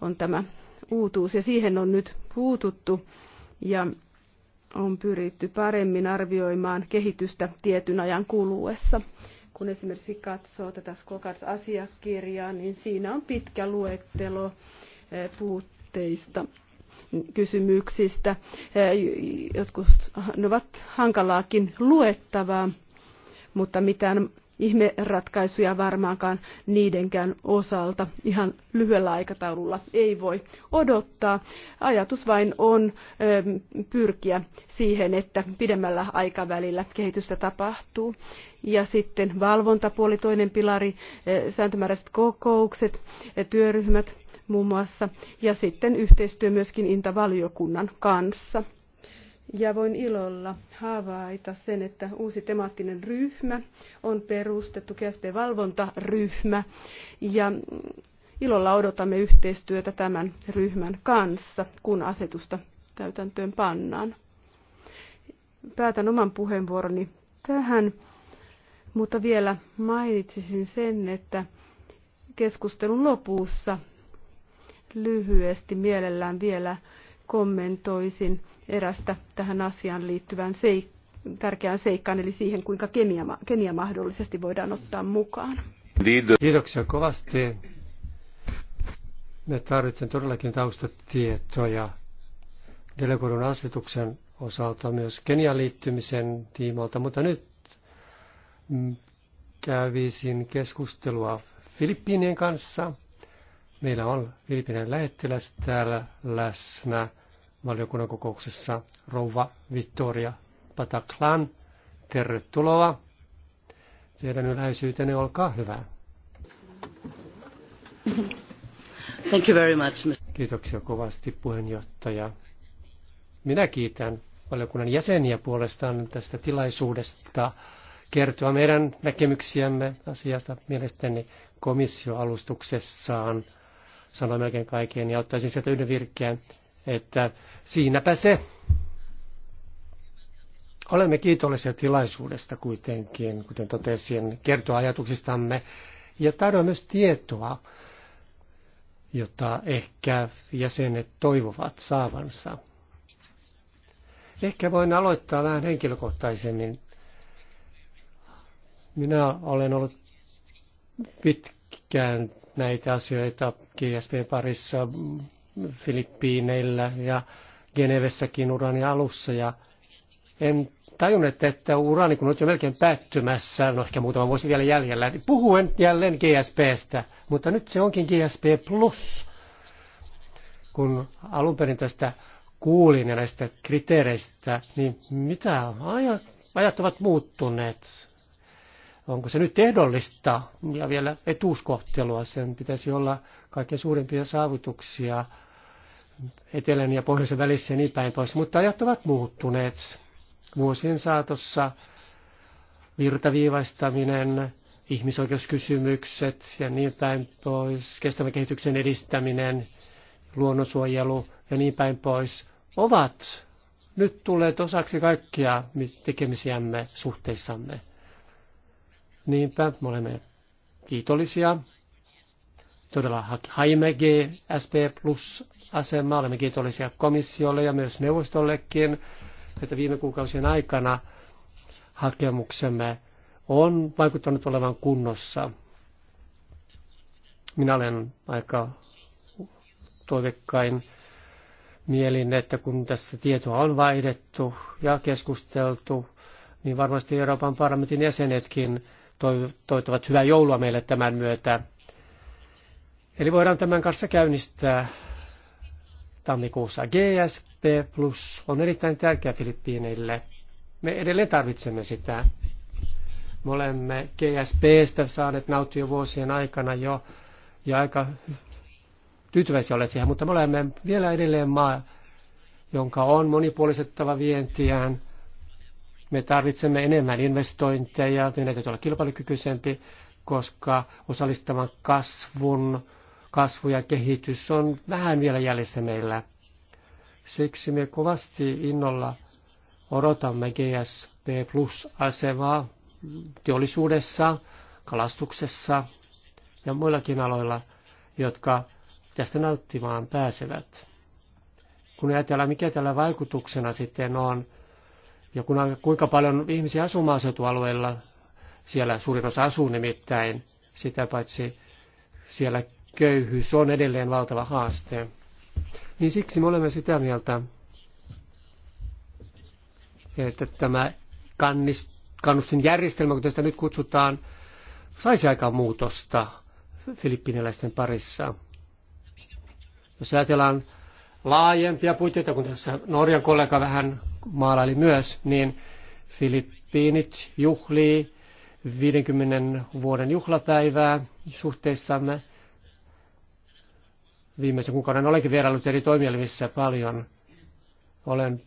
on tämä uutuus ja siihen on nyt puututtu ja on pyritty paremmin arvioimaan kehitystä tietyn ajan kuluessa. Kun esimerkiksi katsoo tätä Skokats-asiakirjaa, niin siinä on pitkä luettelo eh, puutteista kysymyksistä. Eh, jotkut ne ovat hankalaakin luettavaa, mutta mitään ihmeratkaisuja varmaankaan niidenkään osalta ihan lyhyellä aikataululla ei voi odottaa. Ajatus vain on ähm, pyrkiä siihen, että pidemmällä aikavälillä kehitystä tapahtuu. Ja sitten valvontapuoli, toinen pilari, äh, sääntömääräiset kokoukset, äh, työryhmät muun muassa, ja sitten yhteistyö myöskin Intavaliokunnan kanssa. Ja voin ilolla havaita sen, että uusi temaattinen ryhmä on perustettu, GSP-valvontaryhmä, ja ilolla odotamme yhteistyötä tämän ryhmän kanssa, kun asetusta täytäntöön pannaan. Päätän oman puheenvuoroni tähän, mutta vielä mainitsisin sen, että keskustelun lopussa lyhyesti mielellään vielä kommentoisin erästä tähän asiaan liittyvään seik- tärkeään seikkaan, eli siihen, kuinka Kenia, Kenia mahdollisesti voidaan ottaa mukaan. Kiitoksia kovasti. Me tarvitsemme todellakin taustatietoja delegoidun asetuksen osalta myös Kenian liittymisen tiimoilta, mutta nyt mm, kävisin keskustelua Filippiinien kanssa. Meillä on Filippiinien lähettiläs täällä läsnä valiokunnan kokouksessa rouva Vittoria Pataklan. Tervetuloa. Teidän yläisyytenne, olkaa hyvä. Thank you very much. Kiitoksia kovasti puheenjohtaja. Minä kiitän valiokunnan jäseniä puolestaan tästä tilaisuudesta kertoa meidän näkemyksiämme asiasta. Mielestäni komissio alustuksessaan sanoi melkein kaiken ja ottaisin sieltä yhden virkkeen että siinäpä se. Olemme kiitollisia tilaisuudesta kuitenkin, kuten totesin, kertoa ajatuksistamme ja tarjoa myös tietoa, jota ehkä jäsenet toivovat saavansa. Ehkä voin aloittaa vähän henkilökohtaisemmin. Minä olen ollut pitkään näitä asioita GSP parissa Filippiineillä ja Genevessäkin urani alussa. Ja en tajunnut, että urani, kun on jo melkein päättymässä, no ehkä muutama vuosi vielä jäljellä, niin puhuen jälleen GSPstä, mutta nyt se onkin GSP Plus. Kun alun perin tästä kuulin ja näistä kriteereistä, niin mitä ajat ovat muuttuneet? Onko se nyt ehdollista ja vielä etuuskohtelua? Sen pitäisi olla kaikkein suurimpia saavutuksia etelän ja pohjoisen välissä ja niin päin pois. Mutta ajat ovat muuttuneet vuosien saatossa. Virtaviivaistaminen, ihmisoikeuskysymykset ja niin päin pois, kestävän kehityksen edistäminen, luonnonsuojelu ja niin päin pois ovat nyt tulleet osaksi kaikkia tekemisiämme suhteissamme. Niinpä me olemme kiitollisia. Todella haimme GSP Plus asemaa, olemme kiitollisia komissiolle ja myös neuvostollekin, että viime kuukausien aikana hakemuksemme on vaikuttanut olevan kunnossa. Minä olen aika toivekkain mielin, että kun tässä tietoa on vaihdettu ja keskusteltu, niin varmasti Euroopan parlamentin jäsenetkin toivottavat hyvää joulua meille tämän myötä. Eli voidaan tämän kanssa käynnistää tammikuussa GSP Plus on erittäin tärkeä Filippiineille. Me edelleen tarvitsemme sitä. Me olemme GSPstä saaneet nauttia vuosien aikana jo ja aika tyytyväisiä olet siihen, mutta me olemme vielä edelleen maa, jonka on monipuolisettava vientiään me tarvitsemme enemmän investointeja, meidän täytyy olla kilpailukykyisempi, koska osallistavan kasvun, kasvu ja kehitys on vähän vielä jäljessä meillä. Siksi me kovasti innolla odotamme GSP Plus-asemaa teollisuudessa, kalastuksessa ja muillakin aloilla, jotka tästä nauttimaan pääsevät. Kun ajatellaan, mikä tällä vaikutuksena sitten on ja kun, kuinka paljon ihmisiä asuu maaseutualueella, siellä suurin osa asuu nimittäin, sitä paitsi siellä köyhyys on edelleen valtava haaste. Niin siksi me olemme sitä mieltä, että tämä kannustinjärjestelmä, kun tästä nyt kutsutaan, saisi aika muutosta filippiniläisten parissa. Jos ajatellaan laajempia puitteita, kun tässä Norjan kollega vähän maalaili myös, niin Filippiinit juhlii 50 vuoden juhlapäivää suhteissamme. Viimeisen kuukauden olenkin vierailut eri toimielimissä paljon. Olen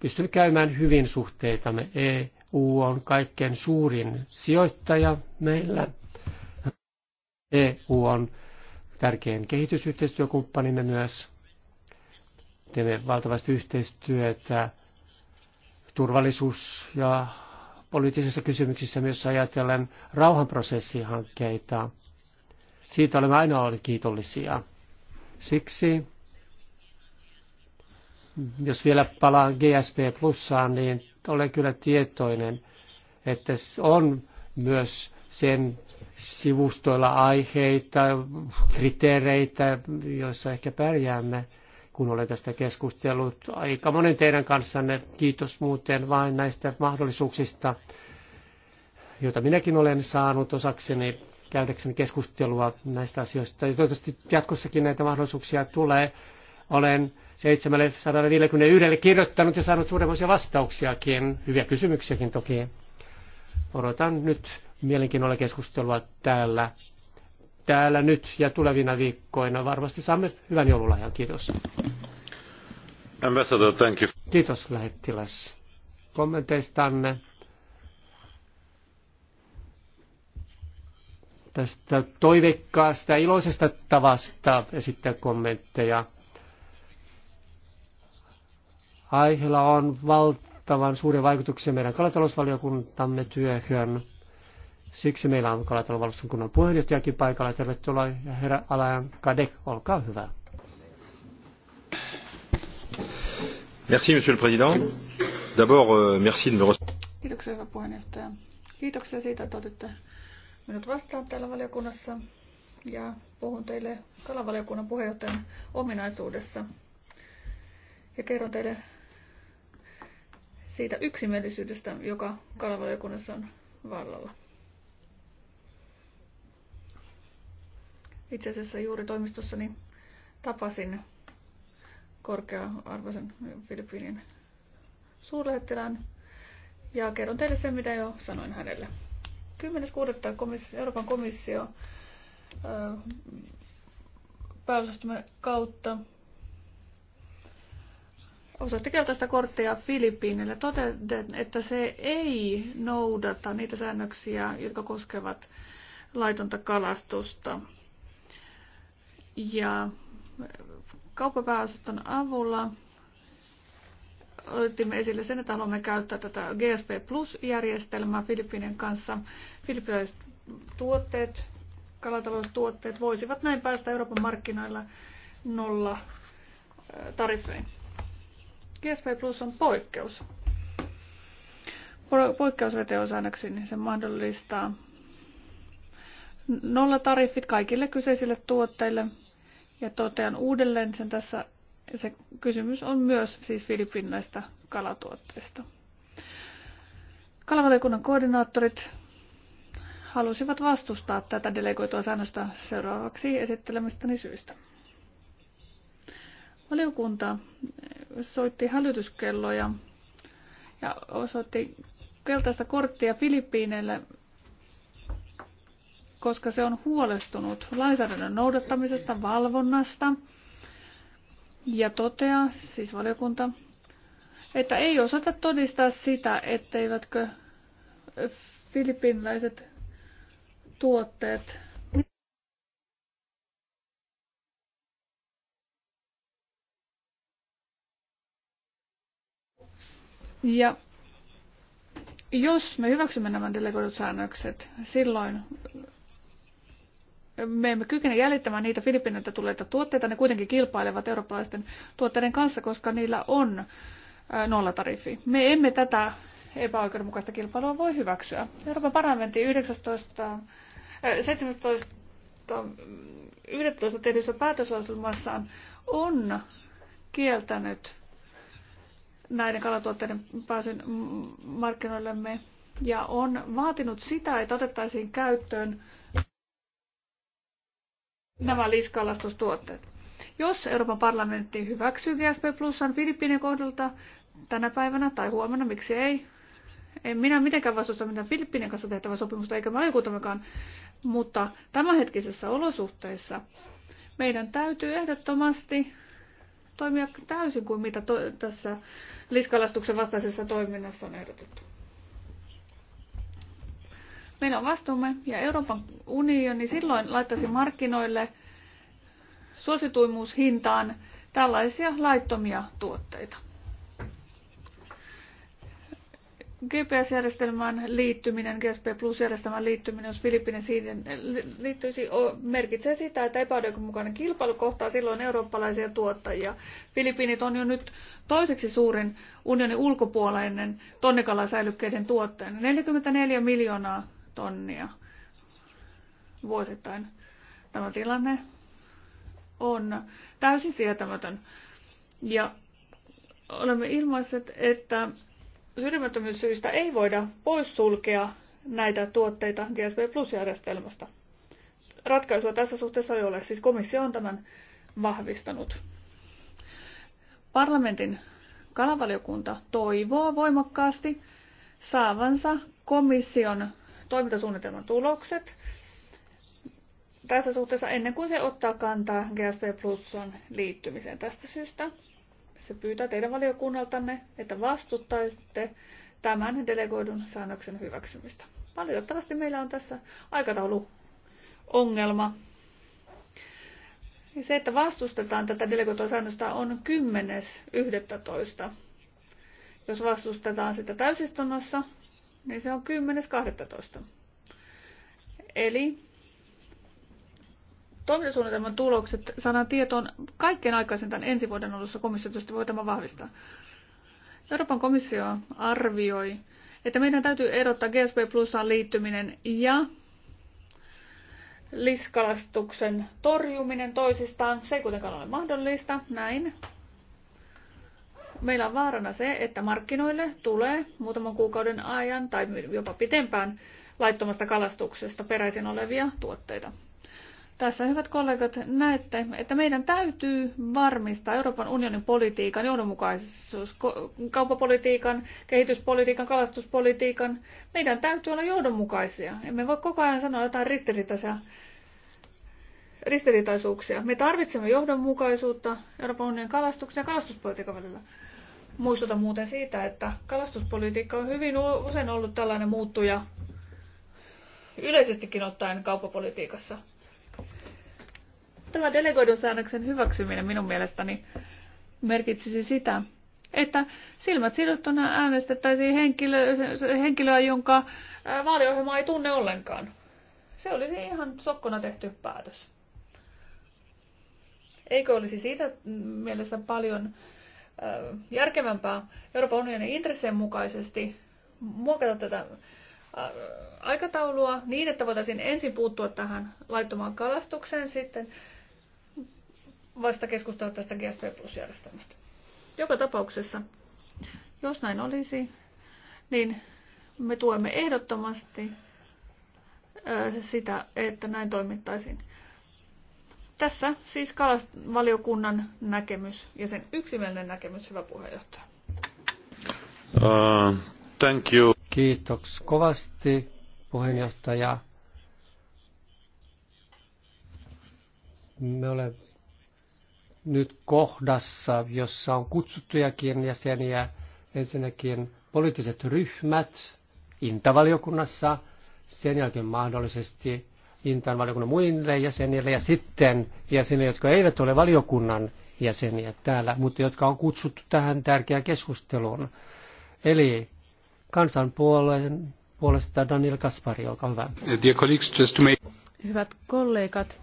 pystynyt käymään hyvin suhteitamme. EU on kaikkein suurin sijoittaja meillä. EU on tärkein kehitysyhteistyökumppanimme myös. Teemme valtavasti yhteistyötä turvallisuus- ja poliittisissa kysymyksissä myös ajatellen rauhanprosessihankkeita. Siitä olemme aina olleet kiitollisia. Siksi, jos vielä palaan GSP plussaan, niin olen kyllä tietoinen, että on myös sen sivustoilla aiheita, kriteereitä, joissa ehkä pärjäämme, kun olen tästä keskustellut aika monen teidän kanssanne. Kiitos muuten vain näistä mahdollisuuksista, joita minäkin olen saanut osakseni käydäkseni keskustelua näistä asioista. Ja toivottavasti jatkossakin näitä mahdollisuuksia tulee. Olen 751 kirjoittanut ja saanut suuremmoisia vastauksiakin, hyviä kysymyksiäkin toki. Odotan nyt mielenkiinnolla keskustelua täällä, täällä nyt ja tulevina viikkoina. Varmasti saamme hyvän joululahjan. Kiitos. Ambassador, thank you. Kiitos lähettiläs kommenteistanne. tästä toiveikkaasta ja iloisesta tavasta esittää kommentteja. Aiheella on valtavan suuri vaikutuksia meidän kalatalousvaliokuntamme työhön. Siksi meillä on Kalatalon valtuuskunnan puheenjohtajakin paikalla. Tervetuloa ja herra Alain Kadek, olkaa hyvä. Merci, monsieur le président. D'abord, euh, merci de me Kiitoksia, hyvä puheenjohtaja. Kiitoksia siitä, että otitte minut vastaan täällä valiokunnassa ja puhun teille kalavaliokunnan puheenjohtajan ominaisuudessa. Ja kerron teille siitä yksimielisyydestä, joka kalavaliokunnassa on vallalla. Itse asiassa juuri toimistossani tapasin korkea-arvoisen Filippiinien suurlähettilään ja kerron teille sen, mitä jo sanoin hänelle. 10.6. Komissio, Euroopan komissio pääosastamme kautta osoitti keltaista korttia Filippiinille. toteten, että se ei noudata niitä säännöksiä, jotka koskevat laitonta kalastusta. Ja äh, kauppapääosaston avulla otimme esille sen, että haluamme käyttää tätä GSP Plus-järjestelmää Filippinen kanssa. Filippiläiset tuotteet, kalataloustuotteet voisivat näin päästä Euroopan markkinoilla nolla äh, tarifein. GSP Plus on poikkeus. Poikkeus vto niin se mahdollistaa nolla tariffit kaikille kyseisille tuotteille – ja totean uudelleen sen tässä, se kysymys on myös siis Filippiinistä kalatuotteista. Kalavaliokunnan koordinaattorit halusivat vastustaa tätä delegoitua säännöstä seuraavaksi esittelemästäni syystä. Valiokunta soitti hälytyskelloja ja osoitti keltaista korttia Filippiineille koska se on huolestunut lainsäädännön noudattamisesta, valvonnasta ja toteaa, siis valiokunta, että ei osata todistaa sitä, etteivätkö filipinläiset tuotteet Ja jos me hyväksymme nämä delegoidut säännökset, silloin me emme kykene jäljittämään niitä Filippiineiltä tulleita tuotteita, ne kuitenkin kilpailevat eurooppalaisten tuotteiden kanssa, koska niillä on äh, nollatariffi. Me emme tätä epäoikeudenmukaista kilpailua voi hyväksyä. Euroopan parlamentin 19, 17, 11 tehdyssä päätöslauselmassaan on kieltänyt näiden kalatuotteiden pääsyn markkinoillemme ja on vaatinut sitä, että otettaisiin käyttöön nämä liskalastustuotteet. Jos Euroopan parlamentti hyväksyy GSP Plusan Filippiinien kohdalta tänä päivänä tai huomenna, miksi ei, en minä mitenkään vastusta mitään Filippiinien kanssa tehtävää sopimusta, eikä me aikutammekaan, mutta tämänhetkisessä olosuhteissa meidän täytyy ehdottomasti toimia täysin kuin mitä to- tässä liskalastuksen vastaisessa toiminnassa on ehdotettu. Meillä on vastuumme ja Euroopan unioni silloin laittaisi markkinoille suosituimuushintaan tällaisia laittomia tuotteita. GPS-järjestelmään liittyminen, GSP Plus-järjestelmään liittyminen, jos Filippinen siihen eh, liittyisi, merkitsee sitä, että epäoikeudenmukainen kilpailu kohtaa silloin eurooppalaisia tuottajia. Filippiinit on jo nyt toiseksi suurin unionin ulkopuolinen tonnikalasäilykkeiden tuottaja. 44 miljoonaa tonnia vuosittain. Tämä tilanne on täysin sietämätön. Ja olemme ilmaiset, että syrjimättömyyssyistä ei voida poissulkea näitä tuotteita GSP Plus-järjestelmästä. Ratkaisua tässä suhteessa ei ole, siis komissio on tämän vahvistanut. Parlamentin kalavaliokunta toivoo voimakkaasti saavansa komission toimintasuunnitelman tulokset tässä suhteessa ennen kuin se ottaa kantaa GSP Plusan liittymiseen tästä syystä. Se pyytää teidän valiokunnaltanne, että vastuttaisitte tämän delegoidun säännöksen hyväksymistä. Valitettavasti meillä on tässä aikatauluongelma. Se, että vastustetaan tätä delegoitua säännöstä on 10.11. Jos vastustetaan sitä täysistunnossa, niin se on 10.12. Eli toimintasuunnitelman tulokset saadaan tietoon kaikkein tämän ensi vuoden alussa komissiotusta voi tämä vahvistaa. Euroopan komissio arvioi, että meidän täytyy erottaa GSP Plusaan liittyminen ja liskalastuksen torjuminen toisistaan. Se ei kuitenkaan ole mahdollista, näin meillä on vaarana se, että markkinoille tulee muutaman kuukauden ajan tai jopa pitempään laittomasta kalastuksesta peräisin olevia tuotteita. Tässä, hyvät kollegat, näette, että meidän täytyy varmistaa Euroopan unionin politiikan johdonmukaisuus, kauppapolitiikan, kehityspolitiikan, kalastuspolitiikan. Meidän täytyy olla johdonmukaisia. Emme voi koko ajan sanoa jotain ristiriitaisia ristiriitaisuuksia. Me tarvitsemme johdonmukaisuutta Euroopan unionin kalastuksen ja kalastuspolitiikan välillä. Muistutan muuten siitä, että kalastuspolitiikka on hyvin usein ollut tällainen muuttuja yleisestikin ottaen kauppapolitiikassa. Tämä delegoidun säännöksen hyväksyminen minun mielestäni merkitsisi sitä, että silmät sidottuna äänestettäisiin henkilö, henkilöä, jonka vaaliohjelmaa ei tunne ollenkaan. Se olisi ihan sokkona tehty päätös. Eikö olisi siitä mm, mielessä paljon järkevämpää Euroopan unionin intressien mukaisesti muokata tätä aikataulua niin, että voitaisiin ensin puuttua tähän laittomaan kalastukseen, sitten vasta keskustella tästä GSP Plus-järjestelmästä. Joka tapauksessa, jos näin olisi, niin me tuemme ehdottomasti sitä, että näin toimittaisiin. Tässä siis valiokunnan näkemys ja sen yksimielinen näkemys, hyvä puheenjohtaja. Uh, thank you. Kiitos kovasti puheenjohtaja. Me olemme nyt kohdassa, jossa on kutsuttujakin jäseniä, ensinnäkin poliittiset ryhmät intavaliokunnassa, sen jälkeen mahdollisesti Intan valiokunnan muille jäsenille ja sitten jäsenille, jotka eivät ole valiokunnan jäseniä täällä, mutta jotka on kutsuttu tähän tärkeään keskusteluun. Eli kansanpuolueen puolesta Daniel Kaspari, olkaa hyvä. Hyvät kollegat,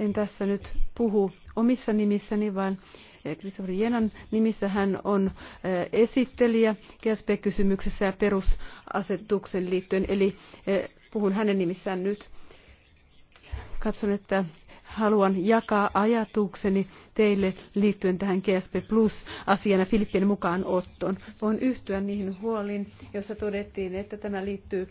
en tässä nyt puhu omissa nimissäni, vaan Kristoffer Jenan nimissä hän on eh, esittelijä GSP-kysymyksessä ja perusasetuksen liittyen. Eli eh, puhun hänen nimissään nyt. Katson, että haluan jakaa ajatukseni teille liittyen tähän GSP Plus-asiana Filippien mukaan ottoon. Voin yhtyä niihin huoliin, joissa todettiin, että tämä liittyy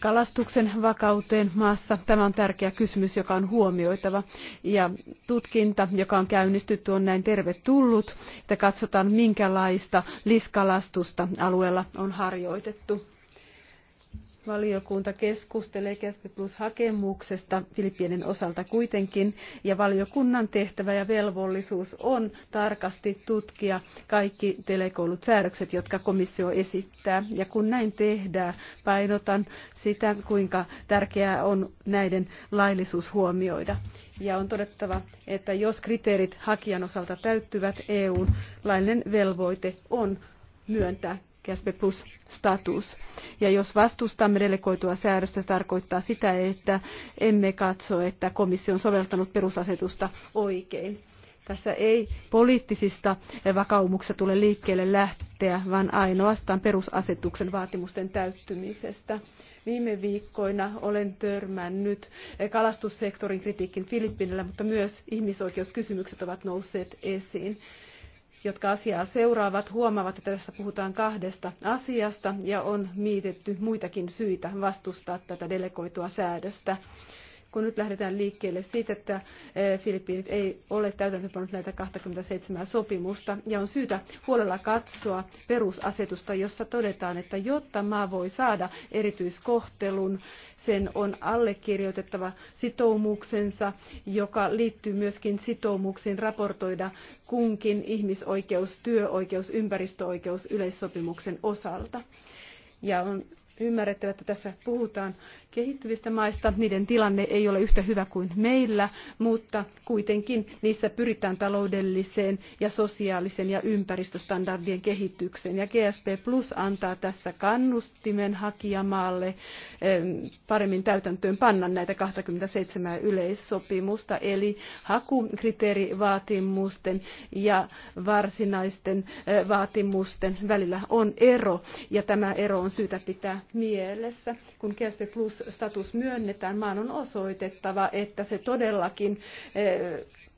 kalastuksen vakauteen maassa. Tämä on tärkeä kysymys, joka on huomioitava. Ja tutkinta, joka on käynnistytty, on näin tervetullut, että katsotaan, minkälaista liskalastusta alueella on harjoitettu Valiokunta keskustelee Keskiplus-hakemuksesta Filippienen osalta kuitenkin, ja valiokunnan tehtävä ja velvollisuus on tarkasti tutkia kaikki telekoulut säädökset, jotka komissio esittää. Ja kun näin tehdään, painotan sitä, kuinka tärkeää on näiden laillisuus huomioida. Ja on todettava, että jos kriteerit hakijan osalta täyttyvät, EUn laillinen velvoite on myöntää ja Plus status. Ja jos vastustamme delegoitua säädöstä, se tarkoittaa sitä, että emme katso, että komissio on soveltanut perusasetusta oikein. Tässä ei poliittisista vakaumuksista tule liikkeelle lähteä, vaan ainoastaan perusasetuksen vaatimusten täyttymisestä. Viime viikkoina olen törmännyt kalastussektorin kritiikin Filippinillä, mutta myös ihmisoikeuskysymykset ovat nousseet esiin jotka asiaa seuraavat, huomaavat, että tässä puhutaan kahdesta asiasta ja on mietitty muitakin syitä vastustaa tätä delegoitua säädöstä kun nyt lähdetään liikkeelle siitä, että eh, Filippiinit ei ole täytäntöönpannut näitä 27 sopimusta, ja on syytä huolella katsoa perusasetusta, jossa todetaan, että jotta maa voi saada erityiskohtelun, sen on allekirjoitettava sitoumuksensa, joka liittyy myöskin sitoumuksiin raportoida kunkin ihmisoikeus, työoikeus, ympäristöoikeus yleissopimuksen osalta. Ja on ymmärrettävä, että tässä puhutaan kehittyvistä maista. Niiden tilanne ei ole yhtä hyvä kuin meillä, mutta kuitenkin niissä pyritään taloudelliseen ja sosiaalisen ja ympäristöstandardien kehitykseen. Ja GSP Plus antaa tässä kannustimen hakijamaalle paremmin täytäntöön panna näitä 27 yleissopimusta, eli hakukriteerivaatimusten ja varsinaisten eh, vaatimusten välillä on ero, ja tämä ero on syytä pitää mielessä, kun GSP Plus status myönnetään, maan on osoitettava, että se todellakin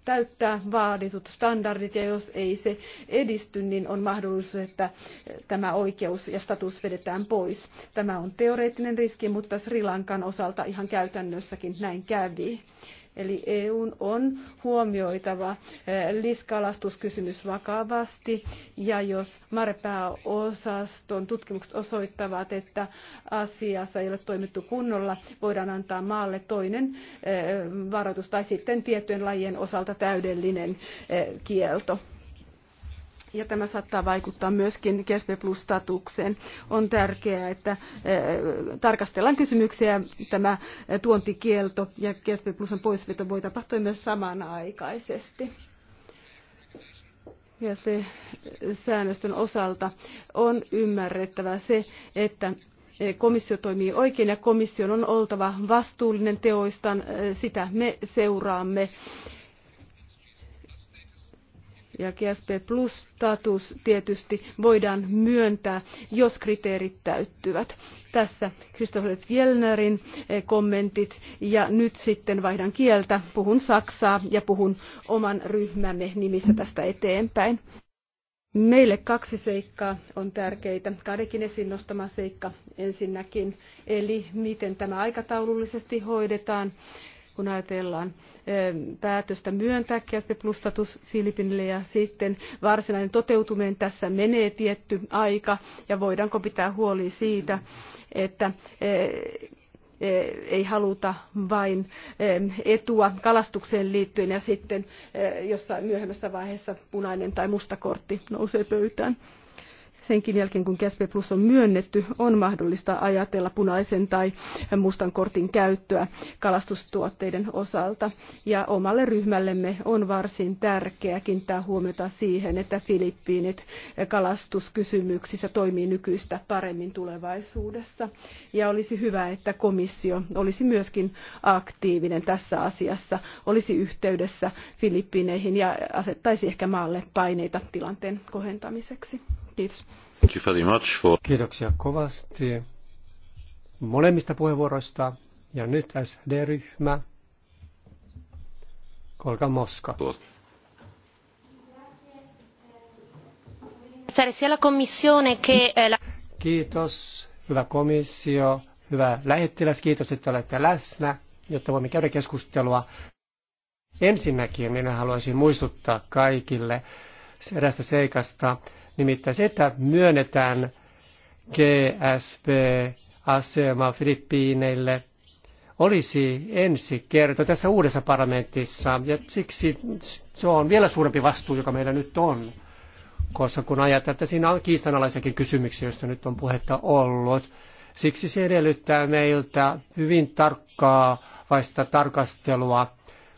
täyttää vaaditut standardit ja jos ei se edisty, niin on mahdollisuus, että tämä oikeus ja status vedetään pois. Tämä on teoreettinen riski, mutta Sri Lankan osalta ihan käytännössäkin näin kävi. Eli EUn on huomioitava eh, liskalastuskysymys vakavasti ja jos Marepääosaston tutkimukset osoittavat, että asiassa ei ole toimittu kunnolla, voidaan antaa maalle toinen eh, varoitus tai sitten tiettyjen lajien osalta täydellinen eh, kielto ja tämä saattaa vaikuttaa myöskin GSP Plus-statukseen. On tärkeää, että eh, tarkastellaan kysymyksiä. Tämä eh, tuontikielto ja GSP Plusan poisveto voi tapahtua myös samanaikaisesti. se eh, säännöstön osalta on ymmärrettävä se, että komissio toimii oikein ja komission on oltava vastuullinen teoistaan. Sitä me seuraamme ja GSP Plus-status tietysti voidaan myöntää, jos kriteerit täyttyvät. Tässä Christopher Fjellnerin eh, kommentit ja nyt sitten vaihdan kieltä, puhun saksaa ja puhun oman ryhmämme nimissä tästä eteenpäin. Meille kaksi seikkaa on tärkeitä. Kadekin esiin nostama seikka ensinnäkin, eli miten tämä aikataulullisesti hoidetaan kun ajatellaan päätöstä myöntää kielten plustatus Filipinille ja sitten varsinainen toteutuminen tässä menee tietty aika ja voidaanko pitää huoli siitä, että ei haluta vain etua kalastukseen liittyen ja sitten jossain myöhemmässä vaiheessa punainen tai musta kortti nousee pöytään senkin jälkeen, kun GSP Plus on myönnetty, on mahdollista ajatella punaisen tai mustan kortin käyttöä kalastustuotteiden osalta. Ja omalle ryhmällemme on varsin tärkeää kiinnittää huomiota siihen, että Filippiinit kalastuskysymyksissä toimii nykyistä paremmin tulevaisuudessa. Ja olisi hyvä, että komissio olisi myöskin aktiivinen tässä asiassa, olisi yhteydessä Filippiineihin ja asettaisi ehkä maalle paineita tilanteen kohentamiseksi. Kiitos. Thank you very much for... Kiitoksia kovasti molemmista puheenvuoroista. Ja nyt SD-ryhmä. Kolka Moska. Eh, kiitos, hyvä komissio, hyvä lähettiläs, kiitos, että olette läsnä, jotta voimme käydä keskustelua. Ensinnäkin minä haluaisin muistuttaa kaikille erästä seikasta, Nimittäin se, että myönnetään GSP-asema Filippiineille, olisi ensi kerto tässä uudessa parlamentissa. Ja siksi se on vielä suurempi vastuu, joka meillä nyt on. Koska kun ajatellaan, että siinä on kiistanalaisiakin kysymyksiä, joista nyt on puhetta ollut, siksi se edellyttää meiltä hyvin tarkkaa vaista tarkastelua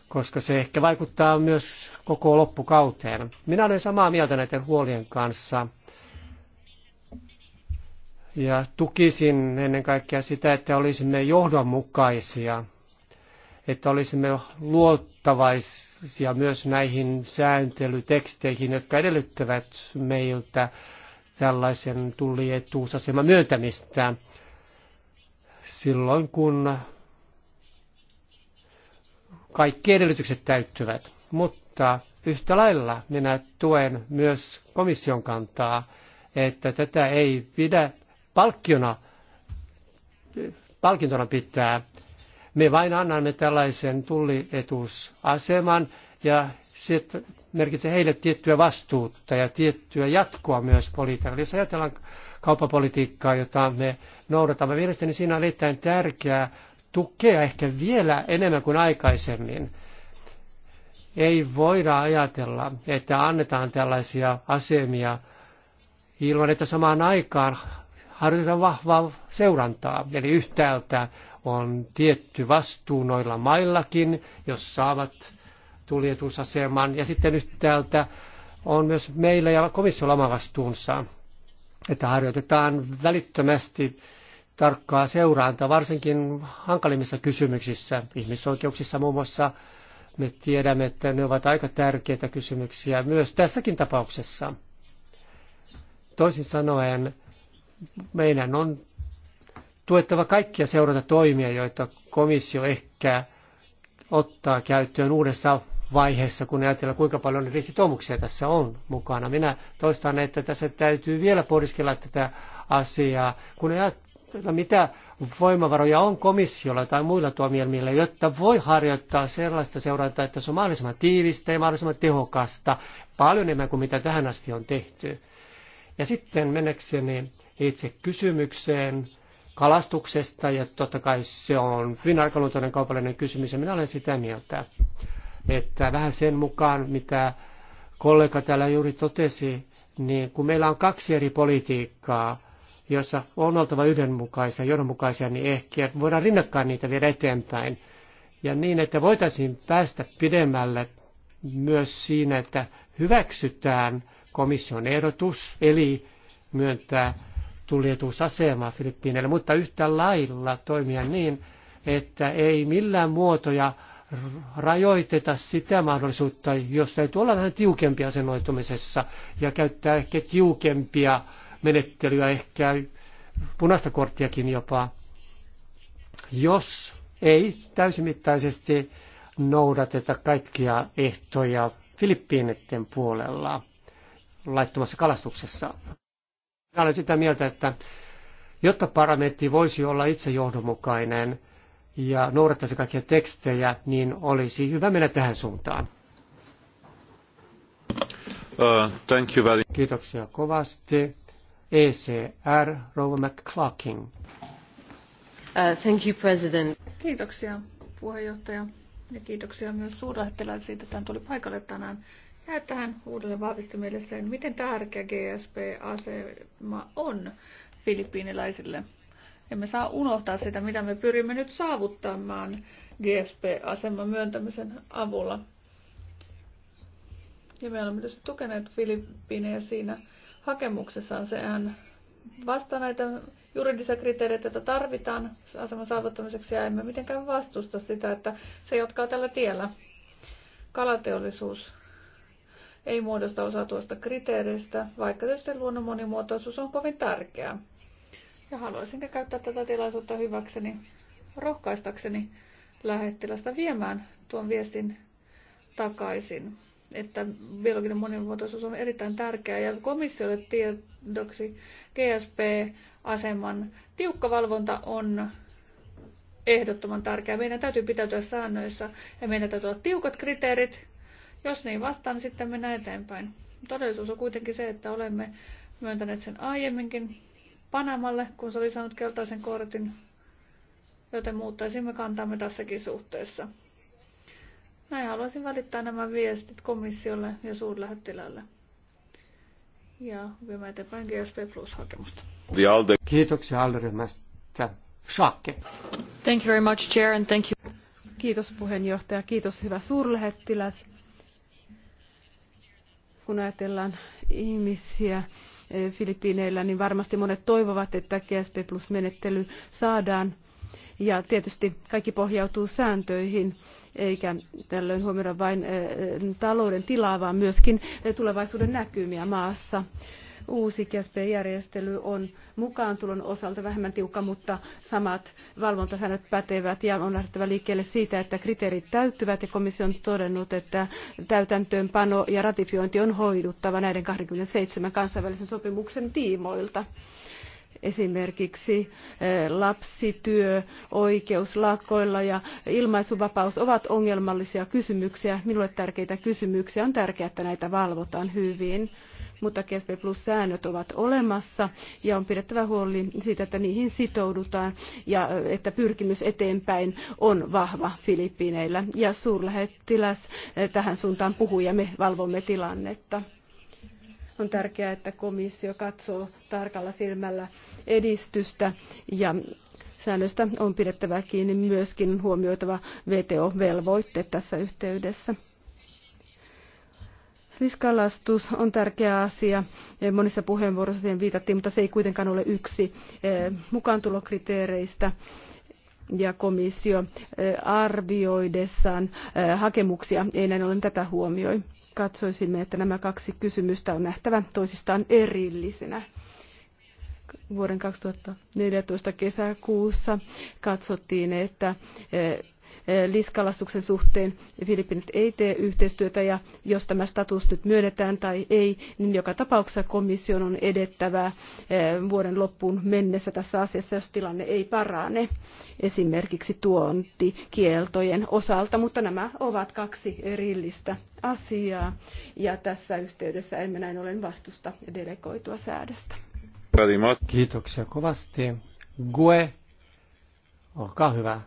koska se ehkä vaikuttaa myös koko loppukauteen. Minä olen samaa mieltä näiden huolien kanssa ja tukisin ennen kaikkea sitä, että olisimme johdonmukaisia, että olisimme luottavaisia myös näihin sääntelyteksteihin, jotka edellyttävät meiltä tällaisen tullietuusaseman myöntämistä silloin, kun kaikki edellytykset täyttyvät. Mutta yhtä lailla minä tuen myös komission kantaa, että tätä ei pidä palkkiona, palkintona pitää. Me vain annamme tällaisen tullietuusaseman ja se merkitsee heille tiettyä vastuutta ja tiettyä jatkoa myös politiikalle. Jos ajatellaan kauppapolitiikkaa, jota me noudatamme, mielestäni siinä on erittäin tärkeää tukea ehkä vielä enemmän kuin aikaisemmin. Ei voida ajatella, että annetaan tällaisia asemia ilman, että samaan aikaan harjoitetaan vahvaa seurantaa. Eli yhtäältä on tietty vastuu noilla maillakin, jos saavat tuljetusaseman, ja sitten yhtäältä on myös meillä ja komissiolla oma vastuunsa, että harjoitetaan välittömästi tarkkaa seurantaa, varsinkin hankalimmissa kysymyksissä, ihmisoikeuksissa muun muassa. Me tiedämme, että ne ovat aika tärkeitä kysymyksiä myös tässäkin tapauksessa. Toisin sanoen, meidän on tuettava kaikkia seurata toimia, joita komissio ehkä ottaa käyttöön uudessa vaiheessa, kun ajatellaan, kuinka paljon riskitoimuksia tässä on mukana. Minä toistan, että tässä täytyy vielä pohdiskella tätä asiaa, kun ajat, No mitä voimavaroja on komissiolla tai muilla toimielmillä, jotta voi harjoittaa sellaista seurantaa, että se on mahdollisimman tiivistä ja mahdollisimman tehokasta, paljon enemmän kuin mitä tähän asti on tehty. Ja sitten menekseni itse kysymykseen kalastuksesta, ja totta kai se on hyvin arkaluontoinen kaupallinen kysymys, ja minä olen sitä mieltä, että vähän sen mukaan, mitä kollega täällä juuri totesi, niin kun meillä on kaksi eri politiikkaa, joissa on oltava yhdenmukaisia, johdonmukaisia, niin ehkä voidaan rinnakkain niitä viedä eteenpäin. Ja niin, että voitaisiin päästä pidemmälle myös siinä, että hyväksytään komission ehdotus, eli myöntää tuljetusasema Filippiineille, mutta yhtä lailla toimia niin, että ei millään muotoja rajoiteta sitä mahdollisuutta, jos täytyy olla vähän tiukempia asennoitumisessa ja käyttää ehkä tiukempia menettelyä, ehkä punaista korttiakin jopa, jos ei täysimittaisesti noudateta kaikkia ehtoja Filippiinetten puolella laittomassa kalastuksessa. Mä olen sitä mieltä, että jotta parametti voisi olla itse johdonmukainen ja noudattaisi kaikkia tekstejä, niin olisi hyvä mennä tähän suuntaan. Uh, thank you very... Kiitoksia kovasti. ECR, Rova McClarkin. Uh, thank you, President. Kiitoksia, puheenjohtaja. Ja kiitoksia myös suurlähettilään siitä, että hän tuli paikalle tänään. Ja tähän uudelleen vahvisti meille sen, miten tärkeä GSP-asema on filippiiniläisille. Emme saa unohtaa sitä, mitä me pyrimme nyt saavuttamaan GSP-aseman myöntämisen avulla. Ja me olemme tietysti tukeneet Filippiinejä siinä, hakemuksessaan. Sehän vastaa näitä juridisia kriteereitä, joita tarvitaan aseman saavuttamiseksi, ja emme mitenkään vastusta sitä, että se jatkaa tällä tiellä. Kalateollisuus ei muodosta osaa tuosta kriteeristä, vaikka tietysti luonnon monimuotoisuus on kovin tärkeää. Ja haluaisinkin käyttää tätä tilaisuutta hyväkseni, rohkaistakseni lähettilästä viemään tuon viestin takaisin että biologinen monimuotoisuus on erittäin tärkeää ja komissiolle tiedoksi GSP-aseman tiukka valvonta on ehdottoman tärkeää. Meidän täytyy pitäytyä säännöissä ja meidän täytyy olla tiukat kriteerit. Jos niin vastaan, niin sitten mennään eteenpäin. Todellisuus on kuitenkin se, että olemme myöntäneet sen aiemminkin Panamalle, kun se oli saanut keltaisen kortin, joten muuttaisimme kantamme tässäkin suhteessa. Näin haluaisin välittää nämä viestit komissiolle ja suurlähettilälle. Ja viemään eteenpäin GSP Plus-hakemusta. Kiitoksia alderyhmästä. Shake. Thank you very much, Chair, and thank you. Kiitos puheenjohtaja, kiitos hyvä suurlähettiläs. Kun ajatellaan ihmisiä, eh, Filippiineillä, niin varmasti monet toivovat, että GSP Plus-menettely saadaan. Ja tietysti kaikki pohjautuu sääntöihin, eikä tällöin huomioida vain eh, eh, talouden tilaa, vaan myöskin eh, tulevaisuuden näkymiä maassa uusi GSP-järjestely on mukaantulon osalta vähemmän tiukka, mutta samat valvontasäännöt pätevät ja on lähdettävä liikkeelle siitä, että kriteerit täyttyvät ja komissio on todennut, että täytäntöönpano ja ratifiointi on hoiduttava näiden 27 kansainvälisen sopimuksen tiimoilta. Esimerkiksi eh, lapsityö, oikeus lakkoilla ja ilmaisuvapaus ovat ongelmallisia kysymyksiä, minulle tärkeitä kysymyksiä. On tärkeää, että näitä valvotaan hyvin mutta GSP Plus-säännöt ovat olemassa ja on pidettävä huoli siitä, että niihin sitoudutaan ja eh, että pyrkimys eteenpäin on vahva Filippiineillä. Ja suurlähettiläs eh, tähän suuntaan puhuu ja me valvomme tilannetta. On tärkeää, että komissio katsoo tarkalla silmällä edistystä ja säännöstä on pidettävä kiinni myöskin huomioitava VTO-velvoitteet tässä yhteydessä. Riskalastus on tärkeä asia. Monissa puheenvuoroissa siihen viitattiin, mutta se ei kuitenkaan ole yksi eh, mukaantulokriteereistä. Ja komissio eh, arvioidessaan eh, hakemuksia ei näin ollen tätä huomioi. Katsoisimme, että nämä kaksi kysymystä on nähtävä toisistaan erillisinä vuoden 2014 kesäkuussa katsottiin, että e, e, liskalastuksen suhteen Filippiinit ei tee yhteistyötä ja jos tämä status nyt myönnetään tai ei, niin joka tapauksessa komission on edettävä e, vuoden loppuun mennessä tässä asiassa, jos tilanne ei parane esimerkiksi tuontikieltojen osalta, mutta nämä ovat kaksi erillistä asiaa ja tässä yhteydessä emme näin ollen vastusta delegoitua säädöstä. Kiitoksia kovasti. Gue, olkaa hyvä.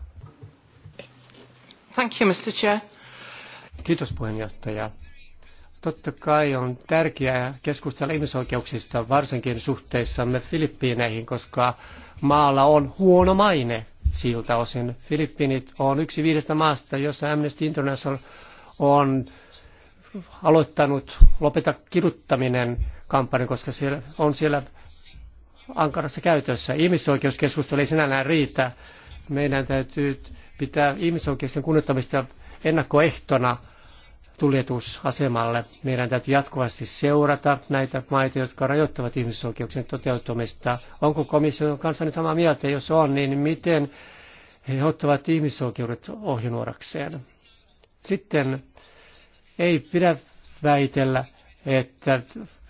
Thank you, Mr. Chair. Kiitos puheenjohtaja. Totta kai on tärkeää keskustella ihmisoikeuksista, varsinkin suhteissamme Filippiineihin, koska maalla on huono maine siltä osin. Filippiinit on yksi viidestä maasta, jossa Amnesty International on aloittanut Lopeta kiduttaminen kampanjan, koska siellä on siellä ankarassa käytössä. Ihmisoikeuskeskustelu ei sinällään riitä. Meidän täytyy pitää ihmisoikeuksien kunnioittamista ennakkoehtona tuljetusasemalle. Meidän täytyy jatkuvasti seurata näitä maita, jotka rajoittavat ihmisoikeuksien toteutumista. Onko komission kanssa nyt samaa mieltä? Jos on, niin miten he ottavat ihmisoikeudet ohjenuorakseen? Sitten ei pidä väitellä, että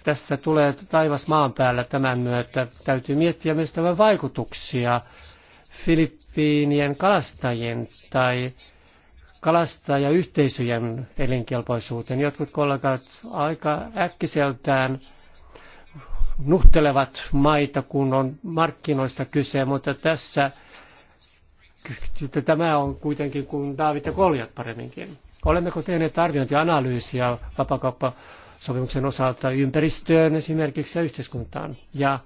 tässä tulee taivas maan päällä tämän myötä. Täytyy miettiä myös tämän vaikutuksia Filippiinien kalastajien tai kalastajayhteisöjen elinkelpoisuuteen. Jotkut kollegat aika äkkiseltään nuhtelevat maita, kun on markkinoista kyse, mutta tässä tämä on kuitenkin kuin David ja Koljat paremminkin. Olemmeko tehneet arviointianalyysiä vapakauppa sopimuksen osalta ympäristöön esimerkiksi ja yhteiskuntaan. Ja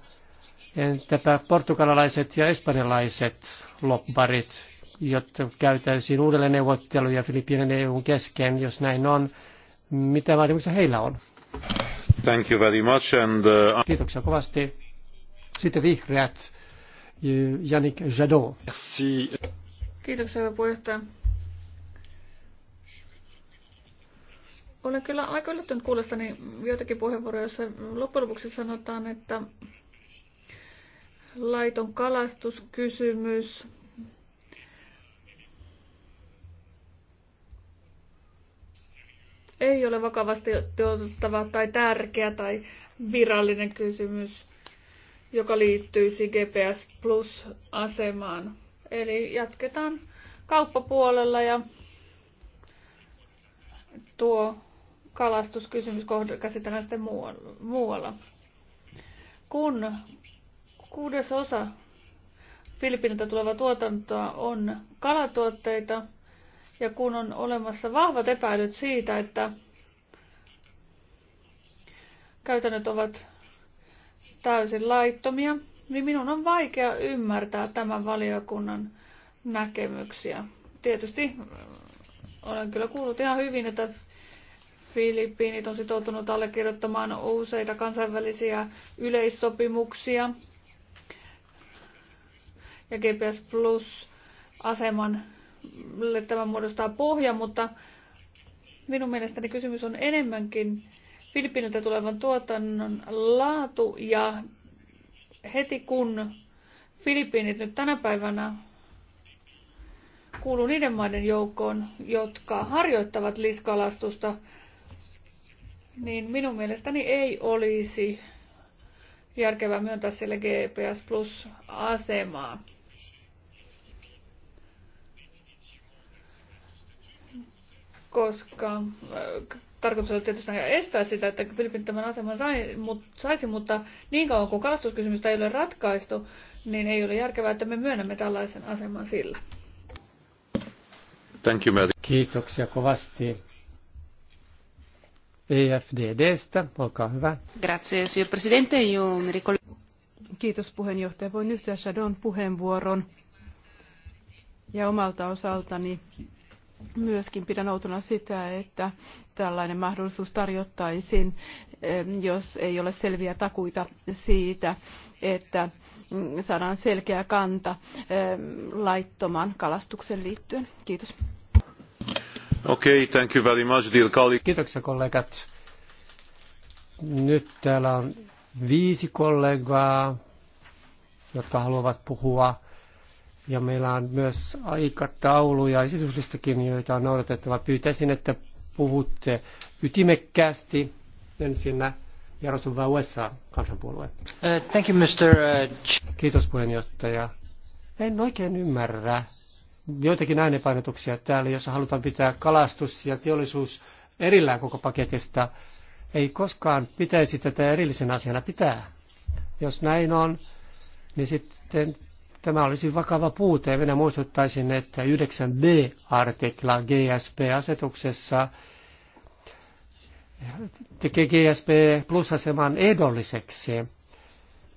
entäpä portugalalaiset ja espanjalaiset lopparit, jotta käytäisiin uudelleen neuvotteluja Filippiinen EUn kesken, jos näin on. Mitä vaatimuksia heillä on? Thank you very much and, uh... Kiitoksia kovasti. Sitten vihreät, Janik Jadot. Merci. Kiitoksia, puheenjohtaja. Olen kyllä aika yllättynyt kuulestani joitakin puheenvuoroja, joissa loppujen lopuksi sanotaan, että laiton kalastuskysymys ei ole vakavasti otettava tai tärkeä tai virallinen kysymys, joka liittyisi GPS Plus-asemaan. Eli jatketaan kauppapuolella ja tuo kalastuskysymys käsitellään sitten muualla. Kun kuudes osa Filippiiniltä tulevaa tuotantoa on kalatuotteita, ja kun on olemassa vahvat epäilyt siitä, että käytännöt ovat täysin laittomia, niin minun on vaikea ymmärtää tämän valiokunnan näkemyksiä. Tietysti mm, olen kyllä kuullut ihan hyvin, että Filippiinit on sitoutunut allekirjoittamaan useita kansainvälisiä yleissopimuksia ja GPS Plus aseman tämä muodostaa pohja, mutta minun mielestäni kysymys on enemmänkin Filippiiniltä tulevan tuotannon laatu ja heti kun Filippiinit nyt tänä päivänä kuuluu niiden maiden joukkoon, jotka harjoittavat liskalastusta, niin minun mielestäni ei olisi järkevää myöntää sille GPS Plus-asemaa. Koska äh, tarkoitus oli tietysti estää sitä, että Filipin tämän aseman sai, mut, saisi, mutta niin kauan kuin kalastuskysymystä ei ole ratkaistu, niin ei ole järkevää, että me myönnämme tällaisen aseman sillä. Thank you, Kiitoksia kovasti. EFDDstä. Olkaa hyvä. Grazie, signor Presidente. Io mi ricol... Kiitos puheenjohtaja. Voin yhtyä Shadon puheenvuoron. Ja omalta osaltani myöskin pidän outona sitä, että tällainen mahdollisuus tarjottaisiin, eh, jos ei ole selviä takuita siitä, että mm, saadaan selkeä kanta eh, laittoman kalastuksen liittyen. Kiitos. Okay, thank you very much, dear colleague. Kiitoksia kollegat. Nyt täällä on viisi kollegaa, jotka haluavat puhua. Ja meillä on myös aikataulu ja esityslistakin, joita on noudatettava. Pyytäisin, että puhutte ytimekkäästi ensin Jaroslav USA kansanpuolue. Uh, thank you, Mr. Uh, Kiitos puheenjohtaja. En oikein ymmärrä, joitakin äänipainotuksia täällä, jossa halutaan pitää kalastus ja teollisuus erillään koko paketista. Ei koskaan pitäisi tätä erillisen asiana pitää. Jos näin on, niin sitten tämä olisi vakava puute. Ja minä muistuttaisin, että 9b-artikla GSP-asetuksessa tekee GSP plusaseman aseman ehdolliseksi.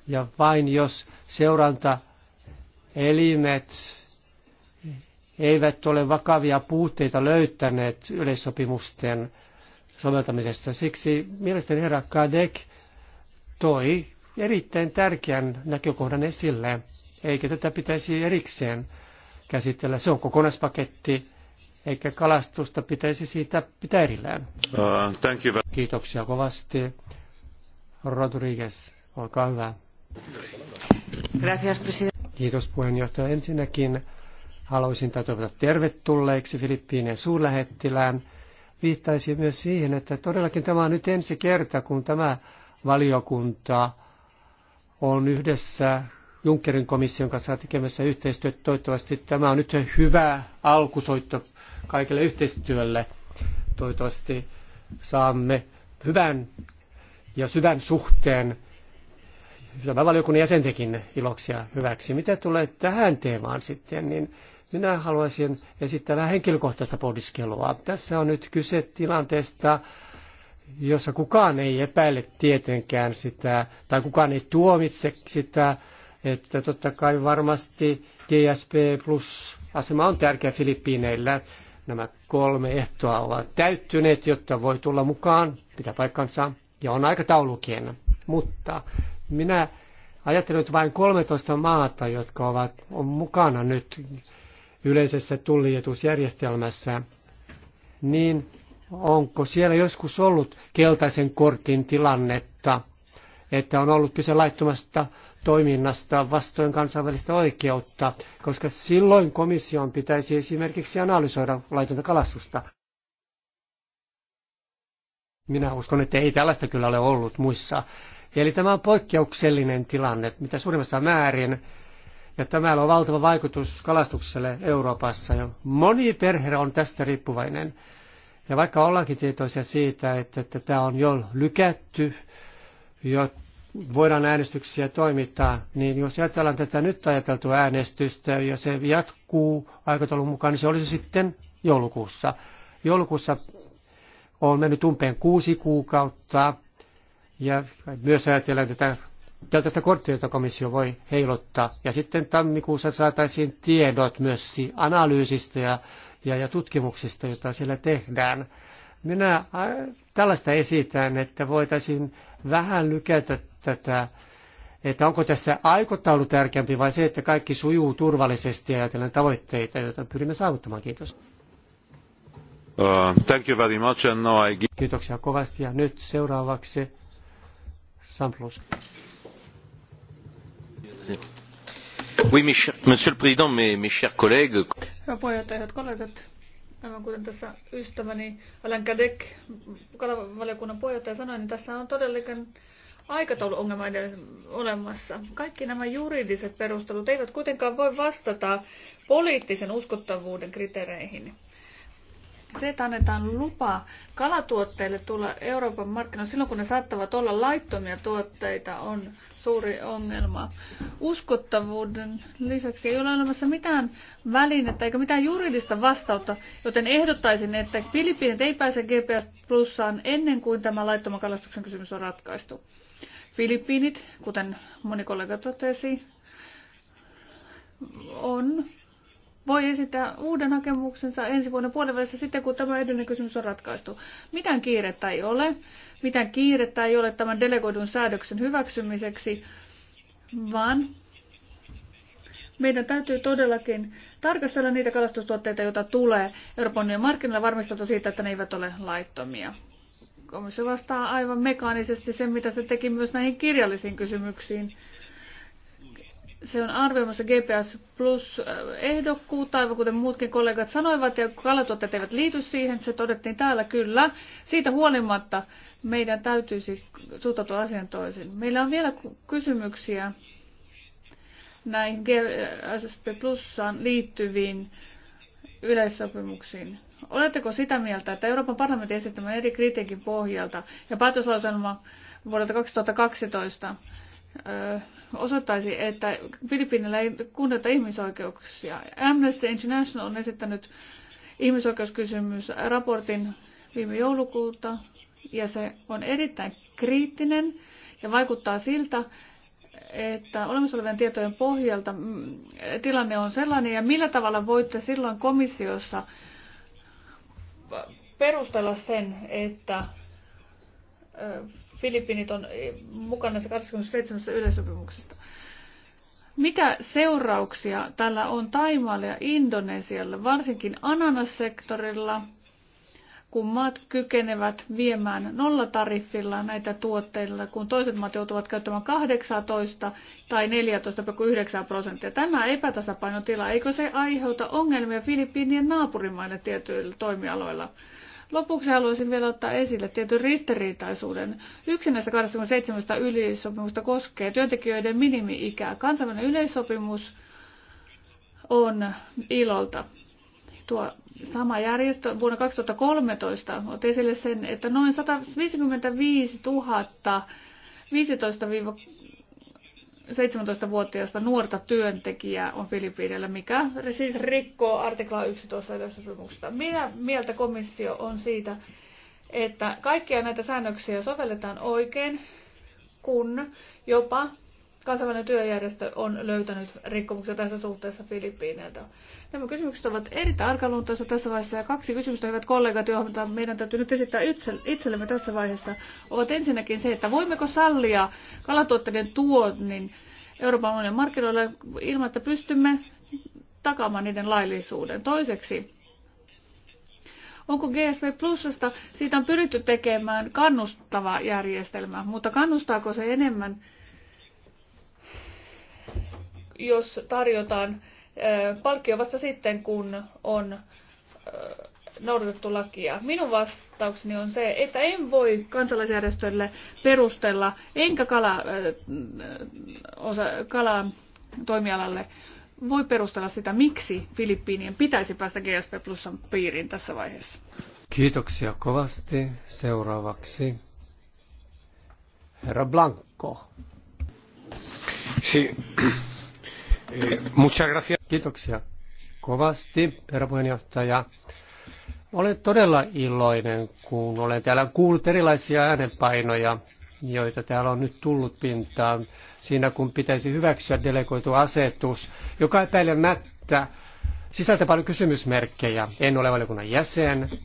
Ja vain jos seuranta elimet eivät ole vakavia puutteita löytäneet yleissopimusten soveltamisesta. Siksi mielestäni herra Kadek toi erittäin tärkeän näkökohdan esille, eikä tätä pitäisi erikseen käsitellä. Se on kokonaispaketti, eikä kalastusta pitäisi siitä pitää erillään. Uh, thank you. Kiitoksia kovasti. Rodriguez, olkaa hyvä. Gracias, Kiitos puheenjohtaja. Ensinnäkin haluaisin toivottaa tervetulleeksi Filippiinien suurlähettilään. Viittaisin myös siihen, että todellakin tämä on nyt ensi kerta, kun tämä valiokunta on yhdessä Junckerin komission kanssa tekemässä yhteistyötä. Toivottavasti tämä on nyt hyvä alkusoitto kaikille yhteistyölle. Toivottavasti saamme hyvän ja syvän suhteen tämän valiokunnan jäsentekin iloksia hyväksi. Mitä tulee tähän teemaan sitten, niin minä haluaisin esittää vähän henkilökohtaista pohdiskelua. Tässä on nyt kyse tilanteesta, jossa kukaan ei epäile tietenkään sitä, tai kukaan ei tuomitse sitä, että totta kai varmasti GSP plus asema on tärkeä Filippiineillä. Nämä kolme ehtoa ovat täyttyneet, jotta voi tulla mukaan, pitää paikkansa, ja on aikataulukin. Mutta minä ajattelen, että vain 13 maata, jotka ovat on mukana nyt yleisessä tullietusjärjestelmässä, niin onko siellä joskus ollut keltaisen kortin tilannetta, että on ollut kyse laittomasta toiminnasta vastoin kansainvälistä oikeutta, koska silloin komission pitäisi esimerkiksi analysoida laitonta kalastusta. Minä uskon, että ei tällaista kyllä ole ollut muissa. Eli tämä on poikkeuksellinen tilanne, mitä suurimmassa määrin ja tämä on valtava vaikutus kalastukselle Euroopassa. Ja moni perhe on tästä riippuvainen. Ja vaikka ollaankin tietoisia siitä, että tämä on jo lykätty, jo voidaan äänestyksiä toimittaa, niin jos ajatellaan tätä nyt ajateltua äänestystä ja se jatkuu aikataulun mukaan, niin se olisi sitten joulukuussa. Joulukuussa on mennyt umpeen kuusi kuukautta ja myös ajatellaan tätä Tältästä korttia, jota komissio voi heilottaa. Ja sitten tammikuussa saataisiin tiedot myös analyysistä ja, ja, ja tutkimuksista, joita siellä tehdään. Minä tällaista esitän, että voitaisiin vähän lykätä tätä, että onko tässä aikataulu tärkeämpi vai se, että kaikki sujuu turvallisesti ja ajatellen tavoitteita, joita pyrimme saavuttamaan. Kiitos. Uh, thank you very much and now I give... Kiitoksia kovasti ja nyt seuraavaksi Samplus. Oui, monsieur le président, mes, mes chers collègues. Aivan kuten tässä ystäväni Alan Kadek, kalavaliokunnan puheenjohtaja sanoi, niin tässä on todellakin aikatauluongelma olemassa. Kaikki nämä juridiset perustelut eivät kuitenkaan voi vastata poliittisen uskottavuuden kriteereihin. Se, että annetaan lupa kalatuotteille tulla Euroopan markkinoille silloin, kun ne saattavat olla laittomia tuotteita, on suuri ongelma. Uskottavuuden lisäksi ei ole olemassa mitään välinettä eikä mitään juridista vastausta, joten ehdottaisin, että Filippiinit ei pääse GPS plussaan ennen kuin tämä laittoman kalastuksen kysymys on ratkaistu. Filippiinit, kuten moni kollega totesi, on voi esittää uuden hakemuksensa ensi vuoden puolivälissä sitten, kun tämä edellinen kysymys on ratkaistu. Mitään kiirettä ei ole. Mitään kiirettä ei ole tämän delegoidun säädöksen hyväksymiseksi, vaan meidän täytyy todellakin tarkastella niitä kalastustuotteita, joita tulee Euroopan unionin markkinoilla varmistautua siitä, että ne eivät ole laittomia. Komissio vastaa aivan mekaanisesti sen, mitä se teki myös näihin kirjallisiin kysymyksiin se on arvioimassa GPS Plus äh, ehdokkuutta, aivan kuten muutkin kollegat sanoivat, ja kalatuotteet eivät liity siihen, se todettiin täällä kyllä. Siitä huolimatta meidän täytyisi suhtautua asian toisin. Meillä on vielä kysymyksiä näihin GSP Plussaan liittyviin yleissopimuksiin. Oletteko sitä mieltä, että Euroopan parlamentin esittämän eri kritiikin pohjalta ja päätöslauselma vuodelta 2012 osoittaisi, että Filippiinillä ei kunnioita ihmisoikeuksia. Amnesty International on esittänyt raportin viime joulukuuta, ja se on erittäin kriittinen ja vaikuttaa siltä, että olemassa olevien tietojen pohjalta mm, tilanne on sellainen, ja millä tavalla voitte silloin komissiossa perustella sen, että Filippiinit on eh, mukana se 27. yleisopimuksesta. Mitä seurauksia tällä on Taimaalle ja Indonesialle, varsinkin ananassektorilla, kun maat kykenevät viemään nollatariffilla näitä tuotteilla, kun toiset maat joutuvat käyttämään 18 tai 14,9 prosenttia. Tämä epätasapainotila, eikö se aiheuta ongelmia Filippiinien naapurimaille tietyillä toimialoilla? Lopuksi haluaisin vielä ottaa esille tietyn ristiriitaisuuden. Yksi näistä 27 yleissopimusta koskee työntekijöiden minimi-ikää. Kansainvälinen yleissopimus on ilolta. Tuo sama järjestö vuonna 2013 otti esille sen, että noin 155 000 15 17-vuotiaista nuorta työntekijää on Filippiineillä, mikä siis rikkoo artiklaa 11 yleissopimuksesta. Mitä mieltä komissio on siitä, että kaikkia näitä säännöksiä sovelletaan oikein, kun jopa Kansainvälinen työjärjestö on löytänyt rikkomuksia tässä suhteessa Filippiineiltä. Nämä kysymykset ovat erittäin arkaluontoisia tässä vaiheessa ja kaksi kysymystä, hyvät kollegat, joihin meidän täytyy nyt esittää itsellemme tässä vaiheessa, ovat ensinnäkin se, että voimmeko sallia kalatuotteiden tuonnin Euroopan unionin markkinoille ilman, että pystymme takaamaan niiden laillisuuden. Toiseksi, onko GSP Plusasta, siitä on pyritty tekemään kannustava järjestelmä, mutta kannustaako se enemmän jos tarjotaan palkkio vasta sitten, kun on noudatettu lakia. Minun vastaukseni on se, että en voi kansalaisjärjestölle perustella, enkä kala, osa, kala toimialalle voi perustella sitä, miksi Filippiinien pitäisi päästä GSP Plusan piiriin tässä vaiheessa. Kiitoksia kovasti. Seuraavaksi herra Blanco. Si. Kiitoksia kovasti, herra puheenjohtaja. Olen todella iloinen, kun olen täällä kuullut erilaisia äänenpainoja, joita täällä on nyt tullut pintaan, siinä kun pitäisi hyväksyä delegoitu asetus, joka epäilemättä sisältää paljon kysymysmerkkejä. En ole valiokunnan jäsen,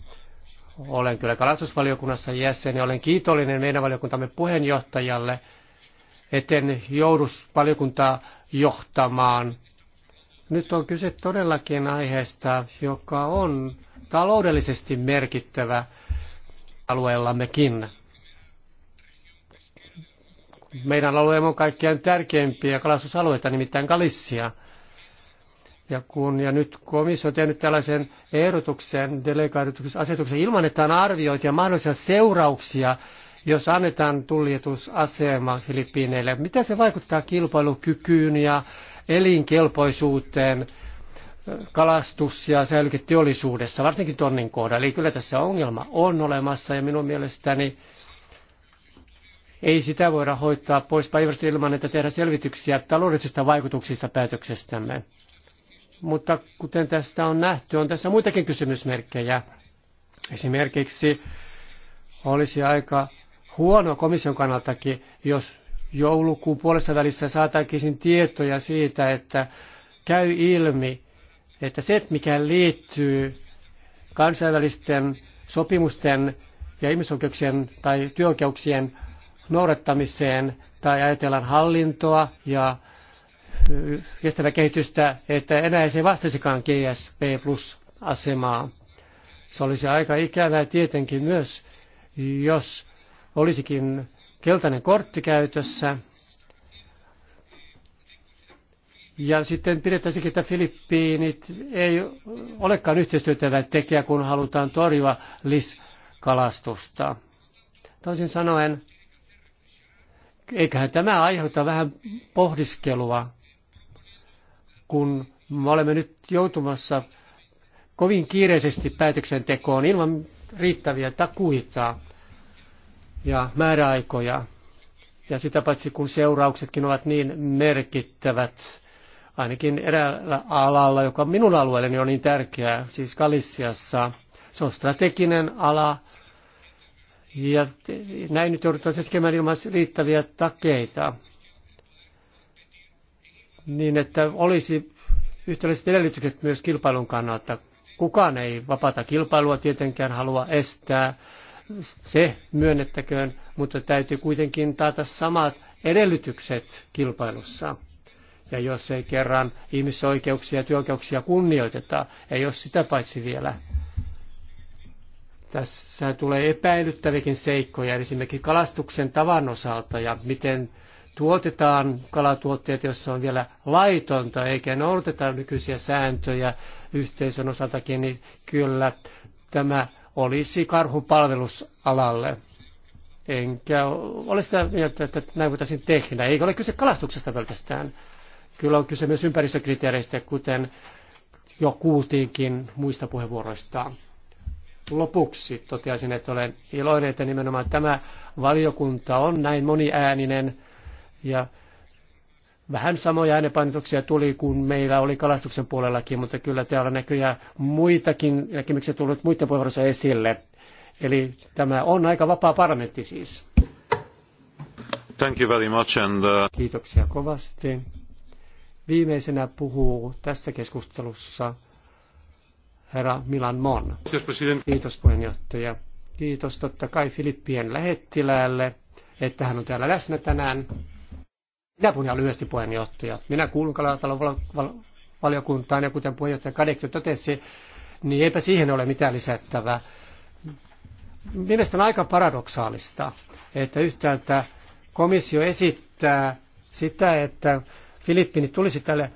olen kyllä kalastusvaliokunnassa jäsen ja olen kiitollinen meidän valiokuntamme puheenjohtajalle – etten joudu valiokuntaa johtamaan. Nyt on kyse todellakin aiheesta, joka on taloudellisesti merkittävä alueellammekin. Meidän alueemme on kaikkein tärkeimpiä kalastusalueita, nimittäin Galissia. Ja kun ja nyt komissio on tehnyt tällaisen ehdotuksen, delegaatioasetuksen, ilman, että on arvioitu ja mahdollisia seurauksia jos annetaan tuljetusasema Filippiineille, miten se vaikuttaa kilpailukykyyn ja elinkelpoisuuteen kalastus- ja säilyketeollisuudessa, varsinkin tonnin kohdalla. Eli kyllä tässä ongelma on olemassa ja minun mielestäni ei sitä voida hoitaa pois päivästä ilman, että tehdään selvityksiä taloudellisista vaikutuksista päätöksestämme. Mutta kuten tästä on nähty, on tässä muitakin kysymysmerkkejä. Esimerkiksi olisi aika huono komission kannaltakin, jos joulukuun puolessa välissä saataisiin tietoja siitä, että käy ilmi, että se, mikä liittyy kansainvälisten sopimusten ja ihmisoikeuksien tai työoikeuksien noudattamiseen tai ajatellaan hallintoa ja kestävää kehitystä, että enää ei se vastaisikaan GSP plus asemaa. Se olisi aika ikävää tietenkin myös, jos olisikin keltainen kortti käytössä. Ja sitten pidettäisikin, että Filippiinit ei olekaan yhteistyötävä tekijä, kun halutaan torjua liskalastusta. Toisin sanoen, eiköhän tämä aiheuta vähän pohdiskelua, kun me olemme nyt joutumassa kovin kiireisesti päätöksentekoon ilman riittäviä takuita ja määräaikoja. Ja sitä paitsi kun seurauksetkin ovat niin merkittävät, ainakin eräällä alalla, joka minun alueelleni on niin tärkeää, siis Galissiassa. Se on strateginen ala, ja näin nyt joudutaan tekemään ilman riittäviä takeita, niin että olisi yhtäläiset edellytykset myös kilpailun kannalta. Kukaan ei vapaata kilpailua tietenkään halua estää, se myönnettäköön, mutta täytyy kuitenkin taata samat edellytykset kilpailussa. Ja jos ei kerran ihmisoikeuksia ja työoikeuksia kunnioiteta, ei jos sitä paitsi vielä. Tässä tulee epäilyttävikin seikkoja, esimerkiksi kalastuksen tavan osalta ja miten tuotetaan kalatuotteet, jos on vielä laitonta, eikä noudateta nykyisiä sääntöjä yhteisön osaltakin, niin kyllä tämä olisi karhupalvelusalalle. Enkä ole sitä mieltä, että näin voitaisiin tehdä. Eikä ole kyse kalastuksesta pelkästään. Kyllä on kyse myös ympäristökriteereistä, kuten jo kuultiinkin muista puheenvuoroista. Lopuksi toteaisin, että olen iloinen, että nimenomaan tämä valiokunta on näin moniääninen ja Vähän samoja äänepainotuksia tuli kuin meillä oli kalastuksen puolellakin, mutta kyllä täällä näköjään muitakin näkemyksiä tullut muiden puheenvuorossa esille. Eli tämä on aika vapaa parlamentti siis. Thank you very much and, uh... Kiitoksia kovasti. Viimeisenä puhuu tässä keskustelussa herra Milan Mon. Kiitos puheenjohtaja. Kiitos totta kai Filippien lähettiläälle, että hän on täällä läsnä tänään. Minä puhun ihan lyhyesti puheenjohtaja. Minä kuulun kalatalon valiokuntaan ja kuten puheenjohtaja Kadekki totesi, niin eipä siihen ole mitään lisättävää. Mielestäni on aika paradoksaalista, että yhtäältä komissio esittää sitä, että Filippiinit tulisi tälle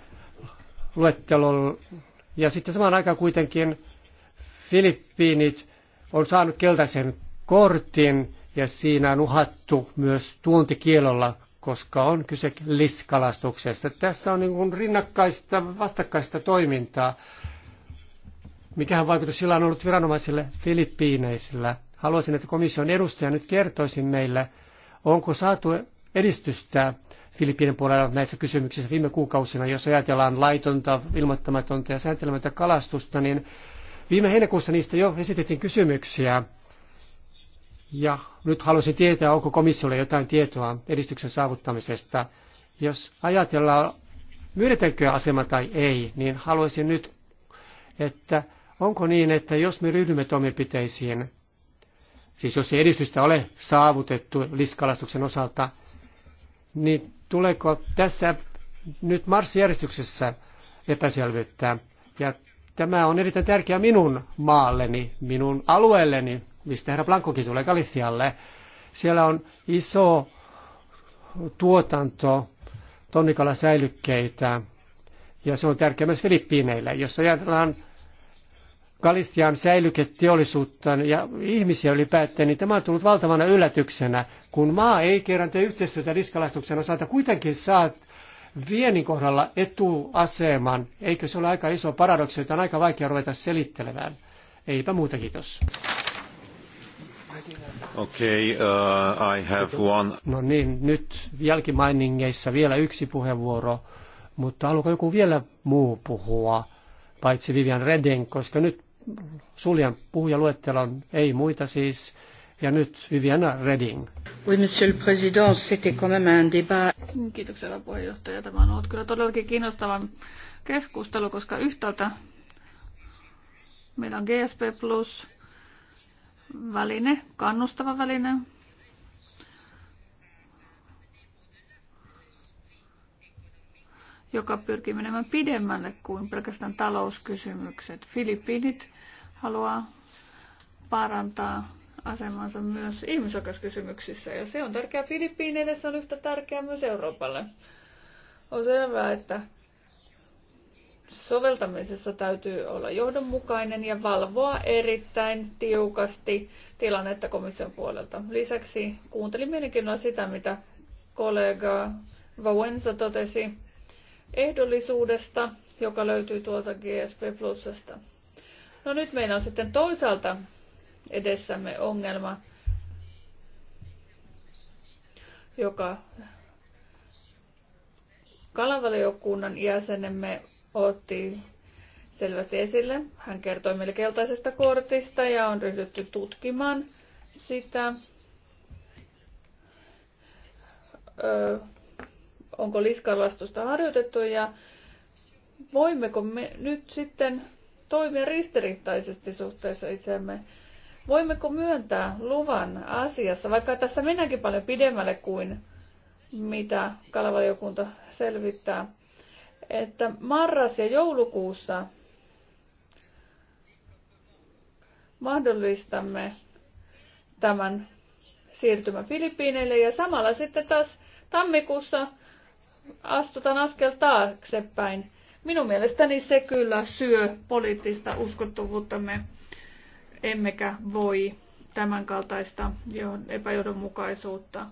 luettelolle ja sitten samaan aikaan kuitenkin Filippiinit on saanut keltaisen kortin ja siinä on uhattu myös tuontikielolla koska on kyse liskalastuksesta. Tässä on niin rinnakkaista, vastakkaista toimintaa. Mikähän vaikutus sillä on ollut viranomaisille Filippiineisillä? Haluaisin, että komission edustaja nyt kertoisi meille, onko saatu edistystä Filippiinen puolella näissä kysymyksissä viime kuukausina, jos ajatellaan laitonta, ilmoittamatonta ja sääntelemättä kalastusta, niin viime heinäkuussa niistä jo esitettiin kysymyksiä ja nyt haluaisin tietää, onko komissiolle jotain tietoa edistyksen saavuttamisesta. Jos ajatellaan, myydetäänkö asema tai ei, niin haluaisin nyt, että onko niin, että jos me ryhdymme toimenpiteisiin, siis jos ei edistystä ole saavutettu liskalastuksen osalta, niin tuleeko tässä nyt marssijärjestyksessä epäselvyyttä? Ja tämä on erittäin tärkeä minun maalleni, minun alueelleni, mistä herra Blankokin tulee Galicialle. Siellä on iso tuotanto säilykkeitä ja se on tärkeä myös Filippiineille. jossa ajatellaan Galician säilyketeollisuutta ja ihmisiä ylipäätään, niin tämä on tullut valtavana yllätyksenä, kun maa ei kerran tee yhteistyötä riskalastuksen osalta, kuitenkin saa viennin kohdalla etuaseman. Eikö se ole aika iso paradoksi, jota on aika vaikea ruveta selittelemään? Eipä muuta, kiitos. Okay, uh, I have one. No niin, nyt jälkimainingeissa vielä yksi puheenvuoro, mutta haluaako joku vielä muu puhua, paitsi Vivian Reden, koska nyt suljan puhujaluettelon ei muita siis. Ja nyt Viviana Redding. Oui, monsieur le président, c'était quand même un débat. Kiitoksia, puheenjohtaja. Tämä on ollut kyllä todellakin kiinnostava keskustelu, koska yhtäältä meillä on GSP Plus, väline, kannustava väline. joka pyrkii menemään pidemmälle kuin pelkästään talouskysymykset. Filippiinit haluaa parantaa asemansa myös ihmisoikeuskysymyksissä ja se on tärkeää Filippiineille, se on yhtä tärkeää myös Euroopalle. On selvää, että soveltamisessa täytyy olla johdonmukainen ja valvoa erittäin tiukasti tilannetta komission puolelta. Lisäksi kuuntelin mielenkiinnolla sitä, mitä kollega Vauensa totesi ehdollisuudesta, joka löytyy tuolta GSP Plusasta. No nyt meillä on sitten toisaalta edessämme ongelma, joka kalavaliokunnan jäsenemme otti selvästi esille. Hän kertoi meille keltaisesta kortista ja on ryhdytty tutkimaan sitä, öö, onko liskalastusta harjoitettu ja voimmeko me nyt sitten toimia ristiriittaisesti suhteessa itsemme. Voimmeko myöntää luvan asiassa, vaikka tässä mennäänkin paljon pidemmälle kuin mitä kalavaliokunta selvittää että marras- ja joulukuussa mahdollistamme tämän siirtymän Filippiineille ja samalla sitten taas tammikuussa astutaan askel taaksepäin. Minun mielestäni se kyllä syö poliittista uskottavuuttamme, emmekä voi tämänkaltaista epäjohdonmukaisuutta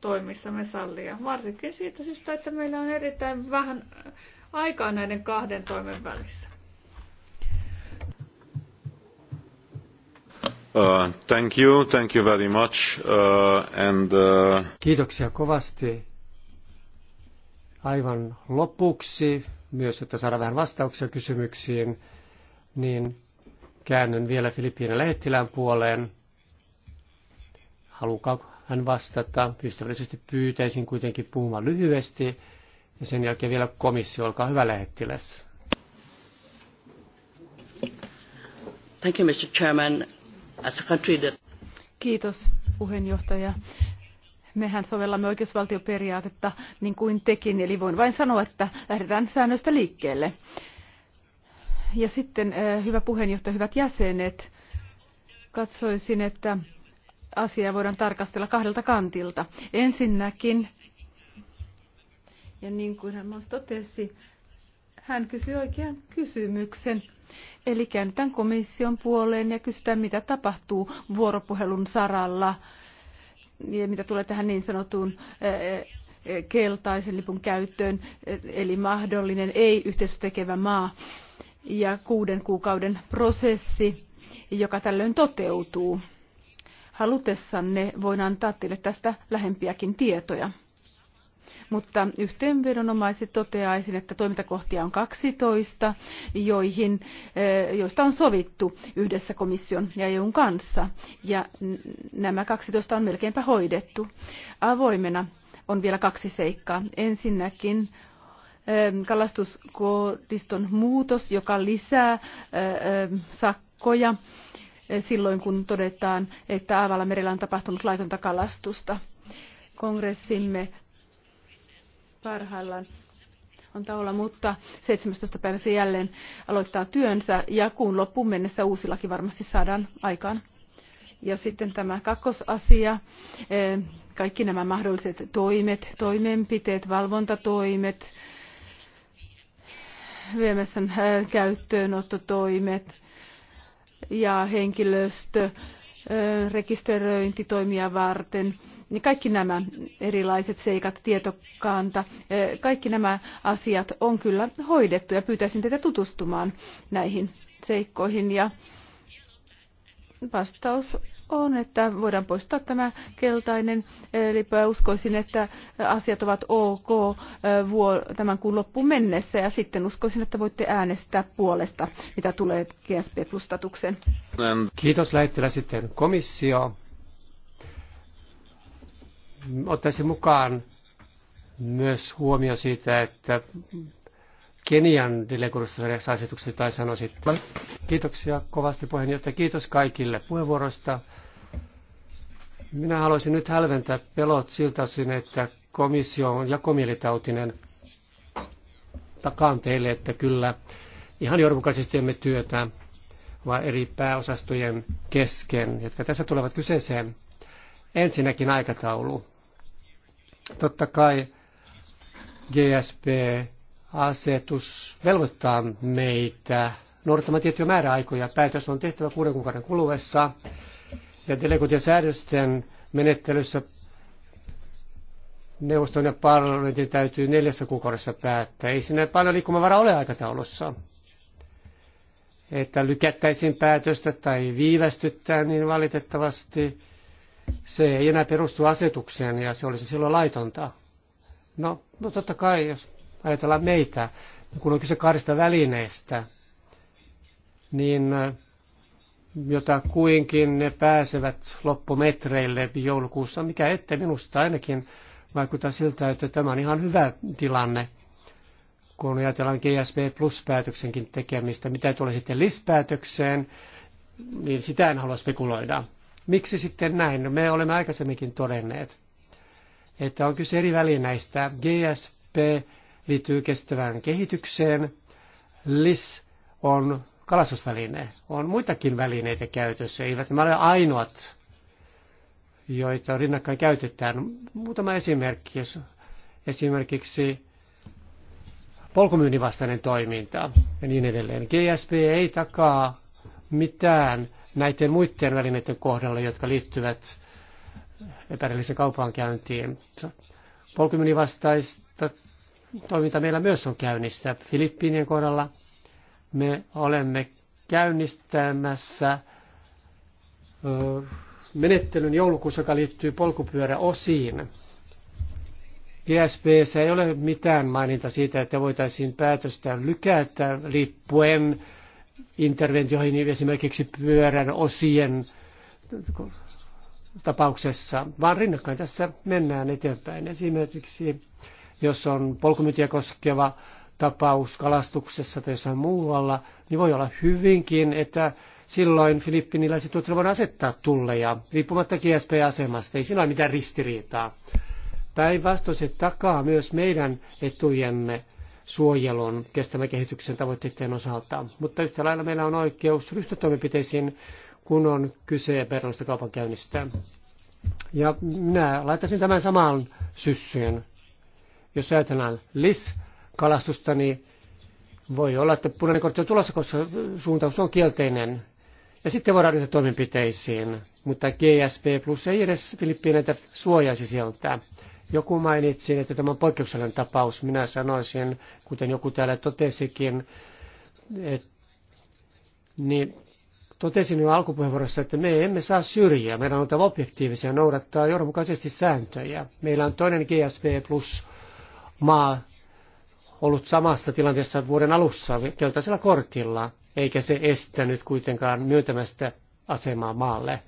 toimissamme sallia. Varsinkin siitä syystä, että meillä on erittäin vähän aikaa näiden kahden toimen välissä. Uh, thank you, thank you very much. Uh, and, uh... Kiitoksia kovasti. Aivan lopuksi, myös että saadaan vähän vastauksia kysymyksiin, niin käännyn vielä Filippiinan lähettilään puoleen. Halukaa hän vastata. Ystävällisesti pyytäisin kuitenkin puhumaan lyhyesti, ja sen jälkeen vielä komissio, olkaa hyvä lähettiläs. Thank you, Mr. Chairman. As a country that... Kiitos, puheenjohtaja. Mehän sovellamme oikeusvaltioperiaatetta niin kuin tekin, eli voin vain sanoa, että lähdetään säännöstä liikkeelle. Ja sitten, eh, hyvä puheenjohtaja, hyvät jäsenet, katsoisin, että asiaa voidaan tarkastella kahdelta kantilta. Ensinnäkin ja niin kuin hän myös totesi, hän kysyi oikean kysymyksen. Eli käännetään komission puoleen ja kysytään, mitä tapahtuu vuoropuhelun saralla, ja mitä tulee tähän niin sanotuun eh, eh, keltaisen lipun käyttöön, eh, eli mahdollinen ei-yhteisötekevä maa ja kuuden kuukauden prosessi, joka tällöin toteutuu. Halutessanne voin antaa teille tästä lähempiäkin tietoja mutta yhteenvedonomaisesti toteaisin, että toimintakohtia on 12, joihin, eh, joista on sovittu yhdessä komission ja EUn kanssa, ja nämä 12 on melkeinpä hoidettu. Avoimena on vielä kaksi seikkaa. Ensinnäkin eh, kalastuskoodiston muutos, joka lisää eh, sakkoja silloin, kun todetaan, että Aavalla merellä on tapahtunut laitonta kalastusta. Kongressimme parhaillaan on taolla, mutta 17. päivä se jälleen aloittaa työnsä ja kuun loppuun mennessä uusi laki varmasti saadaan aikaan. Ja sitten tämä kakkosasia, eh, kaikki nämä mahdolliset toimet, toimenpiteet, valvontatoimet, VMSn eh, käyttöönottotoimet ja henkilöstö eh, toimia varten niin kaikki nämä erilaiset seikat, tietokanta, eh, kaikki nämä asiat on kyllä hoidettu ja pyytäisin teitä tutustumaan näihin seikkoihin. Ja vastaus on, että voidaan poistaa tämä keltainen eh, lippu ja uskoisin, että asiat ovat ok eh, tämän kuun loppuun mennessä ja sitten uskoisin, että voitte äänestää puolesta, mitä tulee GSP Plus statukseen. Kiitos lähettilä sitten komissio ottaisin mukaan myös huomio siitä, että Kenian delegoidussa asetuksen tai sanoisit. Kiitoksia kovasti puheenjohtaja. Kiitos kaikille puheenvuoroista. Minä haluaisin nyt hälventää pelot siltä osin, että komissio on jakomielitautinen. Takaan teille, että kyllä ihan johdonmukaisesti emme työtä vaan eri pääosastojen kesken, jotka tässä tulevat kyseeseen. Ensinnäkin aikataulu. Totta kai GSP-asetus velvoittaa meitä noudattamaan tiettyjä määräaikoja. Päätös on tehtävä kuuden kuukauden kuluessa. Ja delegoitien säädösten menettelyssä neuvoston ja parlamentin täytyy neljässä kuukaudessa päättää. Ei sinne paljon liikkumavaraa ole aikataulussa. Että lykättäisiin päätöstä tai viivästyttää, niin valitettavasti se ei enää perustu asetukseen ja se olisi silloin laitonta. No, no totta kai, jos ajatellaan meitä, kun on kyse kahdesta välineestä, niin äh, jota kuinkin ne pääsevät loppumetreille joulukuussa, mikä ettei minusta ainakin vaikuttaa siltä, että tämä on ihan hyvä tilanne, kun ajatellaan GSP Plus-päätöksenkin tekemistä. Mitä tulee sitten LIS-päätökseen, niin sitä en halua spekuloida. Miksi sitten näin? No, me olemme aikaisemminkin todenneet, että on kyse eri välineistä. GSP liittyy kestävään kehitykseen, LIS on kalastusväline. On muitakin välineitä käytössä, eivät nämä ole ainoat, joita rinnakkain käytetään. Muutama esimerkki, jos esimerkiksi polkumyynnin vastainen toiminta ja niin edelleen. GSP ei takaa mitään näiden muiden välineiden kohdalla, jotka liittyvät epärilliseen kaupankäyntiin. Polkymyni vastaista toiminta meillä myös on käynnissä. Filippiinien kohdalla me olemme käynnistämässä menettelyn joulukuussa, joka liittyy polkupyöräosiin. GSP ei ole mitään maininta siitä, että voitaisiin päätöstä lykätä lippuen interventioihin niin esimerkiksi pyörän osien tapauksessa, vaan rinnakkain tässä mennään eteenpäin. Esimerkiksi jos on polkumyyntiä koskeva tapaus kalastuksessa tai jossain muualla, niin voi olla hyvinkin, että silloin filippiniläiset tuotteet voidaan asettaa tulleja, riippumatta GSP-asemasta. Ei siinä ole mitään ristiriitaa. Päinvastoin se takaa myös meidän etujemme suojelun kestävän kehityksen tavoitteiden osalta. Mutta yhtä lailla meillä on oikeus ryhtyä toimenpiteisiin, kun on kyse verrallista kaupankäynnistä. Ja minä laittaisin tämän samaan syssyyn. Jos ajatellaan LIS-kalastusta, niin voi olla, että punainen kortti on tulossa, koska suuntaus on kielteinen. Ja sitten voidaan ryhtyä toimenpiteisiin, mutta GSP Plus ei edes Filippiineitä suojaisi sieltä. Joku mainitsi, että tämä on poikkeuksellinen tapaus. Minä sanoisin, kuten joku täällä totesikin, että niin totesin jo alkupuheenvuorossa, että me emme saa syrjiä. Meidän on oltava objektiivisia noudattaa johdonmukaisesti sääntöjä. Meillä on toinen GSV plus maa ollut samassa tilanteessa vuoden alussa keltaisella kortilla, eikä se estänyt kuitenkaan myöntämästä asemaa maalle.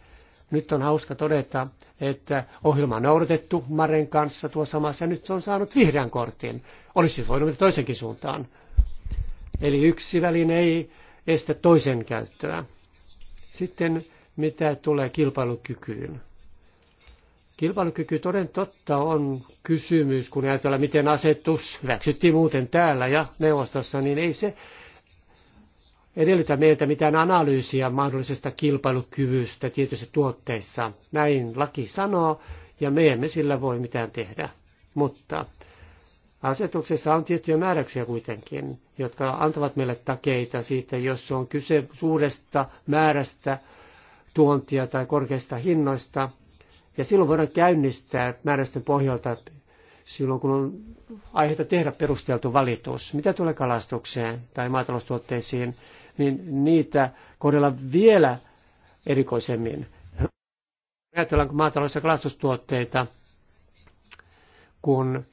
Nyt on hauska todeta, että ohjelma on noudatettu Maren kanssa tuo samassa ja nyt se on saanut vihreän kortin. Olisi siis voinut toisenkin suuntaan. Eli yksi väline ei estä toisen käyttöä. Sitten mitä tulee kilpailukykyyn. Kilpailukyky toden totta on kysymys, kun ajatellaan, miten asetus hyväksyttiin muuten täällä ja neuvostossa, niin ei se edellytä meiltä mitään analyysiä mahdollisesta kilpailukyvystä tietyissä tuotteissa. Näin laki sanoo, ja me emme sillä voi mitään tehdä. Mutta asetuksessa on tiettyjä määräyksiä kuitenkin, jotka antavat meille takeita siitä, jos on kyse suuresta määrästä tuontia tai korkeista hinnoista. Ja silloin voidaan käynnistää määräysten pohjalta silloin, kun on aihetta tehdä perusteltu valitus. Mitä tulee kalastukseen tai maataloustuotteisiin, niin niitä kohdella vielä erikoisemmin. Ajatellaanko maatalous- ja kalastustuotteita, kun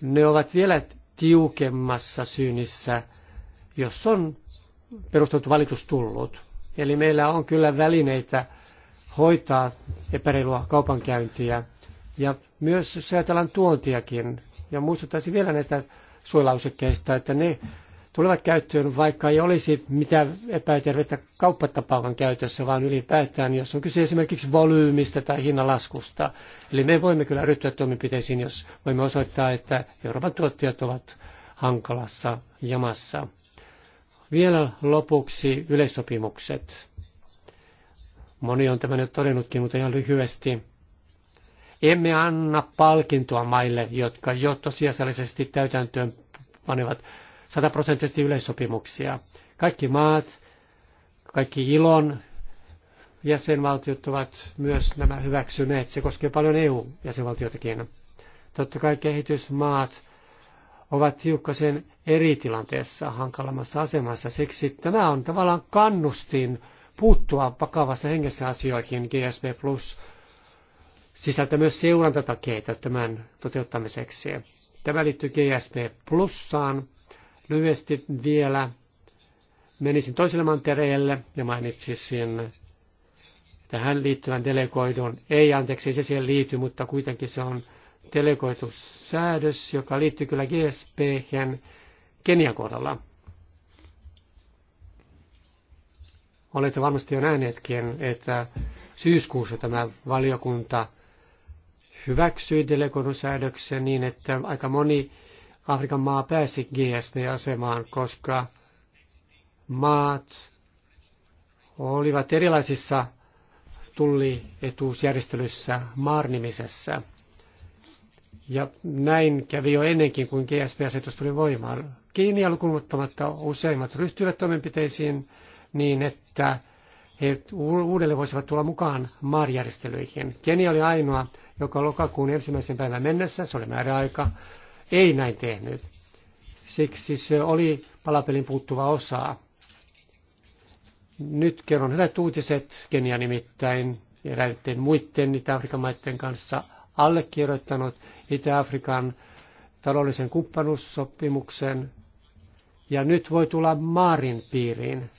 ne ovat vielä tiukemmassa syynissä, jos on perusteltu valitus tullut. Eli meillä on kyllä välineitä hoitaa epäreilua kaupankäyntiä ja myös jos ajatellaan tuontiakin. Ja muistuttaisin vielä näistä suojelausekkeista, että ne tulevat käyttöön, vaikka ei olisi mitään epätervettä kauppatapaavan käytössä, vaan ylipäätään, jos on kyse esimerkiksi volyymista tai hinnalaskusta. Eli me voimme kyllä ryhtyä toimenpiteisiin, jos voimme osoittaa, että Euroopan tuottajat ovat hankalassa jamassa. Vielä lopuksi yleissopimukset. Moni on tämän jo todennutkin, mutta ihan lyhyesti. Emme anna palkintoa maille, jotka jo tosiasiallisesti täytäntöön panevat sataprosenttisesti yleissopimuksia. Kaikki maat, kaikki ilon jäsenvaltiot ovat myös nämä hyväksyneet. Se koskee paljon EU-jäsenvaltioitakin. Totta kai kehitysmaat ovat hiukkasen eri tilanteessa, hankalammassa asemassa. Siksi tämä on tavallaan kannustin puuttua vakavassa hengessä asioihin GSP Plus sisältää myös seurantatakeita tämän toteuttamiseksi. Tämä liittyy GSP Plussaan, Lyhyesti vielä menisin toiselle mantereelle ja mainitsisin tähän liittyvän delegoidun. Ei, anteeksi, ei se siihen liity, mutta kuitenkin se on delegoitu säädös, joka liittyy kyllä gsp Kenian kohdalla. Olette varmasti jo nähneetkin, että syyskuussa tämä valiokunta hyväksyi delegoidun säädöksen niin, että aika moni Afrikan maa pääsi GSP-asemaan, koska maat olivat erilaisissa tullietuusjärjestelyssä maarnimisessä. Ja näin kävi jo ennenkin, kuin GSP-asetus tuli voimaan. Kiinia lukunottamatta useimmat ryhtyivät toimenpiteisiin niin, että he uudelleen voisivat tulla mukaan maarjärjestelyihin. Kenia oli ainoa, joka lokakuun ensimmäisen päivän mennessä, se oli määräaika, ei näin tehnyt. Siksi se oli palapelin puuttuva osa. Nyt kerron hyvät uutiset Kenia nimittäin eräiden muiden Itä-Afrikan maiden kanssa allekirjoittanut Itä-Afrikan taloudellisen kumppanuussopimuksen ja nyt voi tulla Maarin piiriin.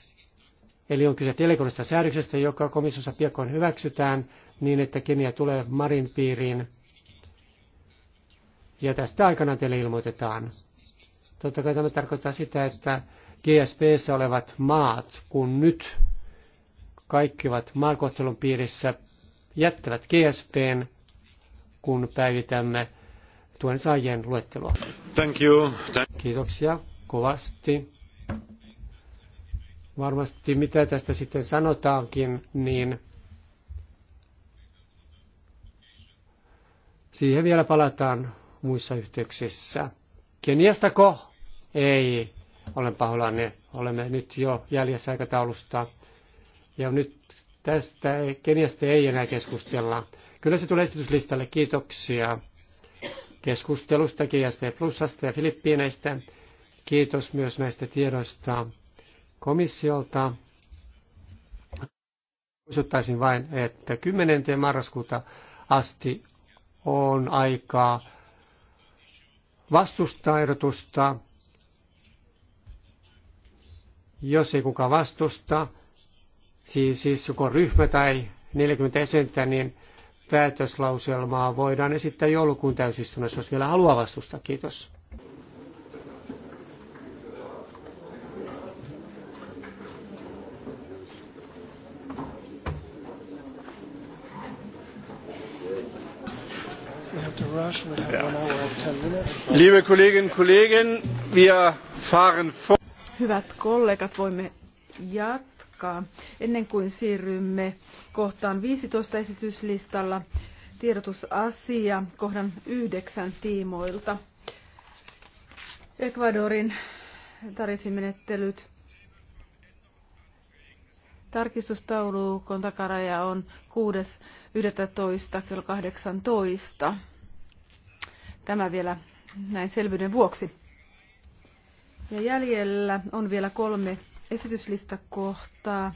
Eli on kyse delegoidusta säädöksestä, joka komissiossa piakkoin hyväksytään niin, että Kenia tulee Marin piiriin ja tästä aikana teille ilmoitetaan. Totta kai tämä tarkoittaa sitä, että GSPssä olevat maat, kun nyt kaikki ovat maakohtelun piirissä, jättävät GSPn, kun päivitämme tuen saajien luettelua. Thank you. Thank Kiitoksia kovasti. Varmasti mitä tästä sitten sanotaankin, niin siihen vielä palataan muissa yhteyksissä. Keniastako? Ei. Olen pahoillani. Olemme nyt jo jäljessä aikataulusta. Ja nyt tästä Keniasta ei enää keskustella. Kyllä se tulee esityslistalle. Kiitoksia keskustelusta GSP Plusasta ja Filippiineistä. Kiitos myös näistä tiedoista komissiolta. Muistuttaisin vain, että 10. marraskuuta asti on aikaa vastustaa erotusta, Jos ei kuka vastusta, siis, siis joko ryhmä tai 40 esentä, niin päätöslauselmaa voidaan esittää joulukuun täysistunnossa, jos vielä haluaa vastustaa. Kiitos. yeah. Liebe Kolleginnen und Kollegen, wir fahren fort. Hyvät kollegat, voimme jatkaa. Ennen kuin siirrymme kohtaan 15 esityslistalla, tiedotusasia kohdan yhdeksän tiimoilta. Ecuadorin tariffimenettelyt. Tarkistustaulukon takaraja on 6.11. kello 18. Tämä vielä näin selvyyden vuoksi. Ja jäljellä on vielä kolme esityslistakohtaa.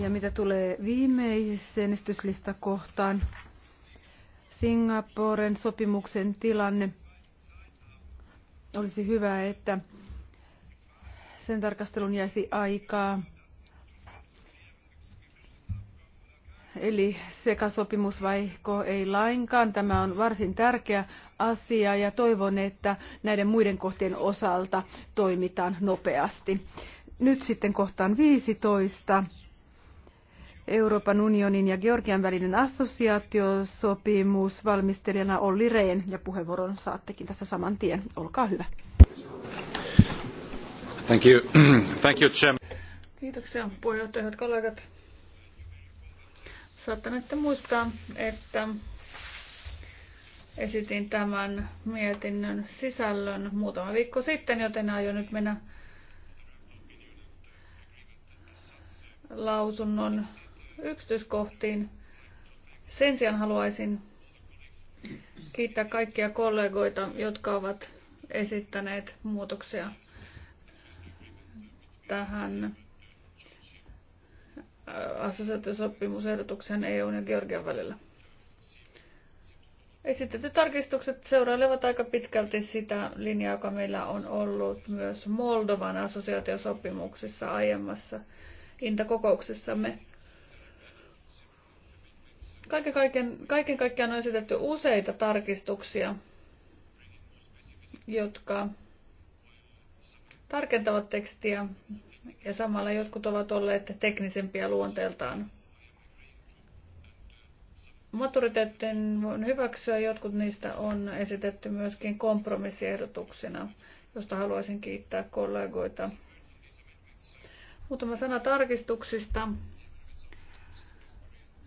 Ja mitä tulee viimeiseen esityslistakohtaan, Singaporen sopimuksen tilanne. Olisi hyvä, että sen tarkastelun jäisi aikaa. Eli sekasopimus vaihko ei lainkaan. Tämä on varsin tärkeä asia ja toivon, että näiden muiden kohtien osalta toimitaan nopeasti. Nyt sitten kohtaan 15. Euroopan unionin ja Georgian välinen assosiaatiosopimus. Valmistelijana Olli Rehn ja puheenvuoron saattekin tässä saman tien. Olkaa hyvä. Thank you. Thank you, Jim. Kiitoksia puheenjohtajat kollegat. Saattanette muistaa, että esitin tämän mietinnön sisällön muutama viikko sitten, joten aion nyt mennä lausunnon yksityiskohtiin. Sen sijaan haluaisin kiittää kaikkia kollegoita, jotka ovat esittäneet muutoksia tähän äh, assosiaatiosopimusehdotuksen EUn ja Georgian välillä. Esitetyt tarkistukset seurailevat aika pitkälti sitä linjaa, joka meillä on ollut myös Moldovan assosiaatiosopimuksessa aiemmassa intakokouksessamme. Kaiken, kaiken, kaiken kaikkiaan on esitetty useita tarkistuksia, jotka tarkentavat tekstiä ja samalla jotkut ovat olleet teknisempiä luonteeltaan maturiteettin voin hyväksyä. Jotkut niistä on esitetty myöskin kompromissiehdotuksina, josta haluaisin kiittää kollegoita. Muutama sana tarkistuksista.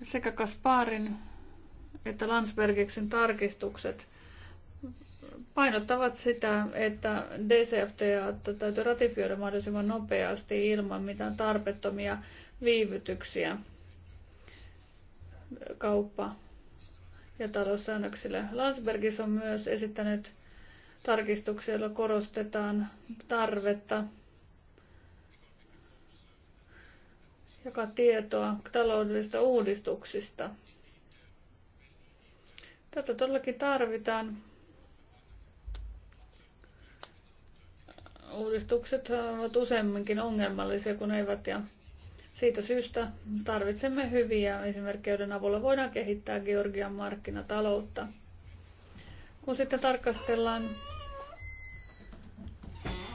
Sekä Kasparin että Landsbergiksen tarkistukset painottavat sitä, että DCFTA täytyy ratifioida mahdollisimman nopeasti ilman mitään tarpeettomia viivytyksiä kauppa- ja taloussäännöksille. Landsbergis on myös esittänyt tarkistuksia, joilla korostetaan tarvetta jakaa tietoa taloudellisista uudistuksista. Tätä todellakin tarvitaan. Uudistukset ovat useamminkin ongelmallisia kuin eivät ja siitä syystä tarvitsemme hyviä esimerkkejä, joiden avulla voidaan kehittää Georgian markkinataloutta. Kun sitten tarkastellaan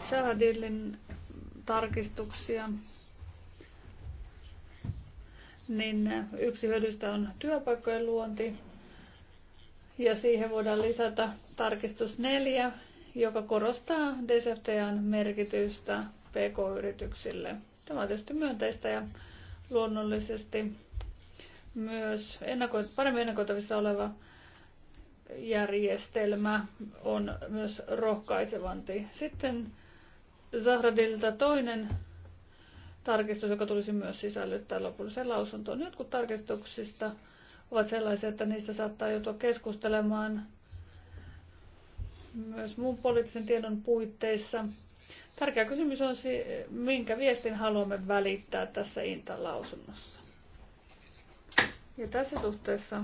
Shahadillin tarkistuksia, niin yksi hyödystä on työpaikkojen luonti. Ja siihen voidaan lisätä tarkistus 4, joka korostaa DCFTAn merkitystä pk-yrityksille. Tämä on tietysti myönteistä ja luonnollisesti myös ennako- paremmin ennakoitavissa oleva järjestelmä on myös rohkaisevanti. Sitten Zahradilta toinen tarkistus, joka tulisi myös sisällyttää lopulliseen lausuntoon. Jotkut tarkistuksista ovat sellaisia, että niistä saattaa joutua keskustelemaan myös muun poliittisen tiedon puitteissa. Tärkeä kysymys on, se, minkä viestin haluamme välittää tässä Inta-lausunnossa. Ja tässä suhteessa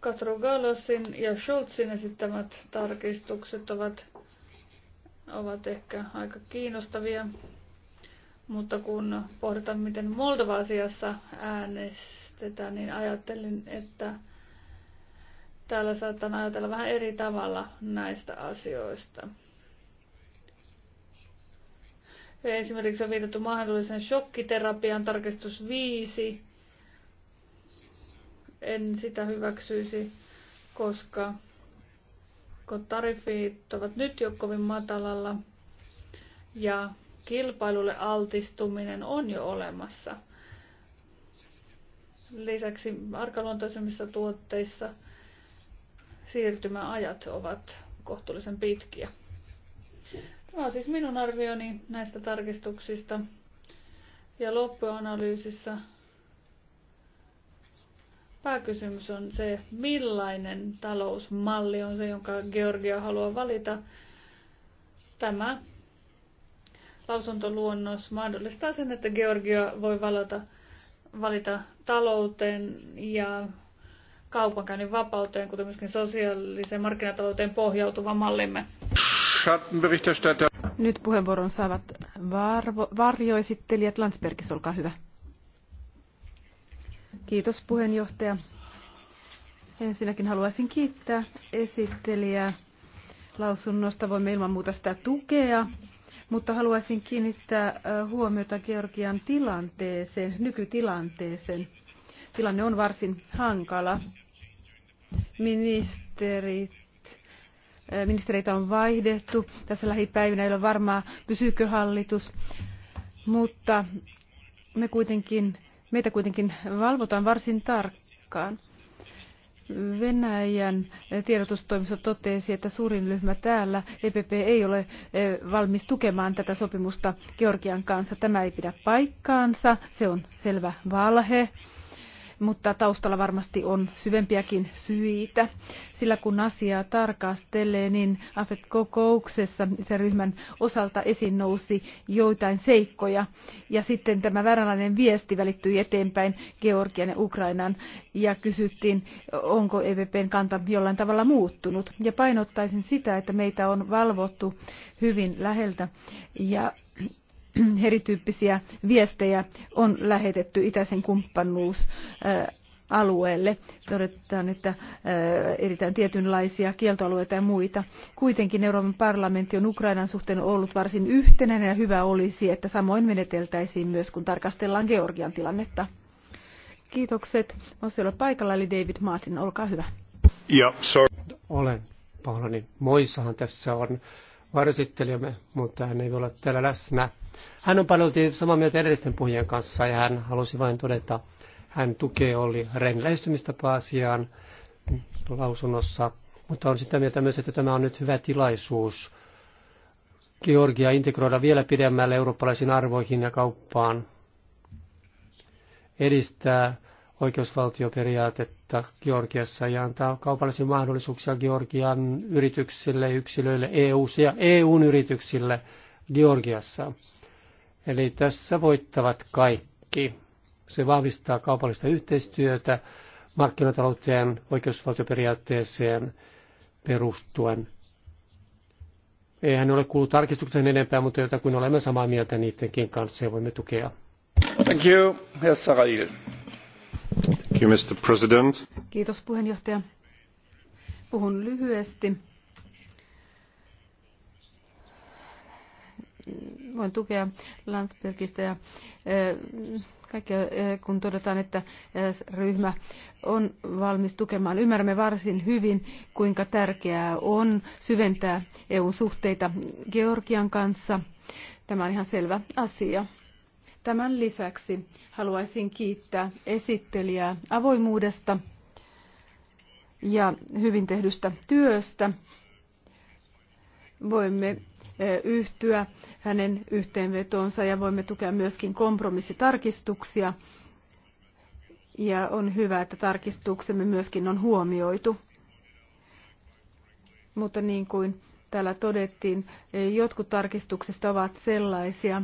Galosin ja Schultzin esittämät tarkistukset ovat, ovat ehkä aika kiinnostavia, mutta kun pohditaan, miten Moldova-asiassa äänestetään, niin ajattelin, että täällä saattaa ajatella vähän eri tavalla näistä asioista. Esimerkiksi on viitattu mahdollisen shokkiterapian tarkistus 5. En sitä hyväksyisi, koska kun tariffit ovat nyt jo kovin matalalla ja kilpailulle altistuminen on jo olemassa. Lisäksi arkaluontoisemmissa tuotteissa – siirtymäajat ovat kohtuullisen pitkiä. Tämä on siis minun arvioni näistä tarkistuksista. Ja loppuanalyysissä pääkysymys on se, millainen talousmalli on se, jonka Georgia haluaa valita. Tämä lausuntoluonnos mahdollistaa sen, että Georgia voi valita talouteen ja kaupankäynnin vapauteen, kuten myöskin sosiaaliseen markkinatalouteen pohjautuva mallimme. Nyt puheenvuoron saavat varvo, varjoesittelijät. Landsbergis, olkaa hyvä. Kiitos puheenjohtaja. Ensinnäkin haluaisin kiittää esittelijää lausunnosta. Voimme ilman muuta sitä tukea, mutta haluaisin kiinnittää huomiota Georgian tilanteeseen, nykytilanteeseen. Tilanne on varsin hankala. Ministerit eh, Ministereitä on vaihdettu tässä lähipäivinä, ei ole varmaa pysyykö hallitus, mutta me kuitenkin, meitä kuitenkin valvotaan varsin tarkkaan. Venäjän tiedotustoimisto totesi, että suurin ryhmä täällä, EPP, ei ole eh, valmis tukemaan tätä sopimusta Georgian kanssa. Tämä ei pidä paikkaansa, se on selvä valhe mutta taustalla varmasti on syvempiäkin syitä, sillä kun asiaa tarkastelee, niin AFET-kokouksessa se ryhmän osalta esiin nousi joitain seikkoja, ja sitten tämä vääränlainen viesti välittyi eteenpäin Georgian ja Ukrainan, ja kysyttiin, onko EVPn kanta jollain tavalla muuttunut, ja painottaisin sitä, että meitä on valvottu hyvin läheltä, ja erityyppisiä viestejä on lähetetty itäisen kumppanuusalueelle. Äh, Todetaan, että äh, edetään tietynlaisia kieltoalueita ja muita. Kuitenkin Euroopan parlamentti on Ukrainan suhteen ollut varsin yhtenäinen ja hyvä olisi, että samoin meneteltäisiin myös, kun tarkastellaan Georgian tilannetta. Kiitokset. Ossi olla paikalla, eli David Martin, olkaa hyvä. Ja, sorry. Olen pahoillani. Moissahan tässä on varsittelijamme, mutta hän ei voi olla täällä läsnä. Hän on paljolti samaa mieltä edellisten puhujien kanssa ja hän halusi vain todeta, hän tukee oli Ren lähestymistapa asiaan lausunnossa, mutta on sitä mieltä myös, että tämä on nyt hyvä tilaisuus Georgia integroida vielä pidemmälle eurooppalaisiin arvoihin ja kauppaan, edistää oikeusvaltioperiaatetta Georgiassa ja antaa kaupallisia mahdollisuuksia Georgian yrityksille, yksilöille, EU ja EUn yrityksille Georgiassa. Eli tässä voittavat kaikki. Se vahvistaa kaupallista yhteistyötä markkinatalouteen, oikeusvaltioperiaatteeseen perustuen. Eihän ole kuullut tarkistuksen enempää, mutta jotakin olemme samaa mieltä niidenkin kanssa ja voimme tukea. Thank you, Herr Sarail. Thank you, Mr. President. Kiitos puheenjohtaja. Puhun lyhyesti. voin tukea Landsbergistä ja kaikkea, kun todetaan, että ryhmä on valmis tukemaan. Ymmärrämme varsin hyvin, kuinka tärkeää on syventää EU-suhteita Georgian kanssa. Tämä on ihan selvä asia. Tämän lisäksi haluaisin kiittää esittelijää avoimuudesta ja hyvin tehdystä työstä. Voimme yhtyä hänen yhteenvetonsa ja voimme tukea myöskin kompromissitarkistuksia. Ja on hyvä, että tarkistuksemme myöskin on huomioitu. Mutta niin kuin täällä todettiin, jotkut tarkistuksista ovat sellaisia,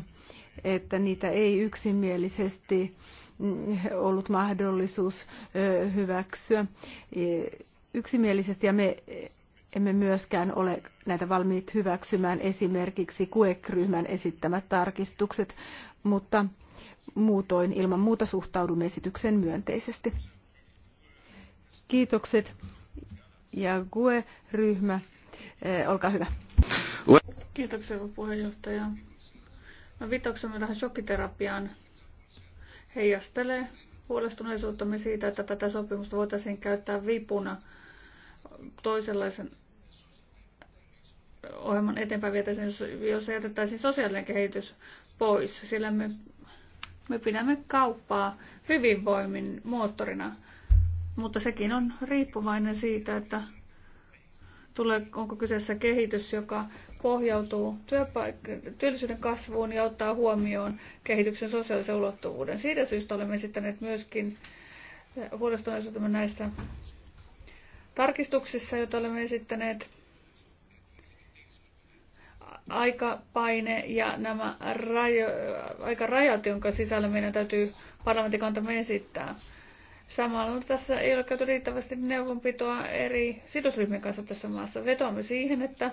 että niitä ei yksimielisesti mm, ollut mahdollisuus hyväksyä yksimielisesti ja me emme myöskään ole näitä valmiit hyväksymään esimerkiksi kuekryhmän esittämät tarkistukset, mutta muutoin ilman muuta suhtaudumme esityksen myönteisesti. Kiitokset. Ja GUE-ryhmä, eh, olkaa hyvä. Kiitoksia, puheenjohtaja. No, Vitoksemme tähän shokkiterapiaan heijastelee huolestuneisuuttamme siitä, että tätä sopimusta voitaisiin käyttää vipuna – toisenlaisen ohjelman eteenpäin vietäisiin, jos, jos jätettäisiin sosiaalinen kehitys pois, sillä me, me pidämme kauppaa hyvinvoimin moottorina, mutta sekin on riippuvainen siitä, että tulee, onko kyseessä kehitys, joka pohjautuu työpaik- työllisyyden kasvuun ja ottaa huomioon kehityksen sosiaalisen ulottuvuuden. Siitä syystä olemme esittäneet myöskin huolestuneisuutemme näistä tarkistuksissa, joita olemme esittäneet. Aikapaine ja nämä rajo, aikarajat, jonka sisällä meidän täytyy parlamenttikantamme esittää. Samalla tässä ei ole käyty riittävästi neuvonpitoa eri sidosryhmien kanssa tässä maassa. Vetoamme siihen, että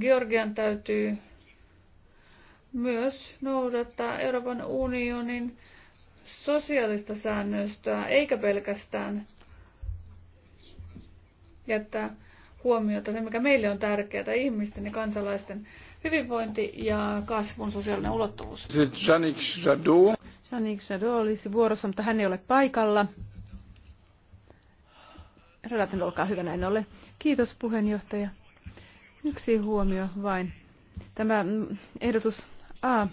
Georgian täytyy myös noudattaa Euroopan unionin sosiaalista säännöstöä, eikä pelkästään jättää huomiota se, mikä meille on tärkeää, ihmisten ja kansalaisten hyvinvointi ja kasvun sosiaalinen ulottuvuus. Janik Jadot. Janik Jadot olisi vuorossa, mutta hän ei ole paikalla. Relatin, olkaa hyvä näin ole. Kiitos puheenjohtaja. Yksi huomio vain. Tämä mm, ehdotus A,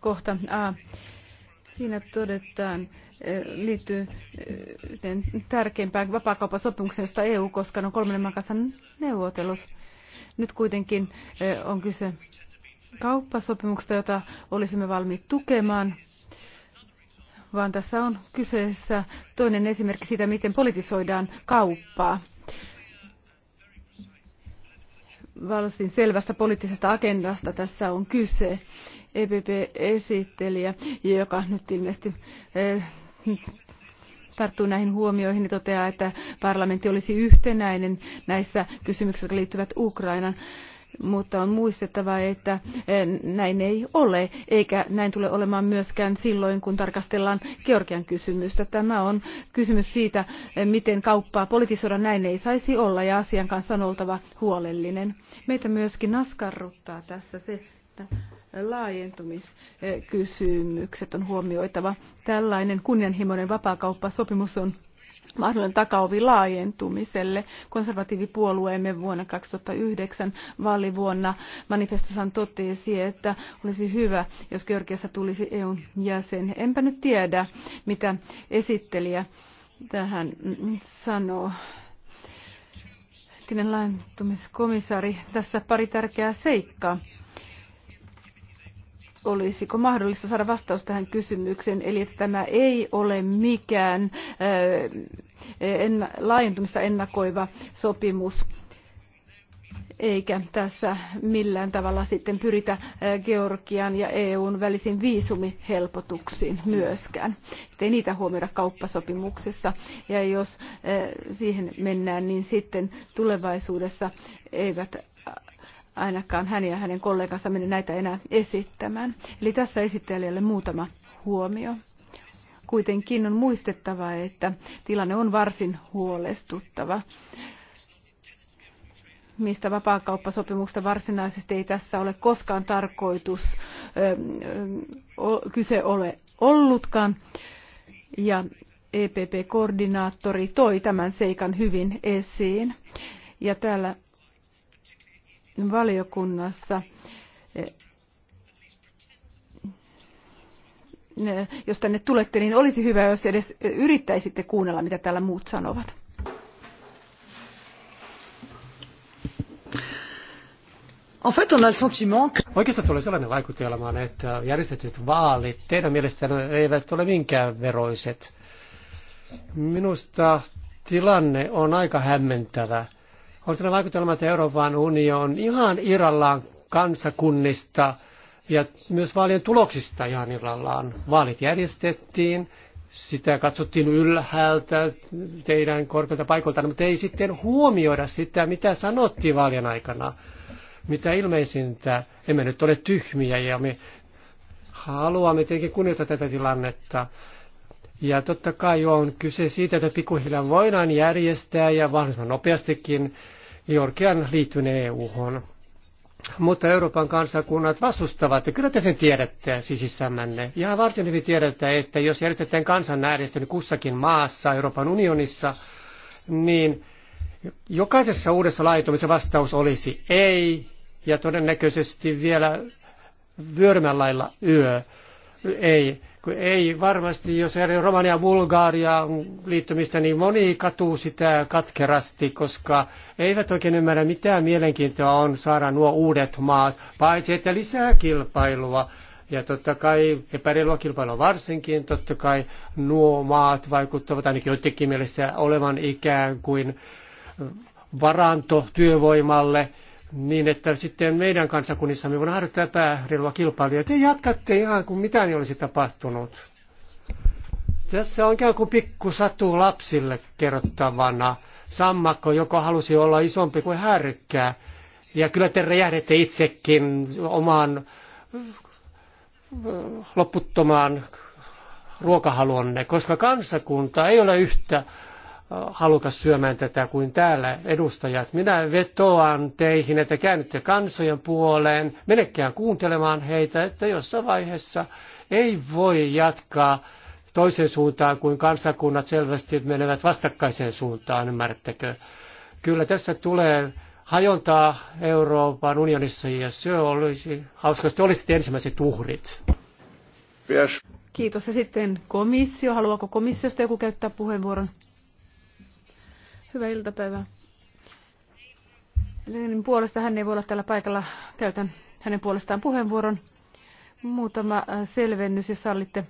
kohta A, siinä todetaan, liittyy eh, yhteen tärkeimpään vapaakauppasopimukseen, josta EU koskaan on kolmannen maan kanssa neuvotellut. Nyt kuitenkin eh, on kyse kauppasopimuksesta, jota olisimme valmiit tukemaan, vaan tässä on kyseessä toinen esimerkki siitä, miten politisoidaan kauppaa. Valsin selvästä poliittisesta agendasta tässä on kyse. EPP-esittelijä, joka nyt ilmeisesti eh, tarttuu näihin huomioihin ja niin toteaa, että parlamentti olisi yhtenäinen näissä kysymyksissä, jotka liittyvät Ukrainan. Mutta on muistettava, että eh, näin ei ole, eikä näin tule olemaan myöskään silloin, kun tarkastellaan Georgian kysymystä. Tämä on kysymys siitä, eh, miten kauppaa politisoida näin ei saisi olla ja asian kanssa on oltava huolellinen. Meitä myöskin askarruttaa tässä se, että laajentumiskysymykset on huomioitava. Tällainen kunnianhimoinen vapaakauppasopimus on mahdollinen takaovi laajentumiselle. Konservatiivipuolueemme vuonna 2009 vaalivuonna manifestosan totesi, että olisi hyvä, jos Georgiassa tulisi EUn jäsen. Enpä nyt tiedä, mitä esittelijä tähän sanoo. Tinen laajentumiskomissaari, tässä pari tärkeää seikkaa olisiko mahdollista saada vastaus tähän kysymykseen, eli että tämä ei ole mikään äh, laajentumista ennakoiva sopimus, eikä tässä millään tavalla sitten pyritä äh, Georgian ja EUn välisiin viisumihelpotuksiin myöskään. Ei niitä huomioida kauppasopimuksessa. Ja jos äh, siihen mennään, niin sitten tulevaisuudessa eivät ainakaan hän ja hänen kollegansa mene näitä enää esittämään. Eli tässä esittelijälle muutama huomio. Kuitenkin on muistettava, että tilanne on varsin huolestuttava mistä vapaakauppasopimuksesta varsinaisesti ei tässä ole koskaan tarkoitus kyse ole ollutkaan. Ja EPP-koordinaattori toi tämän seikan hyvin esiin. Ja täällä valiokunnassa jos tänne tulette, niin olisi hyvä, jos edes yrittäisitte kuunnella, mitä täällä muut sanovat. En fait, on a le sentiment que... Oikeastaan tulee sellainen vaikutelma, että järjestetyt vaalit teidän mielestänne eivät ole minkään veroiset. Minusta tilanne on aika hämmentävä on sellainen vaikutelma, että Euroopan unioni on ihan irrallaan kansakunnista ja myös vaalien tuloksista ihan irrallaan. Vaalit järjestettiin, sitä katsottiin ylhäältä teidän korkealta paikolta, mutta ei sitten huomioida sitä, mitä sanottiin vaalien aikana. Mitä ilmeisintä, emme nyt ole tyhmiä ja me haluamme tietenkin kunnioittaa tätä tilannetta. Ja totta kai jo on kyse siitä, että pikkuhiljaa voidaan järjestää ja mahdollisimman nopeastikin Georgian liittyminen EU-hon. Mutta Euroopan kansakunnat vastustavat, ja kyllä te sen tiedätte sisissämänne. Ja varsin hyvin tiedätte, että jos järjestetään kansan niin kussakin maassa, Euroopan unionissa, niin jokaisessa uudessa laitumissa vastaus olisi ei, ja todennäköisesti vielä vyörmän lailla yö, ei ei varmasti, jos eri Romania ja Bulgaria liittymistä, niin moni katuu sitä katkerasti, koska eivät oikein ymmärrä, mitä mielenkiintoa on saada nuo uudet maat, paitsi että lisää kilpailua. Ja totta kai epäreilua kilpailua varsinkin, totta kai nuo maat vaikuttavat ainakin joidenkin mielestä olevan ikään kuin varanto työvoimalle – niin että sitten meidän kansakunnissamme voidaan harjoittaa epäreilua kilpailijaa. Te jatkatte ihan kuin mitään ei olisi tapahtunut. Tässä on ikään kuin pikku satu lapsille kerrottavana. Sammakko, joka halusi olla isompi kuin härkkää. Ja kyllä te räjähdette itsekin omaan äh, loputtomaan ruokahalunne, koska kansakunta ei ole yhtä halukas syömään tätä kuin täällä edustajat. Minä vetoan teihin, että käännytte kansojen puoleen, menekään kuuntelemaan heitä, että jossain vaiheessa ei voi jatkaa toiseen suuntaan, kuin kansakunnat selvästi menevät vastakkaiseen suuntaan, ymmärrättekö? Kyllä tässä tulee hajontaa Euroopan unionissa ja se olisi hauska, että olisitte ensimmäiset uhrit. Kiitos. Ja sitten komissio. Haluaako komissiosta joku käyttää puheenvuoron? Hyvää iltapäivää. Lenin puolesta hän ei voi olla täällä paikalla. Käytän hänen puolestaan puheenvuoron. Muutama äh, selvennys, jos sallitte.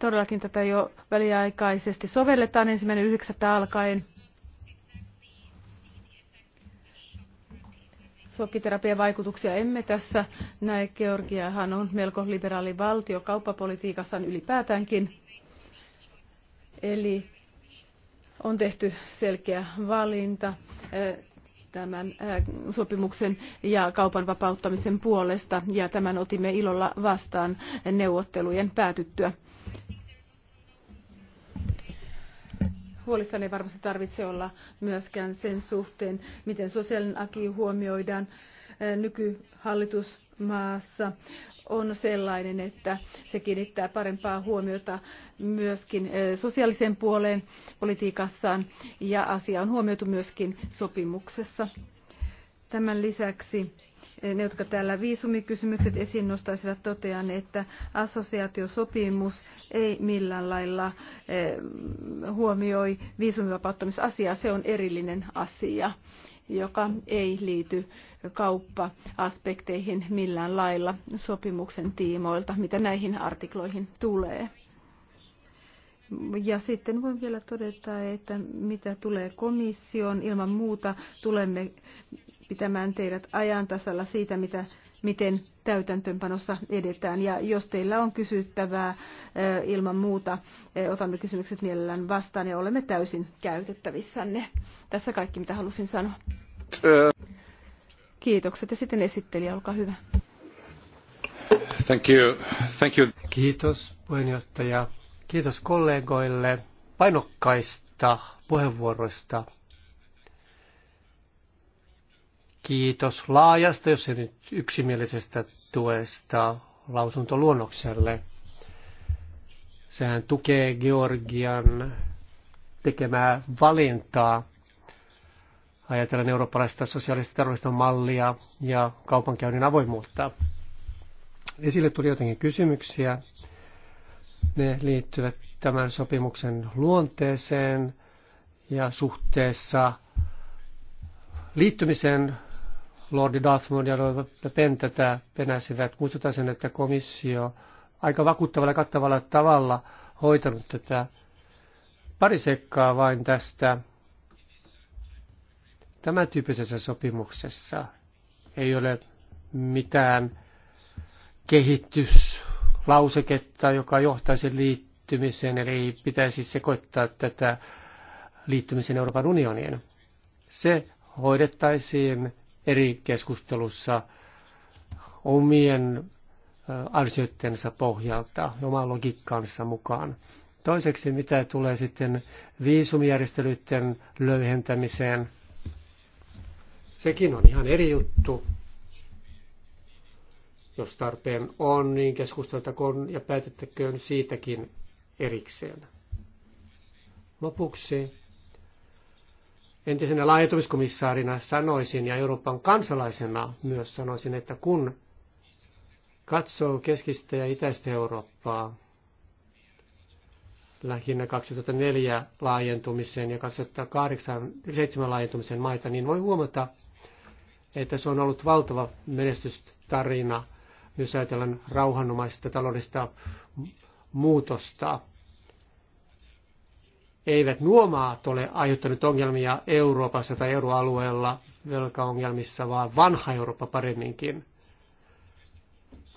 Todellakin tätä jo väliaikaisesti sovelletaan ensimmäinen yhdeksättä alkaen. Sokkiterapian vaikutuksia emme tässä näe. Georgiahan on melko liberaali valtio kauppapolitiikassaan ylipäätäänkin. Eli on tehty selkeä valinta eh, tämän eh, sopimuksen ja kaupan vapauttamisen puolesta ja tämän otimme ilolla vastaan neuvottelujen päätyttyä. Huolissani ei varmasti tarvitse olla myöskään sen suhteen, miten sosiaalinen aki huomioidaan. Eh, nykyhallitus maassa on sellainen, että se kiinnittää parempaa huomiota myöskin eh, sosiaaliseen puoleen politiikassaan ja asia on huomioitu myöskin sopimuksessa. Tämän lisäksi eh, ne, jotka täällä viisumikysymykset esiin nostaisivat, totean, että assosiaatiosopimus ei millään lailla eh, huomioi viisumivapauttamisasiaa. Se on erillinen asia, joka ei liity kauppa-aspekteihin millään lailla sopimuksen tiimoilta, mitä näihin artikloihin tulee. Ja sitten voin vielä todeta, että mitä tulee komission ilman muuta tulemme pitämään teidät ajan tasalla siitä, mitä, miten täytäntöönpanossa edetään. Ja jos teillä on kysyttävää eh, ilman muuta, eh, otamme kysymykset mielellään vastaan ja olemme täysin käytettävissänne. Tässä kaikki, mitä halusin sanoa. Eh. Kiitokset ja sitten esittelijä, olkaa hyvä. Thank you. Thank you. Kiitos puheenjohtaja. Kiitos kollegoille painokkaista puheenvuoroista. Kiitos laajasta, jos ei nyt yksimielisestä tuesta lausuntoluonnokselle. Sehän tukee Georgian tekemää valintaa ajatellen eurooppalaista sosiaalista taloudellista mallia ja kaupankäynnin avoimuutta. Esille tuli jotenkin kysymyksiä. Ne liittyvät tämän sopimuksen luonteeseen ja suhteessa liittymisen Lordi Dartmouth ja Pen tätä penäsivät. Muistutan sen, että komissio aika vakuuttavalla ja kattavalla tavalla hoitanut tätä pari sekkaa vain tästä Tämän tyyppisessä sopimuksessa ei ole mitään kehityslauseketta, joka johtaisi liittymiseen, eli ei pitäisi sekoittaa tätä liittymisen Euroopan unioniin. Se hoidettaisiin eri keskustelussa omien ansioittensa pohjalta, oman logiikkaansa mukaan. Toiseksi, mitä tulee sitten viisumijärjestelyiden löyhentämiseen, Sekin on ihan eri juttu. Jos tarpeen on, niin keskusteltakoon ja päätettäköön siitäkin erikseen. Lopuksi entisenä laajentumiskomissaarina sanoisin ja Euroopan kansalaisena myös sanoisin, että kun katsoo keskistä ja itäistä Eurooppaa, lähinnä 2004 laajentumisen ja 2008 2007 laajentumisen maita, niin voi huomata, että se on ollut valtava menestystarina, jos ajatellaan rauhanomaista taloudellista muutosta. Eivät nuo maat ole aiheuttaneet ongelmia Euroopassa tai euroalueella velkaongelmissa, vaan vanha Eurooppa paremminkin.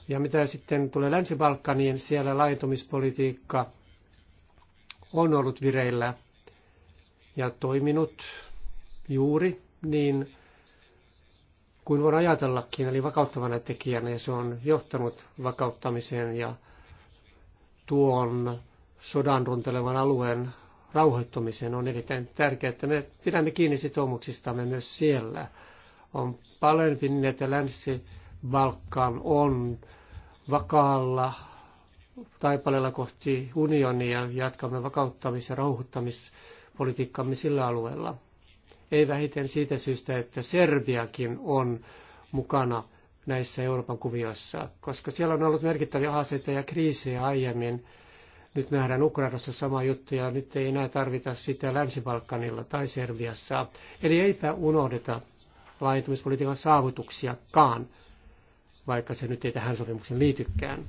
Ja mitä sitten tulee Länsi-Balkaniin, siellä laajentumispolitiikka on ollut vireillä ja toiminut juuri niin kuin voin ajatellakin, eli vakauttavana tekijänä, ja se on johtanut vakauttamiseen ja tuon sodan runtelevan alueen rauhoittumiseen on erittäin tärkeää, että me pidämme kiinni sitoumuksistamme myös siellä. On paljon niin, että Länsi-Balkan on vakaalla taipaleella kohti unionia. Jatkamme vakauttamis- ja rauhoittamispolitiikkamme sillä alueella ei vähiten siitä syystä, että Serbiakin on mukana näissä Euroopan kuvioissa, koska siellä on ollut merkittäviä haasteita ja kriisejä aiemmin. Nyt nähdään Ukrainassa sama juttu ja nyt ei enää tarvita sitä Länsi-Balkanilla tai Serbiassa. Eli eipä unohdeta laajentumispolitiikan saavutuksiakaan, vaikka se nyt ei tähän sopimuksen liitykään.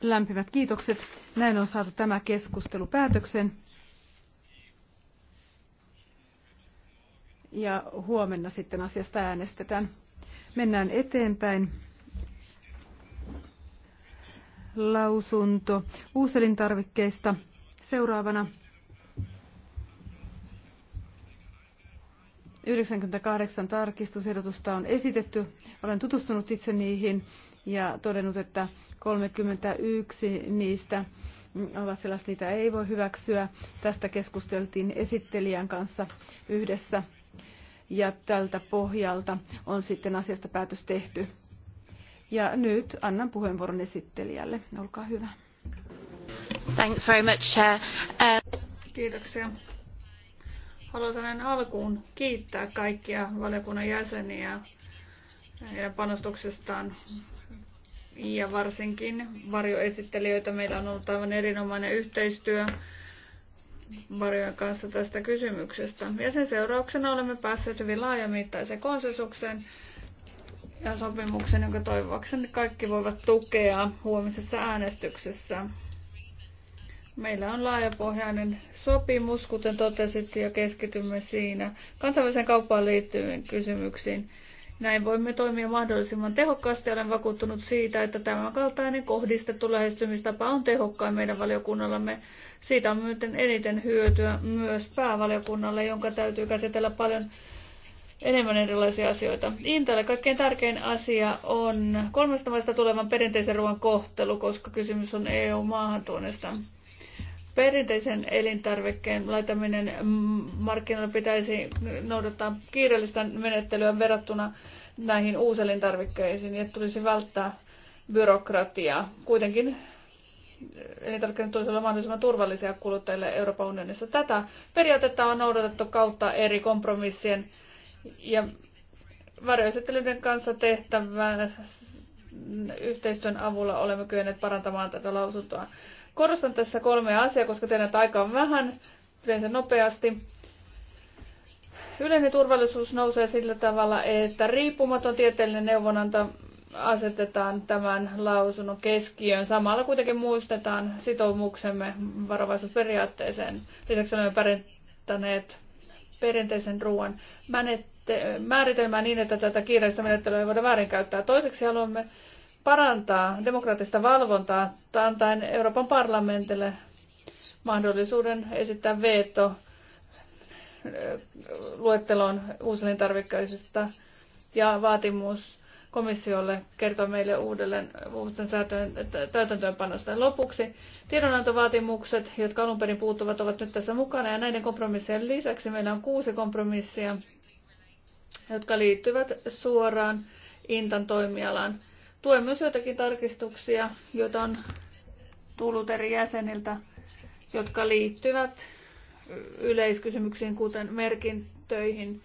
Lämpimät kiitokset. Näin on saatu tämä keskustelu päätöksen. ja huomenna sitten asiasta äänestetään. Mennään eteenpäin. Lausunto uuselintarvikkeista. Seuraavana 98 tarkistusehdotusta on esitetty. Olen tutustunut itse niihin ja todennut, että 31 niistä ovat sellaiset, niitä ei voi hyväksyä. Tästä keskusteltiin esittelijän kanssa yhdessä ja tältä pohjalta on sitten asiasta päätös tehty. Ja nyt annan puheenvuoron esittelijälle. Olkaa hyvä. Thanks very much, Chair. Uh... Kiitoksia. Haluaisin alkuun kiittää kaikkia valiokunnan jäseniä ja panostuksestaan ja varsinkin varjoesittelijöitä. Meillä on ollut aivan erinomainen yhteistyö Varjojen kanssa tästä kysymyksestä. Ja sen seurauksena olemme päässeet hyvin laajamittaiseen konsensukseen ja sopimuksen, jonka toivoakseni kaikki voivat tukea huomisessa äänestyksessä. Meillä on laajapohjainen sopimus, kuten totesit, ja keskitymme siinä kansainväliseen kauppaan liittyviin kysymyksiin. Näin voimme toimia mahdollisimman tehokkaasti. Olen vakuuttunut siitä, että tämän kaltainen kohdistettu lähestymistapa on tehokkain meidän valiokunnallamme siitä on myöten eniten hyötyä myös päävaliokunnalle, jonka täytyy käsitellä paljon enemmän erilaisia asioita. Intalle kaikkein tärkein asia on kolmesta maista tulevan perinteisen ruoan kohtelu, koska kysymys on EU-maahantuonnista. Perinteisen elintarvikkeen laitaminen markkinoille pitäisi noudattaa kiireellistä menettelyä verrattuna näihin uuselintarvikkeisiin että tulisi välttää byrokratiaa. Kuitenkin elintarvikkeiden tulisi olla mahdollisimman turvallisia kuluttajille Euroopan unionissa. Tätä periaatetta on noudatettu kautta eri kompromissien ja varjoesittelyiden kanssa tehtävän yhteistyön avulla olemme kyenneet parantamaan tätä lausuntoa. Korostan tässä kolmea asiaa, koska teidän aika on vähän, teen sen nopeasti. Yleinen turvallisuus nousee sillä tavalla, että riippumaton tieteellinen neuvonanto asetetaan tämän lausunnon keskiöön. Samalla kuitenkin muistetaan sitoumuksemme varovaisuusperiaatteeseen. Lisäksi olemme pärjättäneet perinteisen ruoan määritelmää niin, että tätä kiireistä menettelyä ei voida väärinkäyttää. Toiseksi haluamme parantaa demokraattista valvontaa antaen Euroopan parlamentille mahdollisuuden esittää veto luetteloon uuselintarvikkeista ja vaatimus komissiolle kertoa meille uudelleen uusien säätöjen täytäntöönpanosta. Lopuksi tiedonantovaatimukset, jotka alun perin puuttuvat, ovat nyt tässä mukana ja näiden kompromissien lisäksi meillä on kuusi kompromissia, jotka liittyvät suoraan Intan toimialaan. Tuen myös joitakin tarkistuksia, joita on tullut eri jäseniltä, jotka liittyvät yleiskysymyksiin, kuten merkintöihin.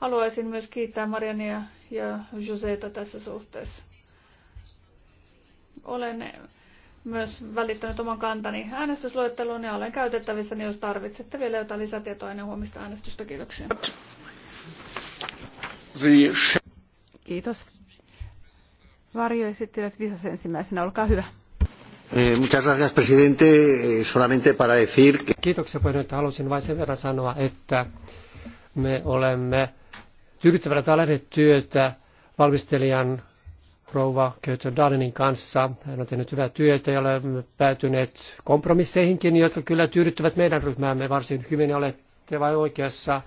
Haluaisin myös kiittää Mariania ja Joseita tässä suhteessa. Olen myös välittänyt oman kantani äänestysluetteluun ja olen käytettävissä, niin jos tarvitsette vielä jotain lisätietoa ennen huomista äänestystä. Kiitoksia. Kiitos. Varjoesittelijät visas ensimmäisenä, olkaa hyvä. Eh, muchas presidente. Eh, solamente para decir que... Kiitoksia puheenjohtaja. Halusin vain sen verran sanoa, että me olemme tyydyttävällä tällä työtä valmistelijan rouva Kötön Darinin kanssa. Hän on tehnyt hyvää työtä ja olemme päätyneet kompromisseihinkin, jotka kyllä tyydyttävät meidän ryhmäämme varsin hyvin. Olette vain oikeassa,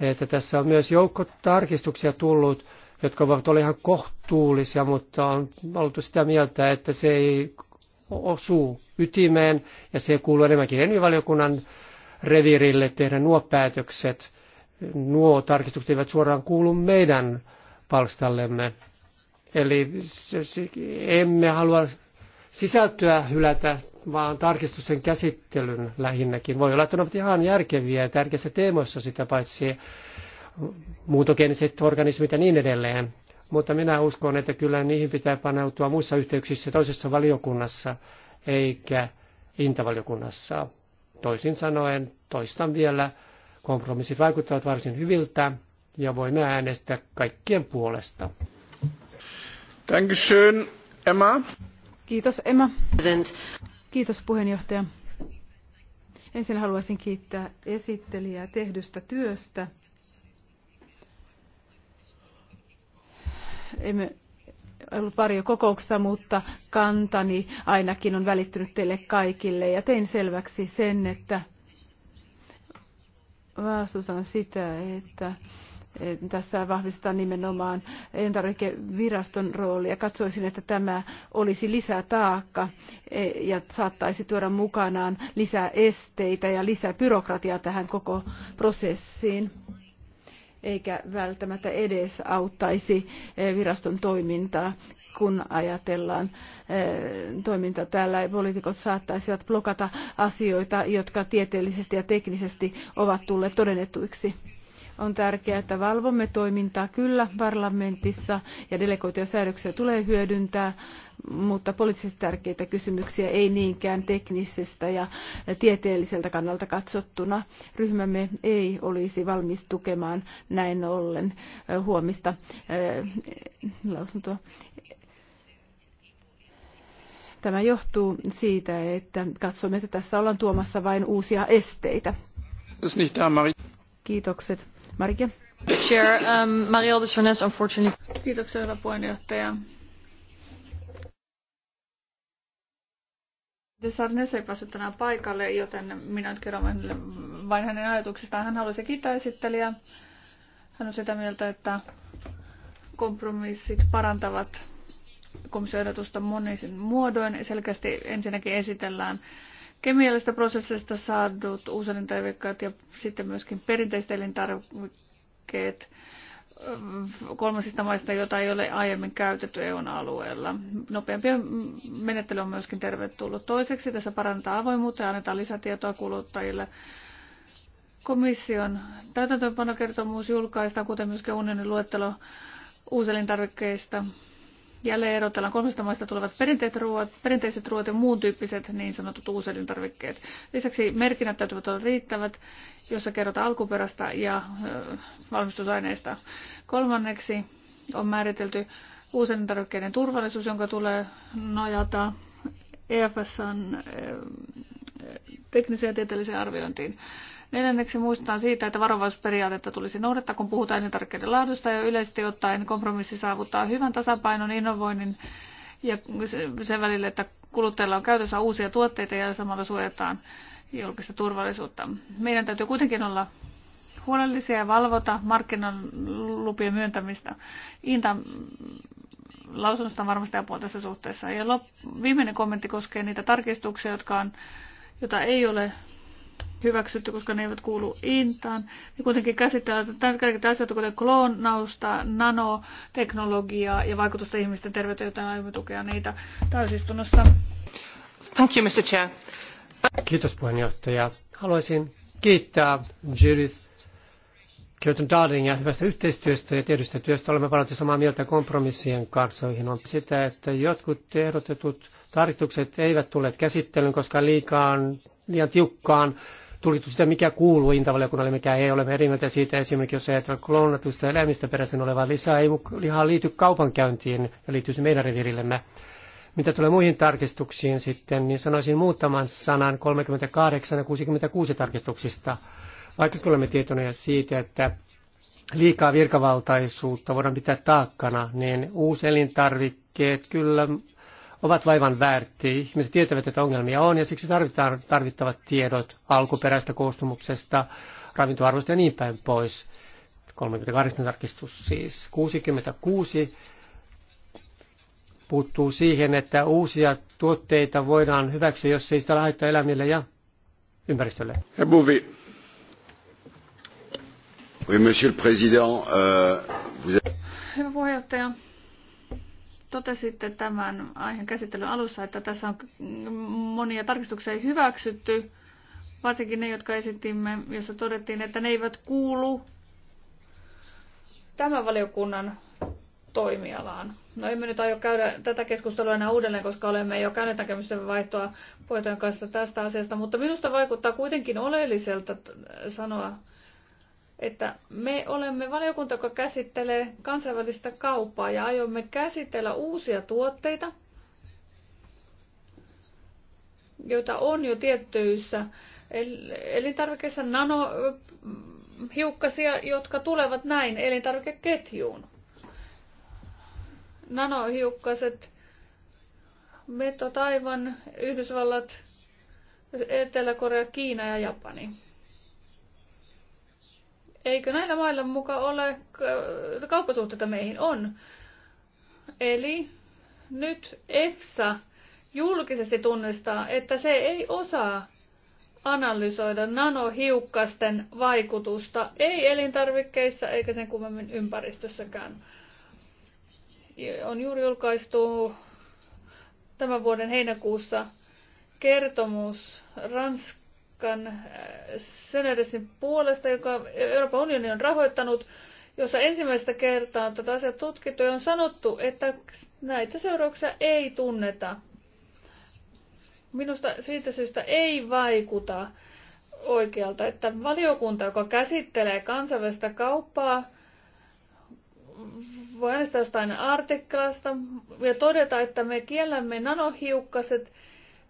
että tässä on myös joukko tarkistuksia tullut, jotka voivat olla ihan kohtuullisia, mutta on oltu sitä mieltä, että se ei osuu ytimeen ja se kuuluu enemmänkin envivaliokunnan reviirille tehdä nuo päätökset. Nuo tarkistukset eivät suoraan kuulu meidän palstallemme. Eli emme halua sisältöä hylätä, vaan tarkistusten käsittelyn lähinnäkin. Voi olla, että ne ovat ihan järkeviä ja tärkeissä teemoissa sitä paitsi muutogeeniset organismit ja niin edelleen. Mutta minä uskon, että kyllä niihin pitää paneutua muissa yhteyksissä toisessa valiokunnassa eikä intavaliokunnassa. Toisin sanoen, toistan vielä, kompromissit vaikuttavat varsin hyviltä ja voimme äänestää kaikkien puolesta. Dankeschön, Emma. Kiitos, Emma. Kiitos, puheenjohtaja. Ensin haluaisin kiittää esittelijää tehdystä työstä emme ollut pari kokouksessa, mutta kantani ainakin on välittynyt teille kaikille ja tein selväksi sen, että vastustan sitä, että tässä vahvistetaan nimenomaan rooli ja Katsoisin, että tämä olisi lisätaakka ja saattaisi tuoda mukanaan lisää esteitä ja lisää byrokratiaa tähän koko prosessiin eikä välttämättä edes auttaisi eh, viraston toimintaa, kun ajatellaan eh, toimintaa täällä. Poliitikot saattaisivat blokata asioita, jotka tieteellisesti ja teknisesti ovat tulleet todennettuiksi on tärkeää, että valvomme toimintaa kyllä parlamentissa ja delegoituja säädöksiä tulee hyödyntää, mutta poliittisesti tärkeitä kysymyksiä ei niinkään teknisestä ja tieteelliseltä kannalta katsottuna. Ryhmämme ei olisi valmis tukemaan näin ollen huomista lausuntoa. Tämä johtuu siitä, että katsomme, että tässä ollaan tuomassa vain uusia esteitä. Kiitokset. Marike. Chair, um, Marielle de Sarnes, unfortunately. Kiitoksia, hyvä puheenjohtaja. Desarnes ei päässyt tänään paikalle, joten minä nyt kerron hänelle vain hänen ajatuksistaan. Hän halusi kiittää esittelijää. Hän on sitä mieltä, että kompromissit parantavat komission ehdotusta monin muodoin. Selkeästi ensinnäkin esitellään kemiallisesta prosessista saadut uusalintarvikkeet ja sitten myöskin perinteiset elintarvikkeet kolmasista maista, joita ei ole aiemmin käytetty EUn alueella. Nopeampi menettely on myöskin tervetullut. Toiseksi tässä parantaa avoimuutta ja annetaan lisätietoa kuluttajille. Komission täytäntöönpanokertomus julkaistaan, kuten myöskin unionin luettelo uuselintarvikkeista. tarvikkeista Jälleen erotellaan kolmesta maista tulevat perinteiset ruoat, perinteiset ruoat ja muun tyyppiset niin sanotut uuselintarvikkeet. Lisäksi merkinnät täytyvät olla riittävät, jossa kerrotaan alkuperästä ja ö, valmistusaineista. Kolmanneksi on määritelty uuselintarvikkeiden turvallisuus, jonka tulee nojata EFSAn tekniseen ja tieteelliseen arviointiin. Neljänneksi muistetaan siitä, että varovaisuusperiaatetta tulisi noudattaa, kun puhutaan elintarvikkeiden laadusta ja yleisesti ottaen kompromissi saavuttaa hyvän tasapainon innovoinnin ja sen välillä, että kuluttajilla on käytössä uusia tuotteita ja samalla suojataan julkista turvallisuutta. Meidän täytyy kuitenkin olla huolellisia ja valvota markkinan lupien myöntämistä. Inta lausunnosta on varmasti apua tässä suhteessa. Ja lop, viimeinen kommentti koskee niitä tarkistuksia, jotka on, jota ei ole hyväksytty, koska ne eivät kuulu intaan. Me kuitenkin käsitellään tärkeitä asioita, kuten kloonausta, nanoteknologiaa ja vaikutusta ihmisten terveyteen, joten aiomme tukea niitä täysistunnossa. Thank you, Mr. Chair. Kiitos puheenjohtaja. Haluaisin kiittää Judith Kyoton Darlingia hyvästä yhteistyöstä ja tiedystä työstä. Olemme paljon samaa mieltä kompromissien kanssa, on sitä, että jotkut ehdotetut tarkoitukset eivät tule käsittelyyn, koska liikaan liian tiukkaan tulkittu sitä, mikä kuuluu intavaliokunnalle, mikä ei ole eri mieltä siitä. Esimerkiksi jos ajatellaan kloonatusta eläimistä peräisin olevaa lisää, ei lihaa liity kaupankäyntiin ja se meidän reviirillemme. Mitä tulee muihin tarkistuksiin sitten, niin sanoisin muutaman sanan 38 ja 66 tarkistuksista. Vaikka olemme tietoisia siitä, että liikaa virkavaltaisuutta voidaan pitää taakkana, niin elintarvikkeet kyllä ovat vaivan väärti. Ihmiset tietävät, että ongelmia on ja siksi tarvitaan tarvittavat tiedot alkuperäistä koostumuksesta, ravintoarvosta ja niin päin pois. 38 tarkistus siis. 66 puuttuu siihen, että uusia tuotteita voidaan hyväksyä, jos ei sitä haittaa eläimille ja ympäristölle. Herr Buvi. Oui, monsieur le président, euh, vous... Hyvä puheenjohtaja, Totesitte tämän aiheen käsittelyn alussa, että tässä on monia tarkistuksia hyväksytty, varsinkin ne, jotka esitimme, jossa todettiin, että ne eivät kuulu tämän valiokunnan toimialaan. No emme nyt aio käydä tätä keskustelua enää uudelleen, koska olemme jo käyneet näkemysten vaihtoa puheenjohtajan kanssa tästä asiasta, mutta minusta vaikuttaa kuitenkin oleelliselta sanoa että me olemme valiokunta, joka käsittelee kansainvälistä kauppaa ja aiomme käsitellä uusia tuotteita, joita on jo tiettyissä elintarvikkeissa nanohiukkasia, jotka tulevat näin elintarvikeketjuun. Nanohiukkaset, Meto Taivan, Yhdysvallat, Etelä-Korea, Kiina ja Japani. Eikö näillä mailla muka ole kauppasuhteita meihin? On. Eli nyt EFSA julkisesti tunnistaa, että se ei osaa analysoida nanohiukkasten vaikutusta ei elintarvikkeissa eikä sen kummemmin ympäristössäkään. On juuri julkaistu tämän vuoden heinäkuussa kertomus Ransk Ranskan äh, Senedesin puolesta, joka Euroopan unioni on rahoittanut, jossa ensimmäistä kertaa on tätä asiaa tutkittu ja on sanottu, että näitä seurauksia ei tunneta. Minusta siitä syystä ei vaikuta oikealta, että valiokunta, joka käsittelee kansainvälistä kauppaa, voi äänestää jostain artikkelasta ja todeta, että me kiellämme nanohiukkaset,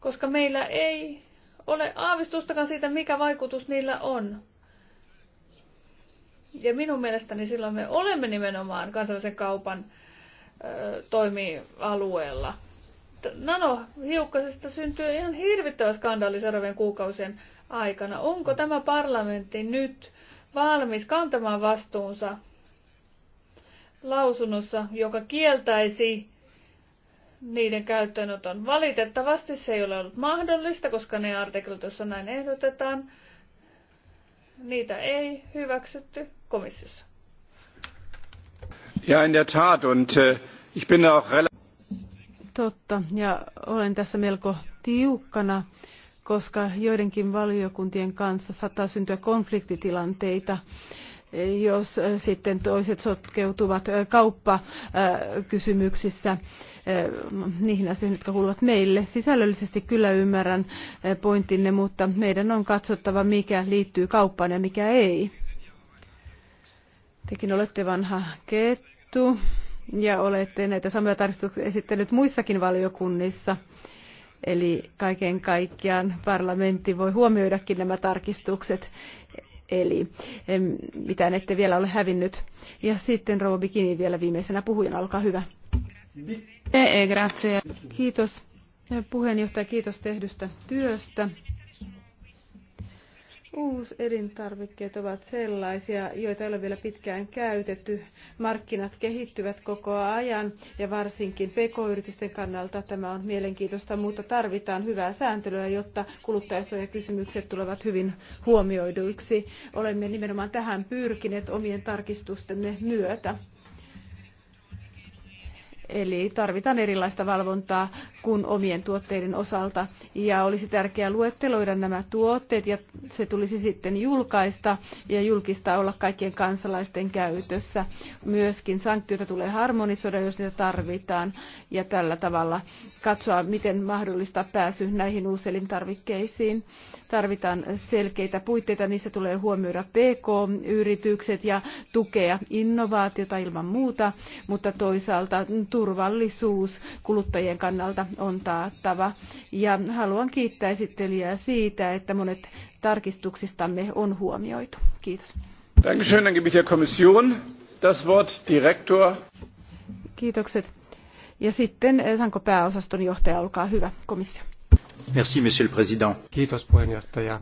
koska meillä ei ole aavistustakaan siitä, mikä vaikutus niillä on. Ja minun mielestäni silloin me olemme nimenomaan kansainvälisen kaupan ö, toimialueella. Nanohiukkasesta syntyy ihan hirvittävä skandaali seuraavien kuukausien aikana. Onko tämä parlamentti nyt valmis kantamaan vastuunsa lausunnossa, joka kieltäisi niiden käyttöönoton. Valitettavasti se ei ole ollut mahdollista, koska ne artiklit, joissa näin ehdotetaan, niitä ei hyväksytty komissiossa. Ja in der Tat und äh, ich bin auch Totta, ja olen tässä melko tiukkana, koska joidenkin valiokuntien kanssa saattaa syntyä konfliktitilanteita jos äh, sitten toiset sotkeutuvat äh, kauppakysymyksissä äh, niihin asioihin, jotka kuuluvat meille. Sisällöllisesti kyllä ymmärrän pointinne, mutta meidän on katsottava, mikä liittyy kauppaan ja mikä ei. Tekin olette vanha kettu ja olette näitä samoja tarkistuksia esittänyt muissakin valiokunnissa. Eli kaiken kaikkiaan parlamentti voi huomioidakin nämä tarkistukset eli mitään ette vielä ole hävinnyt. Ja sitten Rouva Bikini vielä viimeisenä puhujana, olkaa hyvä. Eh, eh, kiitos puheenjohtaja, kiitos tehdystä työstä. Uuselintarvikkeet ovat sellaisia, joita ei ole vielä pitkään käytetty. Markkinat kehittyvät koko ajan ja varsinkin pk-yritysten kannalta tämä on mielenkiintoista, mutta tarvitaan hyvää sääntelyä, jotta kuluttajasuojakysymykset tulevat hyvin huomioiduiksi. Olemme nimenomaan tähän pyrkineet omien tarkistustemme myötä. Eli tarvitaan erilaista valvontaa kuin omien tuotteiden osalta. Ja olisi tärkeää luetteloida nämä tuotteet ja se tulisi sitten julkaista ja julkista olla kaikkien kansalaisten käytössä. Myöskin sanktioita tulee harmonisoida, jos niitä tarvitaan ja tällä tavalla katsoa, miten mahdollista pääsy näihin uuselintarvikkeisiin. Tarvitaan selkeitä puitteita, niissä tulee huomioida PK-yritykset ja tukea innovaatiota ilman muuta, mutta toisaalta turvallisuus kuluttajien kannalta on taattava. Ja haluan kiittää esittelijää siitä, että monet tarkistuksistamme on huomioitu. Kiitos. Dankeschön, dann gebe ich der Kommission das Wort, Direktor. Kiitokset. Ja sitten eh, Sanko pääosaston johtaja, olkaa hyvä, komissio. Merci, monsieur le président. Kiitos puheenjohtaja.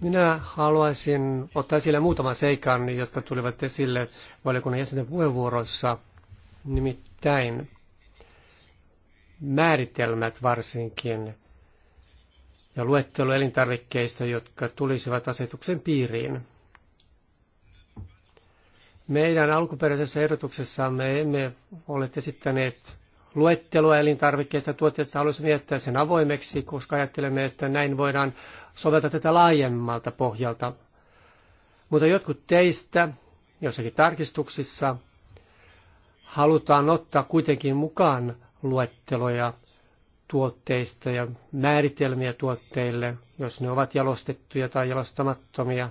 Minä haluaisin ottaa esille muutaman seikan, jotka tulivat esille valiokunnan jäsenten puheenvuoroissa, nimittäin määritelmät varsinkin ja luettelu elintarvikkeista, jotka tulisivat asetuksen piiriin. Meidän alkuperäisessä ehdotuksessamme emme ole esittäneet luettelua elintarvikkeista tuotteista. Haluaisimme jättää sen avoimeksi, koska ajattelemme, että näin voidaan soveltaa tätä laajemmalta pohjalta. Mutta jotkut teistä jossakin tarkistuksissa halutaan ottaa kuitenkin mukaan luetteloja tuotteista ja määritelmiä tuotteille, jos ne ovat jalostettuja tai jalostamattomia.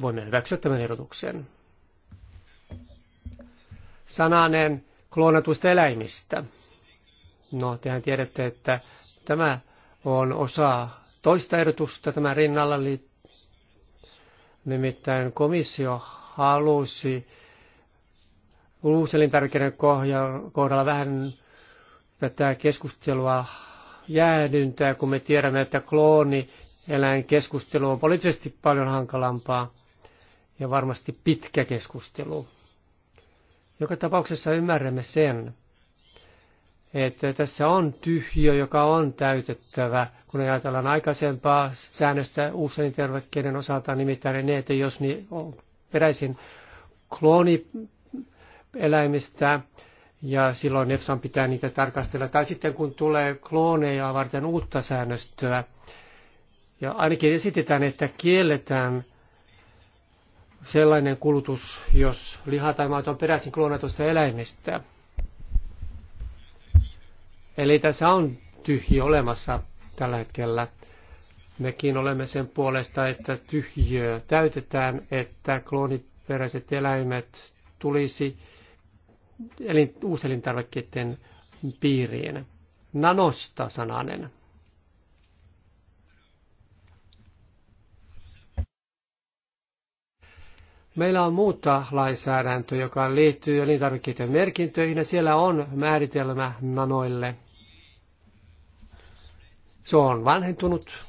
Voimme hyväksyä tämän erotuksen. Sananen kloonatuista eläimistä. No, tehän tiedätte, että Tämä on osa toista erotusta tämä rinnalla, nimittäin komissio halusi uuselintarvikkeiden kohdalla vähän tätä keskustelua jäädyntää, kun me tiedämme, että klooni keskustelu on poliittisesti paljon hankalampaa ja varmasti pitkä keskustelu. Joka tapauksessa ymmärrämme sen, että tässä on tyhjä, joka on täytettävä. Kun ajatellaan aikaisempaa säännöstä uusien tervekkeiden osalta, nimittäin ne, että jos niin on peräisin kloonieläimistä, ja silloin EFSAn pitää niitä tarkastella. Tai sitten kun tulee klooneja varten uutta säännöstöä, ja ainakin esitetään, että kielletään sellainen kulutus, jos liha tai maito on peräisin kloonatusta eläimistä. Eli tässä on tyhji olemassa tällä hetkellä. Mekin olemme sen puolesta, että tyhjiö täytetään, että klooniperäiset eläimet tulisi elin, uuselintarvikkeiden piiriin. Nanosta sananen. Meillä on muuta lainsäädäntöä, joka liittyy elintarvikkeiden merkintöihin, ja siellä on määritelmä nanoille – se on vanhentunut.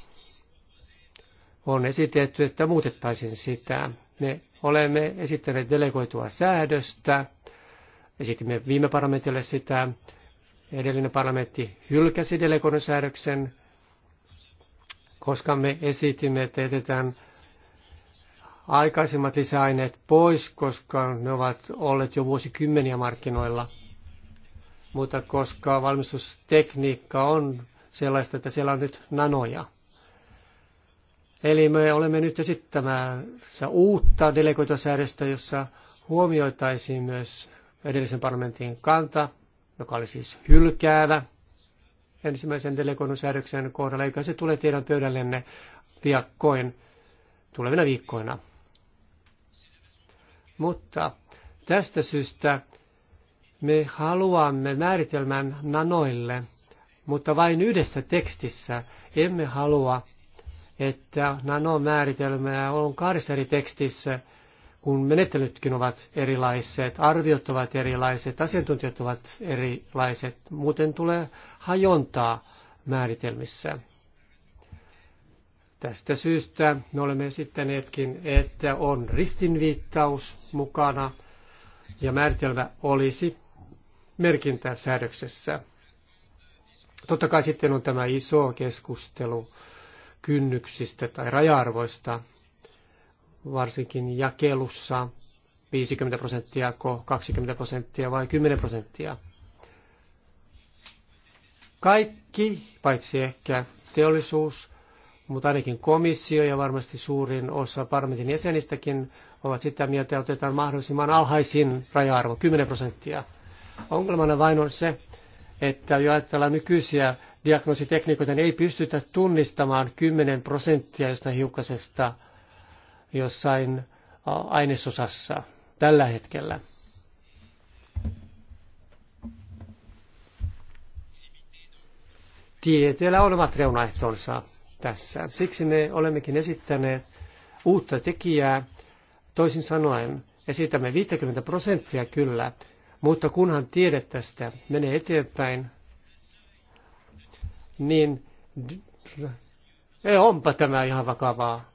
On esitetty, että muutettaisiin sitä. Me olemme esittäneet delegoitua säädöstä. Esitimme viime parlamentille sitä. Edellinen parlamentti hylkäsi delegoidun säädöksen, koska me esitimme, että jätetään aikaisemmat lisäaineet pois, koska ne ovat olleet jo vuosikymmeniä markkinoilla. Mutta koska valmistustekniikka on sellaista, että siellä on nyt nanoja. Eli me olemme nyt esittämässä uutta delegoitua jossa huomioitaisiin myös edellisen parlamentin kanta, joka oli siis hylkäävä ensimmäisen delegoidun kohdalla, eikä se tule teidän pöydällenne viakkoin tulevina viikkoina. Mutta tästä syystä me haluamme määritelmän nanoille – mutta vain yhdessä tekstissä. Emme halua, että nanomääritelmää on kahdessa eri tekstissä, kun menettelytkin ovat erilaiset, arviot ovat erilaiset, asiantuntijat ovat erilaiset. Muuten tulee hajontaa määritelmissä. Tästä syystä me olemme esittäneetkin, että on ristinviittaus mukana ja määritelmä olisi merkintäsäädöksessä. Totta kai sitten on tämä iso keskustelu kynnyksistä tai raja-arvoista, varsinkin jakelussa 50 prosenttia, 20 prosenttia vai 10 prosenttia. Kaikki, paitsi ehkä teollisuus, mutta ainakin komissio ja varmasti suurin osa parlamentin jäsenistäkin ovat sitä mieltä, että otetaan mahdollisimman alhaisin raja-arvo, 10 prosenttia. Ongelmana vain on se, että jo ajatellaan nykyisiä diagnoositekniikoita, niin ei pystytä tunnistamaan 10 prosenttia jostain hiukkasesta jossain ainesosassa tällä hetkellä. Tieteellä on omat reunaehtonsa tässä. Siksi me olemmekin esittäneet uutta tekijää. Toisin sanoen esitämme 50 prosenttia kyllä, mutta kunhan tiede tästä menee eteenpäin, niin ei, eh, onpa tämä ihan vakavaa.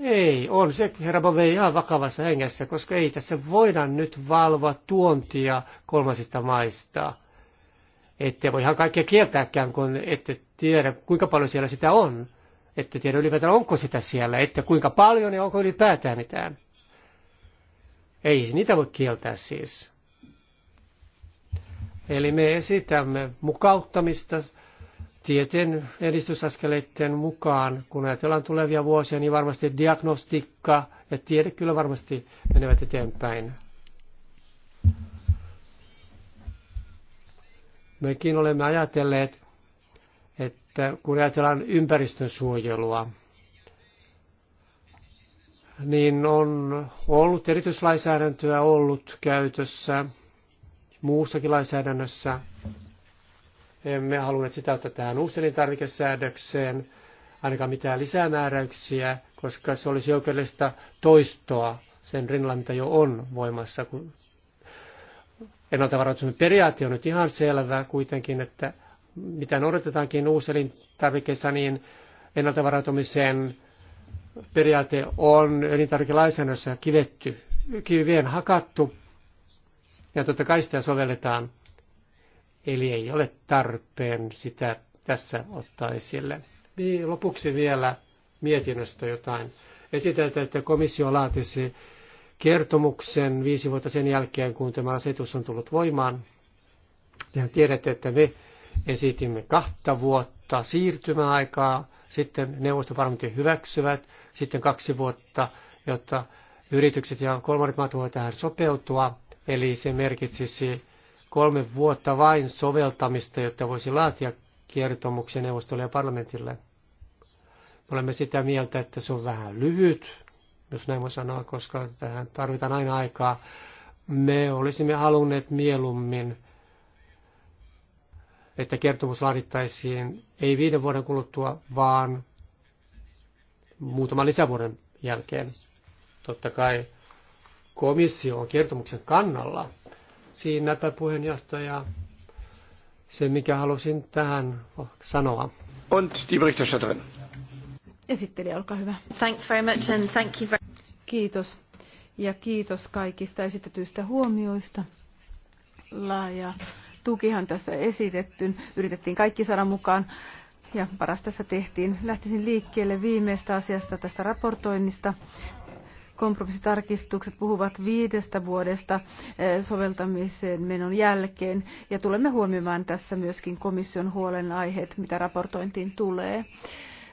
Ei, on se herra Bove ihan vakavassa hengessä, koska ei tässä voida nyt valvoa tuontia kolmasista maista. Ette voi ihan kaikkea kieltääkään, kun ette tiedä, kuinka paljon siellä sitä on. Ette tiedä ylipäätään, onko sitä siellä, ette kuinka paljon ja onko ylipäätään mitään. Ei niitä voi kieltää siis. Eli me esitämme mukauttamista tieteen edistysaskeleiden mukaan. Kun ajatellaan tulevia vuosia, niin varmasti diagnostiikka ja tiede kyllä varmasti menevät eteenpäin. Mekin olemme ajatelleet, että kun ajatellaan ympäristön suojelua, niin on ollut erityislainsäädäntöä ollut käytössä – muussakin lainsäädännössä. Emme halunneet sitä ottaa tähän uuselintarvikesäädökseen, ainakaan mitään lisämääräyksiä, koska se olisi oikeudellista toistoa sen rinnalla, mitä jo on voimassa. Ennaltavaroituksen periaate on nyt ihan selvä kuitenkin, että mitä noudatetaankin uuselintarvikkeissa, niin ennaltavaroitumisen periaate on elintarvikelainsäädännössä kivetty, kivien hakattu ja totta kai sitä sovelletaan. Eli ei ole tarpeen sitä tässä ottaa esille. Niin, lopuksi vielä mietinnöstä jotain. Esiteltä, että komissio laatisi kertomuksen viisi vuotta sen jälkeen, kun tämä asetus on tullut voimaan. Tehän tiedätte, että me esitimme kahta vuotta siirtymäaikaa, sitten neuvostoparlamentti hyväksyvät, sitten kaksi vuotta, jotta yritykset ja kolmannet maat voivat tähän sopeutua. Eli se merkitsisi kolme vuotta vain soveltamista, jotta voisi laatia kertomuksen neuvostolle ja parlamentille. Me olemme sitä mieltä, että se on vähän lyhyt, jos näin voi sanoa, koska tähän tarvitaan aina aikaa. Me olisimme halunneet mieluummin, että kertomus laadittaisiin ei viiden vuoden kuluttua, vaan muutaman lisävuoden jälkeen. Totta kai komissio on kertomuksen kannalla. Siinäpä puheenjohtaja se, mikä halusin tähän sanoa. Und die Berichterstatterin. Esittelijä, olkaa hyvä. Thanks very much and thank you very... Kiitos. Ja kiitos kaikista esitetyistä huomioista. Laaja tukihan tässä esitetty. Yritettiin kaikki saada mukaan. Ja paras tässä tehtiin. Lähtisin liikkeelle viimeistä asiasta tästä raportoinnista. Kompromissitarkistukset puhuvat viidestä vuodesta eh, soveltamiseen menon jälkeen ja tulemme huomioimaan tässä myöskin komission huolenaiheet, mitä raportointiin tulee.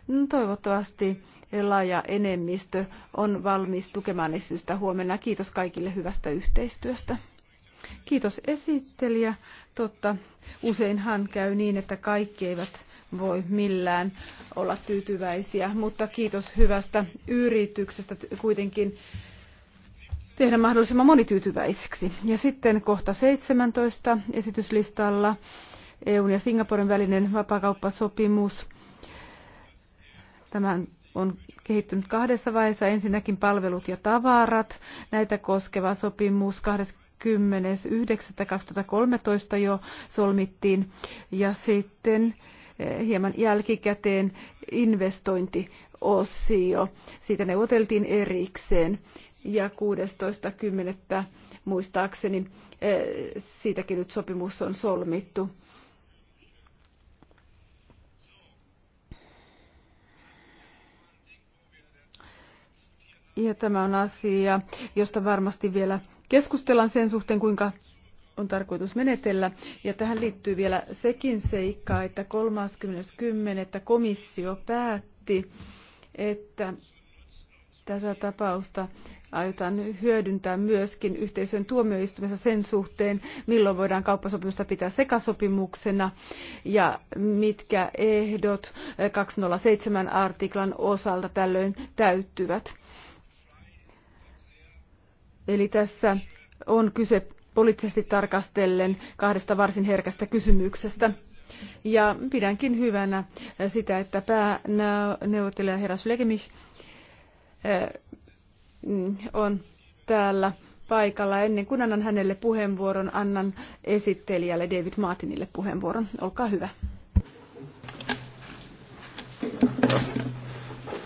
No, toivottavasti laaja enemmistö on valmis tukemaan esitystä huomenna. Kiitos kaikille hyvästä yhteistyöstä. Kiitos esittelijä. Totta, useinhan käy niin, että kaikki eivät voi millään olla tyytyväisiä, mutta kiitos hyvästä yrityksestä kuitenkin tehdä mahdollisimman monityytyväiseksi. Ja sitten kohta 17 esityslistalla EUn ja Singaporen välinen vapakauppasopimus. Tämän on kehittynyt kahdessa vaiheessa. Ensinnäkin palvelut ja tavarat. Näitä koskeva sopimus 29.2013 jo solmittiin. Ja sitten hieman jälkikäteen investointiosio. Siitä neuvoteltiin erikseen ja 16.10. muistaakseni eh, siitäkin nyt sopimus on solmittu. Ja tämä on asia, josta varmasti vielä keskustellaan sen suhteen, kuinka on tarkoitus menetellä. Ja tähän liittyy vielä sekin seikka, että 30.10. komissio päätti, että tätä tapausta aiotaan hyödyntää myöskin yhteisön tuomioistuimessa sen suhteen, milloin voidaan kauppasopimusta pitää sekasopimuksena ja mitkä ehdot 207 artiklan osalta tällöin täyttyvät. Eli tässä on kyse poliittisesti tarkastellen kahdesta varsin herkästä kysymyksestä. Ja pidänkin hyvänä sitä, että pääneuvottelija herra Slegemi eh, on täällä paikalla. Ennen kuin annan hänelle puheenvuoron, annan esittelijälle David Martinille puheenvuoron. Olkaa hyvä.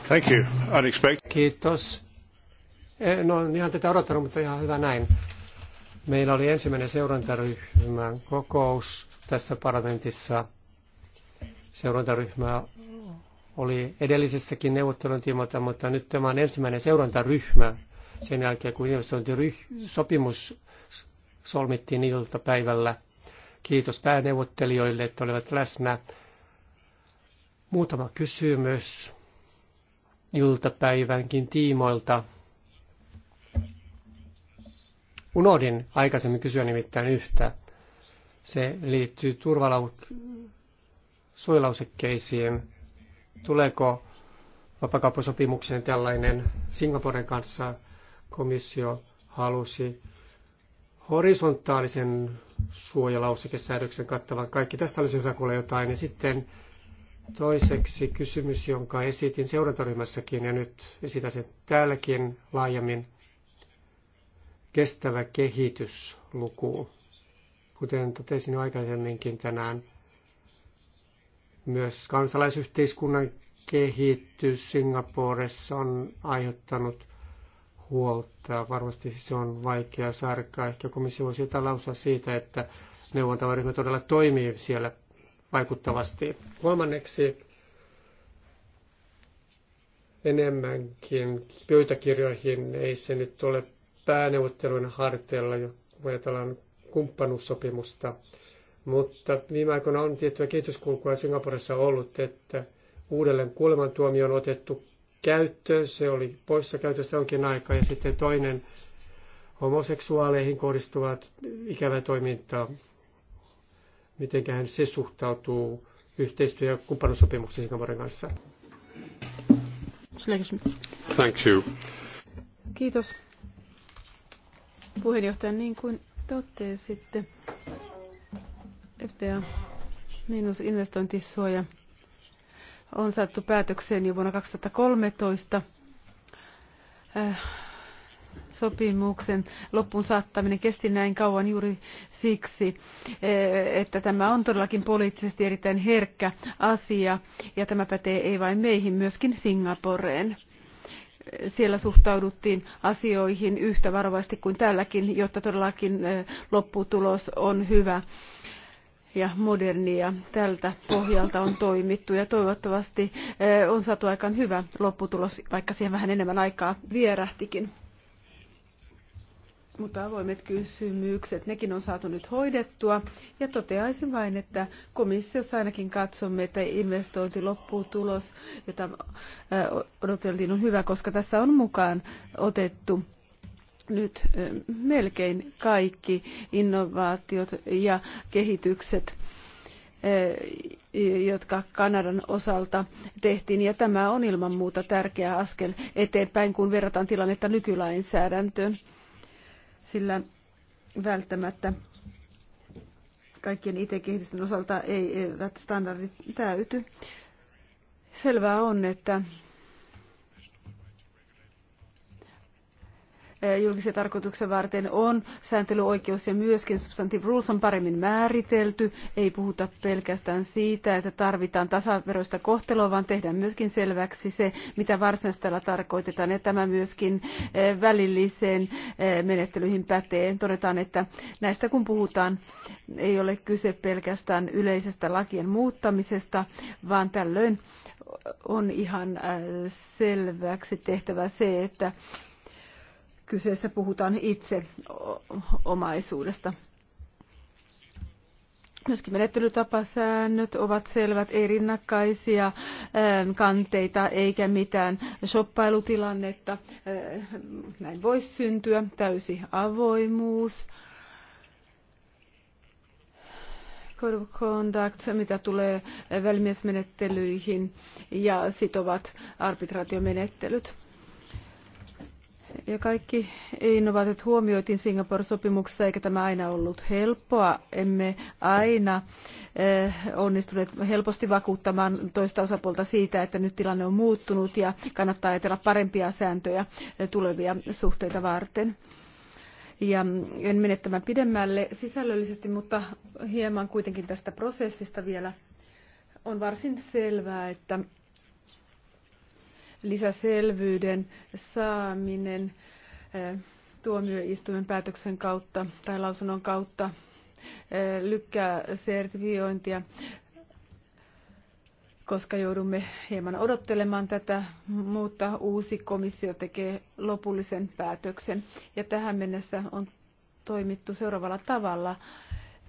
Thank you. Unexpected. Kiitos. Eh, no, ihan tätä odottanut, mutta ihan hyvä näin. Meillä oli ensimmäinen seurantaryhmän kokous tässä parlamentissa. Seurantaryhmä oli edellisessäkin neuvottelun tiimoilta, mutta nyt tämä on ensimmäinen seurantaryhmä sen jälkeen, kun investointisopimus solmittiin iltapäivällä. Kiitos pääneuvottelijoille, että olivat läsnä. Muutama kysymys iltapäivänkin tiimoilta. Unohdin aikaisemmin kysyä nimittäin yhtä. Se liittyy turvalausekkeisiin. Tuleeko vapakauppasopimukseen tällainen Singaporen kanssa komissio halusi horisontaalisen suojalausekesäädöksen kattavan kaikki. Tästä olisi hyvä kuulla jotain. Ja sitten toiseksi kysymys, jonka esitin seurantaryhmässäkin ja nyt esitän sen täälläkin laajemmin kestävä kehitysluku. Kuten totesin aikaisemminkin tänään, myös kansalaisyhteiskunnan kehitys Singaporessa on aiheuttanut huolta. Varmasti se on vaikea sarkaa. Ehkä komissio voisi jotain lausua siitä, että neuvontavaryhmä todella toimii siellä vaikuttavasti. Kolmanneksi enemmänkin pöytäkirjoihin ei se nyt ole pääneuvottelujen harteilla, kun ajatellaan kumppanuussopimusta. Mutta viime aikoina on tiettyä kehityskulkua Singaporessa ollut, että uudelleen kuolemantuomio on otettu käyttöön. Se oli poissa käytöstä jonkin aikaa. Ja sitten toinen homoseksuaaleihin kohdistuva ikävä toiminta. miten hän se suhtautuu yhteistyö- ja kumppanuussopimuksiin Singaporen kanssa? Thank you. Kiitos. Puheenjohtaja, niin kuin totesitte, FTA miinus investointisuoja on saatu päätökseen jo vuonna 2013. Äh, sopimuksen loppuun saattaminen kesti näin kauan juuri siksi, eh, että tämä on todellakin poliittisesti erittäin herkkä asia ja tämä pätee ei vain meihin, myöskin Singaporeen siellä suhtauduttiin asioihin yhtä varovasti kuin täälläkin, jotta todellakin eh, lopputulos on hyvä ja modernia. Tältä pohjalta on toimittu ja toivottavasti eh, on saatu aikaan hyvä lopputulos, vaikka siihen vähän enemmän aikaa vierähtikin. Mutta avoimet kysymykset, nekin on saatu nyt hoidettua. Ja toteaisin vain, että komissiossa ainakin katsomme, että investointi lopputulos, jota äh, odoteltiin, on hyvä, koska tässä on mukaan otettu nyt äh, melkein kaikki innovaatiot ja kehitykset äh, jotka Kanadan osalta tehtiin, ja tämä on ilman muuta tärkeä askel eteenpäin, kun verrataan tilannetta nykylainsäädäntöön sillä välttämättä kaikkien IT-kehitysten osalta eivät standardit täyty. Selvää on, että julkisen tarkoituksen varten on sääntelyoikeus ja myöskin substantive rules on paremmin määritelty. Ei puhuta pelkästään siitä, että tarvitaan tasaveroista kohtelua, vaan tehdään myöskin selväksi se, mitä varsinaisesti tällä tarkoitetaan. Ja tämä myöskin välilliseen menettelyihin pätee. Todetaan, että näistä kun puhutaan, ei ole kyse pelkästään yleisestä lakien muuttamisesta, vaan tällöin on ihan selväksi tehtävä se, että kyseessä puhutaan itse omaisuudesta. Myöskin menettelytapasäännöt ovat selvät, ei rinnakkaisia kanteita eikä mitään shoppailutilannetta. Näin voisi syntyä täysi avoimuus. Code of Conduct, mitä tulee välimiesmenettelyihin ja sitovat arbitraatiomenettelyt. Ja kaikki innovaatiot huomioitiin Singapore-sopimuksessa, eikä tämä aina ollut helppoa. Emme aina eh, onnistuneet helposti vakuuttamaan toista osapuolta siitä, että nyt tilanne on muuttunut ja kannattaa ajatella parempia sääntöjä eh, tulevia suhteita varten. Ja en mene tämän pidemmälle sisällöllisesti, mutta hieman kuitenkin tästä prosessista vielä. On varsin selvää, että lisäselvyyden saaminen eh, tuomioistuimen päätöksen kautta tai lausunnon kautta eh, lykkää sertifiointia, koska joudumme hieman odottelemaan tätä, mutta uusi komissio tekee lopullisen päätöksen. Ja tähän mennessä on toimittu seuraavalla tavalla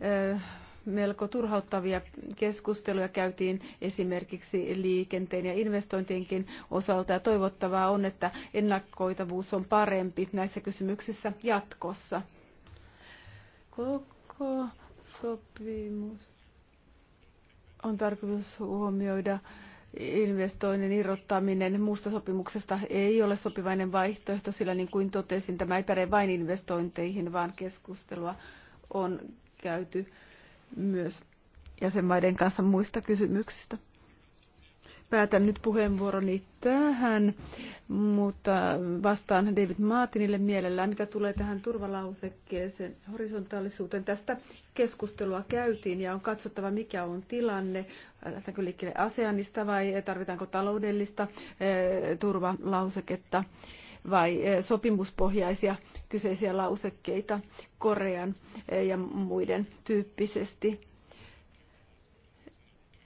eh, melko turhauttavia keskusteluja käytiin esimerkiksi liikenteen ja investointienkin osalta ja toivottavaa on, että ennakoitavuus on parempi näissä kysymyksissä jatkossa. Koko sopimus on tarkoitus huomioida investoinnin irrottaminen muusta sopimuksesta ei ole sopivainen vaihtoehto, sillä niin kuin totesin, tämä ei päde vain investointeihin, vaan keskustelua on käyty myös jäsenmaiden kanssa muista kysymyksistä. Päätän nyt puheenvuoroni tähän, mutta vastaan David Martinille mielellään, mitä tulee tähän turvalausekkeeseen horisontaalisuuteen. Tästä keskustelua käytiin ja on katsottava, mikä on tilanne. Lähdetäänkö liikkeelle ASEANista vai tarvitaanko taloudellista eh, turvalauseketta? vai eh, sopimuspohjaisia kyseisiä lausekkeita Korean eh, ja muiden tyyppisesti.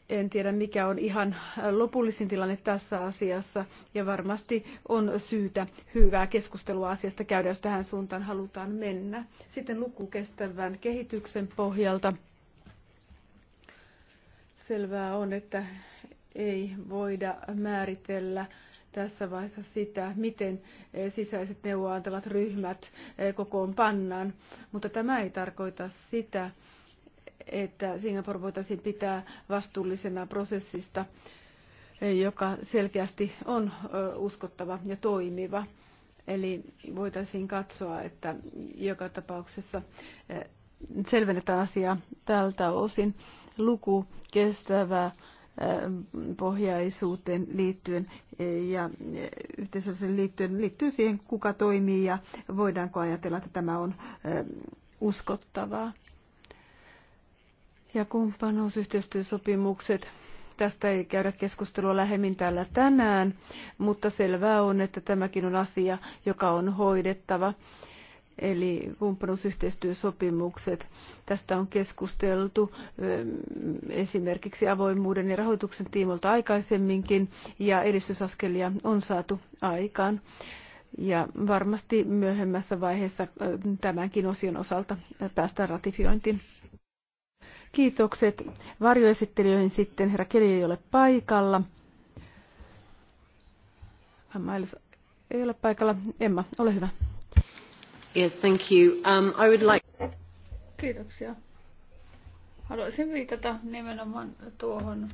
En tiedä, mikä on ihan eh, lopullisin tilanne tässä asiassa, ja varmasti on syytä hyvää keskustelua asiasta käydä, jos tähän suuntaan halutaan mennä. Sitten lukukestävän kehityksen pohjalta selvää on, että ei voida määritellä tässä vaiheessa sitä, miten eh, sisäiset neuvoantavat ryhmät eh, kokoon pannaan. Mutta tämä ei tarkoita sitä, että Singapore voitaisiin pitää vastuullisena prosessista, eh, joka selkeästi on uskottava ja toimiva. Eli voitaisiin katsoa, että joka tapauksessa selvennetään asiaa tältä osin. Luku kestävää pohjaisuuteen liittyen e, ja e, yhteisölliseen liittyen liittyy siihen, kuka toimii ja voidaanko ajatella, että tämä on uskottavaa. Ja kumppanuusyhteistyösopimukset tästä ei käydä keskustelua lähemmin täällä tänään, mutta selvää on, että tämäkin on asia, joka on hoidettava eli kumppanuusyhteistyösopimukset. Tästä on keskusteltu ehm, esimerkiksi avoimuuden ja rahoituksen tiimolta aikaisemminkin ja edistysaskelia on saatu aikaan. Ja varmasti myöhemmässä vaiheessa ehm, tämänkin osion osalta päästään ratifiointiin. Kiitokset varjoesittelijöihin sitten. Herra Keli ei ole paikalla. Miles ei ole paikalla. Emma, ole hyvä. Yes, thank you. Um, I would like... Kiitoksia. Haluaisin viitata nimenomaan tuohon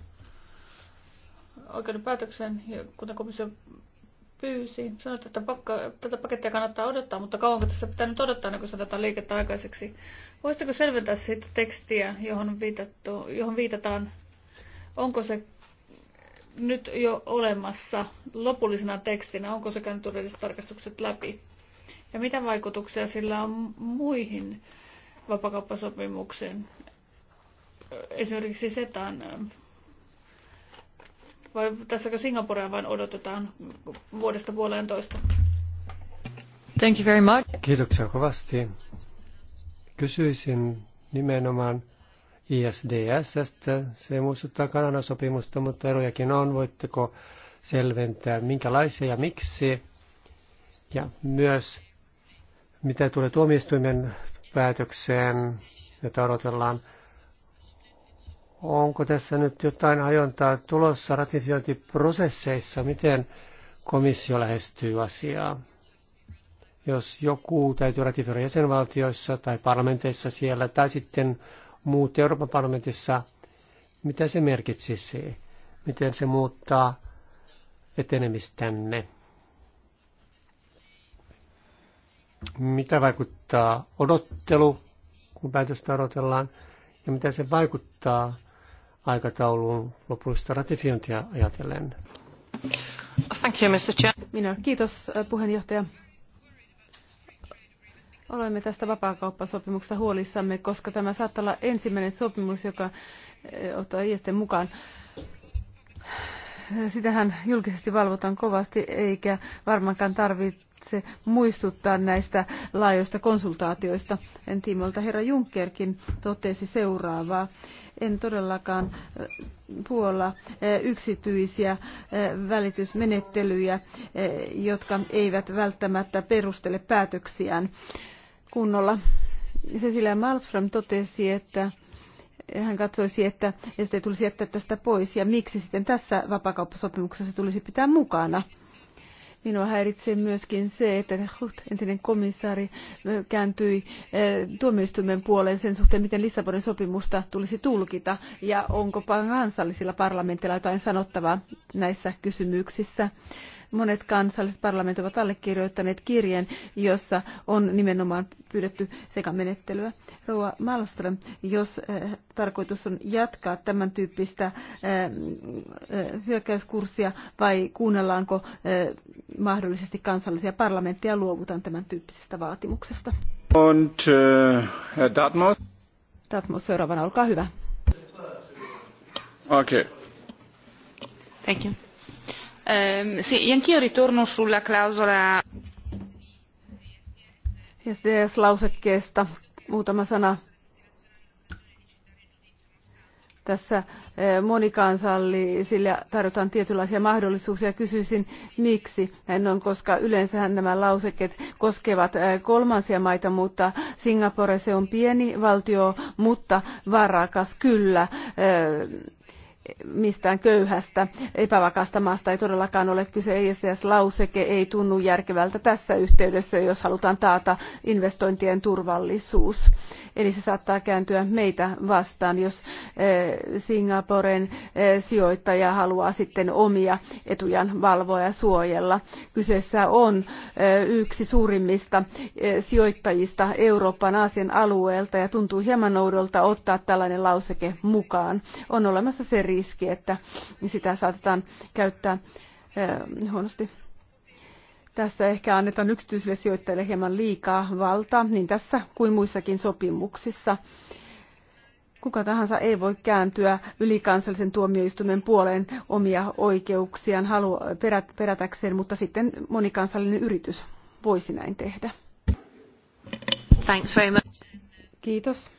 oikeuden päätöksen, kuten komissio pyysi. Sanoit, että pakka, tätä pakettia kannattaa odottaa, mutta kauanko tässä pitää nyt odottaa, kun saadaan liikettä aikaiseksi. Voisitko selventää siitä tekstiä, johon, viitattu, johon viitataan? Onko se nyt jo olemassa lopullisena tekstinä? Onko se käynyt todelliset tarkastukset läpi? ja mitä vaikutuksia sillä on muihin vapakauppasopimuksiin, esimerkiksi SETAan, vai tässäkö Singaporea vain odotetaan vuodesta toista. Thank you very much. Kiitoksia kovasti. Kysyisin nimenomaan ISDSstä. Se muistuttaa Kanadan sopimusta, mutta erojakin on. Voitteko selventää, minkälaisia ja miksi? Ja myös mitä tulee tuomioistuimen päätökseen, jota odotellaan, onko tässä nyt jotain ajontaa tulossa ratifiointiprosesseissa, miten komissio lähestyy asiaa? Jos joku täytyy ratifioida jäsenvaltioissa tai parlamenteissa siellä tai sitten muut Euroopan parlamentissa, mitä se merkitsisi? Miten se muuttaa etenemistänne? mitä vaikuttaa odottelu, kun päätöstä odotellaan, ja mitä se vaikuttaa aikatauluun lopullista ratifiointia ajatellen. Thank you, Mr. Chair. Minä. Kiitos äh, puheenjohtaja. Olemme tästä vapaakauppasopimuksesta huolissamme, koska tämä saattaa olla ensimmäinen sopimus, joka äh, ottaa ISTn mukaan. Sitähän julkisesti valvotaan kovasti, eikä varmaankaan tarvitse se muistuttaa näistä laajoista konsultaatioista. En tiimoilta herra Junckerkin totesi seuraavaa. En todellakaan eh, puolla eh, yksityisiä eh, välitysmenettelyjä, jotka eivät välttämättä perustele päätöksiään kunnolla. Cecilia Malmström totesi, että hän katsoisi, että se tulisi jättää tästä pois ja miksi sitten tässä vapakauppasopimuksessa se tulisi pitää mukana. Minua häiritsee myöskin se, että entinen komissaari kääntyi tuomioistuimen puoleen sen suhteen, miten Lissabonin sopimusta tulisi tulkita ja onko kansallisilla parlamentilla jotain sanottavaa näissä kysymyksissä. Monet kansalliset parlamentit ovat allekirjoittaneet kirjeen, jossa on nimenomaan pyydetty sekamenettelyä. Rouva Malmström, jos eh, tarkoitus on jatkaa tämän tyyppistä eh, eh, hyökkäyskurssia vai kuunnellaanko mahdollisesti kansallisia parlamentteja luovutaan tämän tyyppisestä vaatimuksesta? Und, äh, Herr Dartmouth. seuraavana, olkaa hyvä. Okay. Thank you. Ehm, sì, anch'io ritorno sulla clausola... SDS-lausekkeesta muutama sana. Tässä eh, monikansallisille tarjotaan tietynlaisia mahdollisuuksia. Kysyisin, miksi näin on, koska yleensähän nämä lauseket koskevat eh, kolmansia maita, mutta Singapore se on pieni valtio, mutta varakas kyllä. Eh, mistään köyhästä, epävakaasta maasta ei todellakaan ole kyse. ISDS-lauseke e ei tunnu järkevältä tässä yhteydessä, jos halutaan taata investointien turvallisuus. Eli se saattaa kääntyä meitä vastaan, jos e, Singaporen e, sijoittaja haluaa sitten omia etujaan valvoa ja suojella. Kyseessä on yksi suurimmista sijoittajista Euroopan Aasian alueelta ja tuntuu hieman oudolta ottaa tällainen lauseke mukaan. On olemassa se riski riski, että sitä saatetaan käyttää eh, huonosti. Tässä ehkä annetaan yksityisille sijoittajille hieman liikaa valtaa, niin tässä kuin muissakin sopimuksissa. Kuka tahansa ei voi kääntyä ylikansallisen tuomioistuimen puoleen omia oikeuksiaan perät, perätäkseen, mutta sitten monikansallinen yritys voisi näin tehdä. Thanks very much. Kiitos.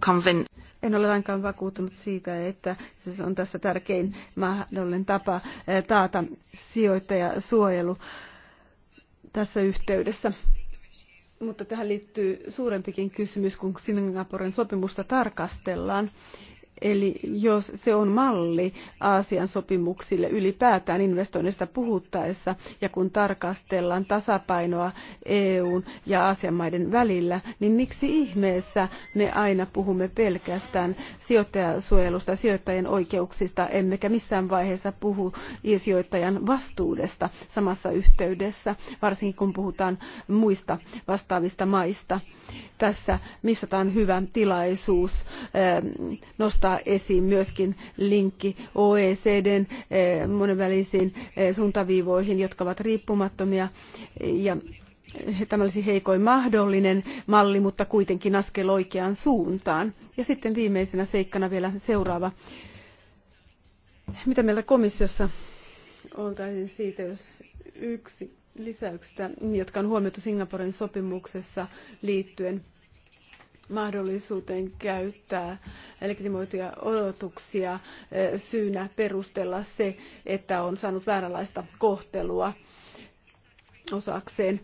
Convent. En ole lainkaan vakuuttunut siitä, että se on tässä tärkein mahdollinen tapa eh, taata sijoittajasuojelu tässä yhteydessä. Mutta tähän liittyy suurempikin kysymys, kun Singaporen sopimusta tarkastellaan. Eli jos se on malli Aasian sopimuksille ylipäätään investoinnista puhuttaessa ja kun tarkastellaan tasapainoa EUn ja Aasian maiden välillä, niin miksi ihmeessä me aina puhumme pelkästään sijoittajasuojelusta, sijoittajien oikeuksista, emmekä missään vaiheessa puhu sijoittajan vastuudesta samassa yhteydessä, varsinkin kun puhutaan muista vastaavista maista. Tässä missataan hyvä tilaisuus eh, nostaa nostaa esiin myöskin linkki OECDn eh, monenvälisiin eh, suuntaviivoihin, jotka ovat riippumattomia eh, ja tämä olisi heikoin mahdollinen malli, mutta kuitenkin askel oikeaan suuntaan. Ja sitten viimeisenä seikkana vielä seuraava. Mitä meillä komissiossa oltaisiin siitä, jos yksi lisäyksistä, jotka on huomioitu Singaporen sopimuksessa liittyen mahdollisuuteen käyttää legitimoituja odotuksia eh, syynä perustella se, että on saanut vääränlaista kohtelua osakseen.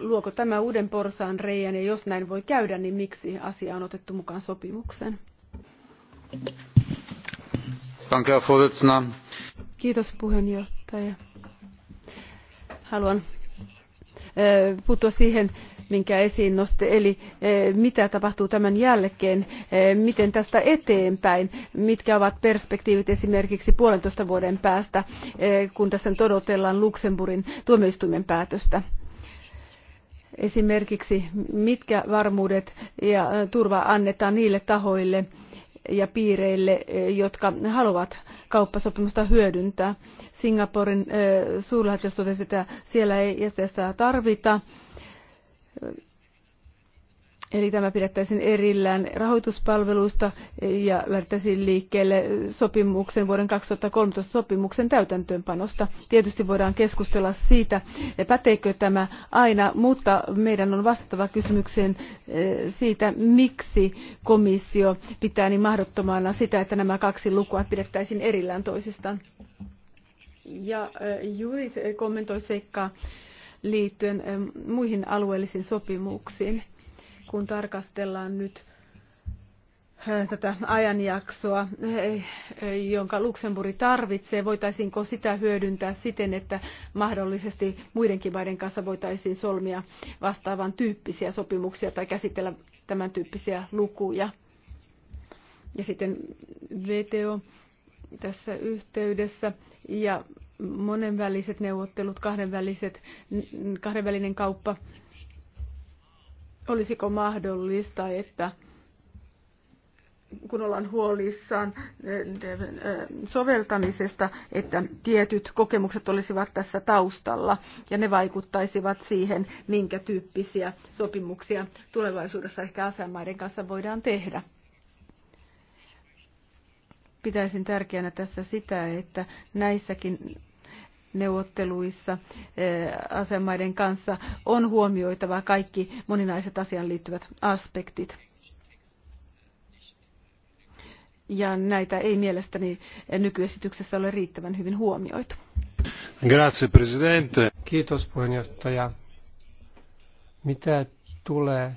Luoko tämä uuden porsaan reijän ja jos näin voi käydä, niin miksi asia on otettu mukaan sopimukseen? Kiitos puheenjohtaja. Haluan eh, puuttua siihen, minkä esiin nosti eli eh, mitä tapahtuu tämän jälkeen, eh, miten tästä eteenpäin, mitkä ovat perspektiivit esimerkiksi puolentoista vuoden päästä, eh, kun tässä nyt odotellaan Luxemburgin tuomioistuimen päätöstä esimerkiksi mitkä varmuudet ja turva annetaan niille tahoille ja piireille, jotka haluavat kauppasopimusta hyödyntää. Singaporen suurlähettiläs totesi, että siellä ei STS tarvita Eli tämä pidettäisiin erillään rahoituspalveluista ja lähdettäisiin liikkeelle sopimuksen, vuoden 2013 sopimuksen täytäntöönpanosta. Tietysti voidaan keskustella siitä, päteekö tämä aina, mutta meidän on vastattava kysymykseen eh, siitä, miksi komissio pitää niin mahdottomana sitä, että nämä kaksi lukua pidettäisiin erillään toisistaan. Ja eh, Juuri kommentoi seikkaa, liittyen eh, muihin alueellisiin sopimuksiin, kun tarkastellaan nyt eh, tätä ajanjaksoa, eh, jonka Luxemburg tarvitsee, voitaisiinko sitä hyödyntää siten, että mahdollisesti muidenkin maiden kanssa voitaisiin solmia vastaavan tyyppisiä sopimuksia tai käsitellä tämän tyyppisiä lukuja. Ja sitten VTO tässä yhteydessä ja monenväliset neuvottelut, kahdenväliset, kahdenvälinen kauppa. Olisiko mahdollista, että kun ollaan huolissaan eh, soveltamisesta, että tietyt kokemukset olisivat tässä taustalla ja ne vaikuttaisivat siihen, minkä tyyppisiä sopimuksia tulevaisuudessa ehkä asemaiden kanssa voidaan tehdä. Pitäisin tärkeänä tässä sitä, että näissäkin neuvotteluissa eh, asemaiden kanssa on huomioitava kaikki moninaiset asiaan liittyvät aspektit. Ja näitä ei mielestäni nykyesityksessä ole riittävän hyvin huomioitu. Grazie, presidente. Kiitos puheenjohtaja. Mitä tulee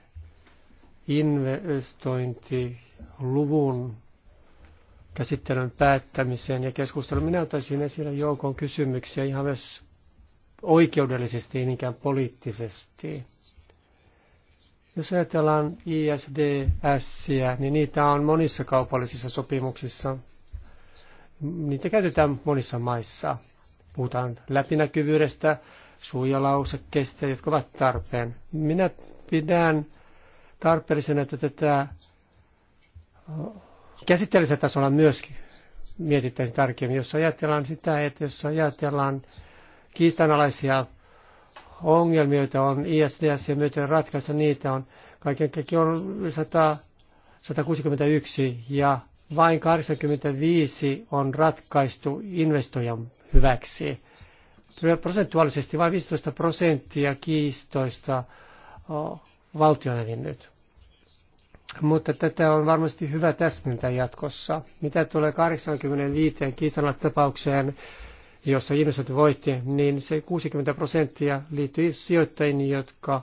investointiluvun käsittelyn päättämiseen ja keskusteluun. Minä ottaisin esille joukon kysymyksiä ihan myös oikeudellisesti, ei niinkään poliittisesti. Jos ajatellaan ISDS, niin niitä on monissa kaupallisissa sopimuksissa. Niitä käytetään monissa maissa. Puhutaan läpinäkyvyydestä, suojalausekkeista, jotka ovat tarpeen. Minä pidän tarpeellisena, että tätä käsitteellisellä tasolla myöskin mietittäisiin tarkemmin. Jos ajatellaan sitä, että jos ajatellaan kiistanalaisia ongelmia, joita on ISDS ja myöten ratkaista, niitä on kaiken kaikkiaan on 100, 161 ja vain 85 on ratkaistu investoijan hyväksi. Prosentuaalisesti vain 15 prosenttia kiistoista on hävinnyt mutta tätä on varmasti hyvä täsmentää jatkossa. Mitä tulee 85 kiistanalaiseen tapaukseen, jossa investointi voitti, niin se 60 prosenttia liittyi sijoittajiin, jotka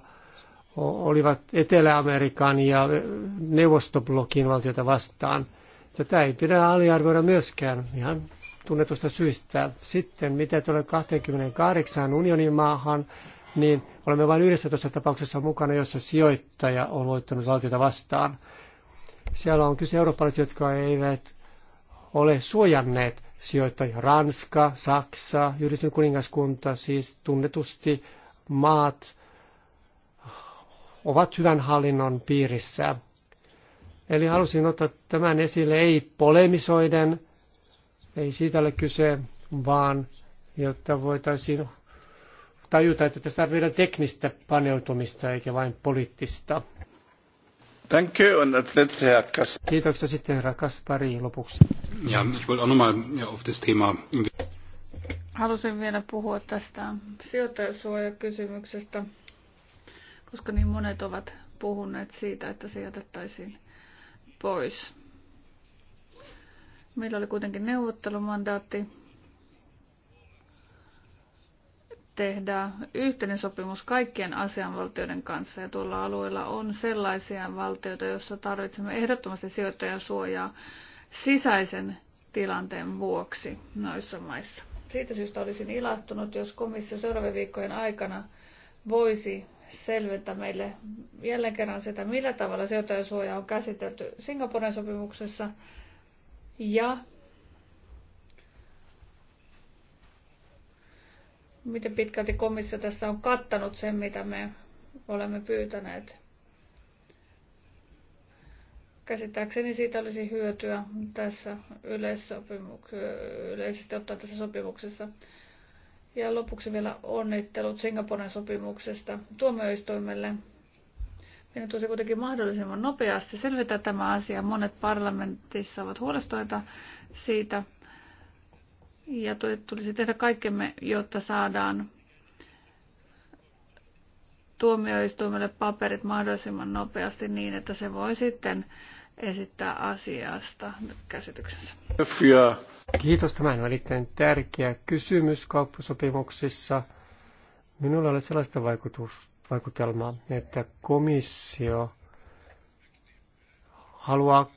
olivat Etelä-Amerikan ja neuvostoblokin valtiota vastaan. Tätä ei pidä aliarvioida myöskään ihan tunnetusta syistä. Sitten mitä tulee 28 unionin maahan, niin olemme vain 11 tapauksessa mukana, jossa sijoittaja on voittanut valtiota vastaan. Siellä on kyse eurooppalaiset, jotka eivät ole suojanneet sijoittajia. Ranska, Saksa, Yhdistynyt kuningaskunta, siis tunnetusti maat ovat hyvän hallinnon piirissä. Eli halusin ottaa tämän esille ei polemisoiden, ei siitä ole kyse, vaan jotta voitaisiin tajuta, että tässä tarvitaan teknistä paneutumista eikä vain poliittista. Danke und als letzte Herr Kaspari. Kiitoksia sitten herra Kaspari lopuksi. Ja, ich wollte auch nochmal auf das Thema... Halusin vielä puhua tästä sijoittajasuojakysymyksestä, koska niin monet ovat puhuneet siitä, että se jätettäisiin pois. Meillä oli kuitenkin neuvottelumandaatti tehdä yhteinen sopimus kaikkien asianvaltioiden kanssa. Ja tuolla alueella on sellaisia valtioita, joissa tarvitsemme ehdottomasti sijoittajasuojaa sisäisen tilanteen vuoksi noissa maissa. Siitä syystä olisin ilahtunut, jos komissio seuraavien viikkojen aikana voisi selventää meille jälleen kerran sitä, millä tavalla sijoittajasuoja on käsitelty Singaporen sopimuksessa ja miten pitkälti komissio tässä on kattanut sen, mitä me olemme pyytäneet. Käsittääkseni siitä olisi hyötyä tässä yleisesti ottaen tässä sopimuksessa. Ja lopuksi vielä onnittelut Singaporen sopimuksesta tuomioistuimelle. Meidän tulisi kuitenkin mahdollisimman nopeasti selvitä tämä asia. Monet parlamentissa ovat huolestuneita siitä, ja tulisi tehdä kaikkemme, jotta saadaan tuomioistuimelle paperit mahdollisimman nopeasti niin, että se voi sitten esittää asiasta käsityksensä. Kiitos. Tämä on erittäin tärkeä kysymys kauppasopimuksissa. Minulla oli sellaista vaikutus, vaikutelmaa, että komissio haluaa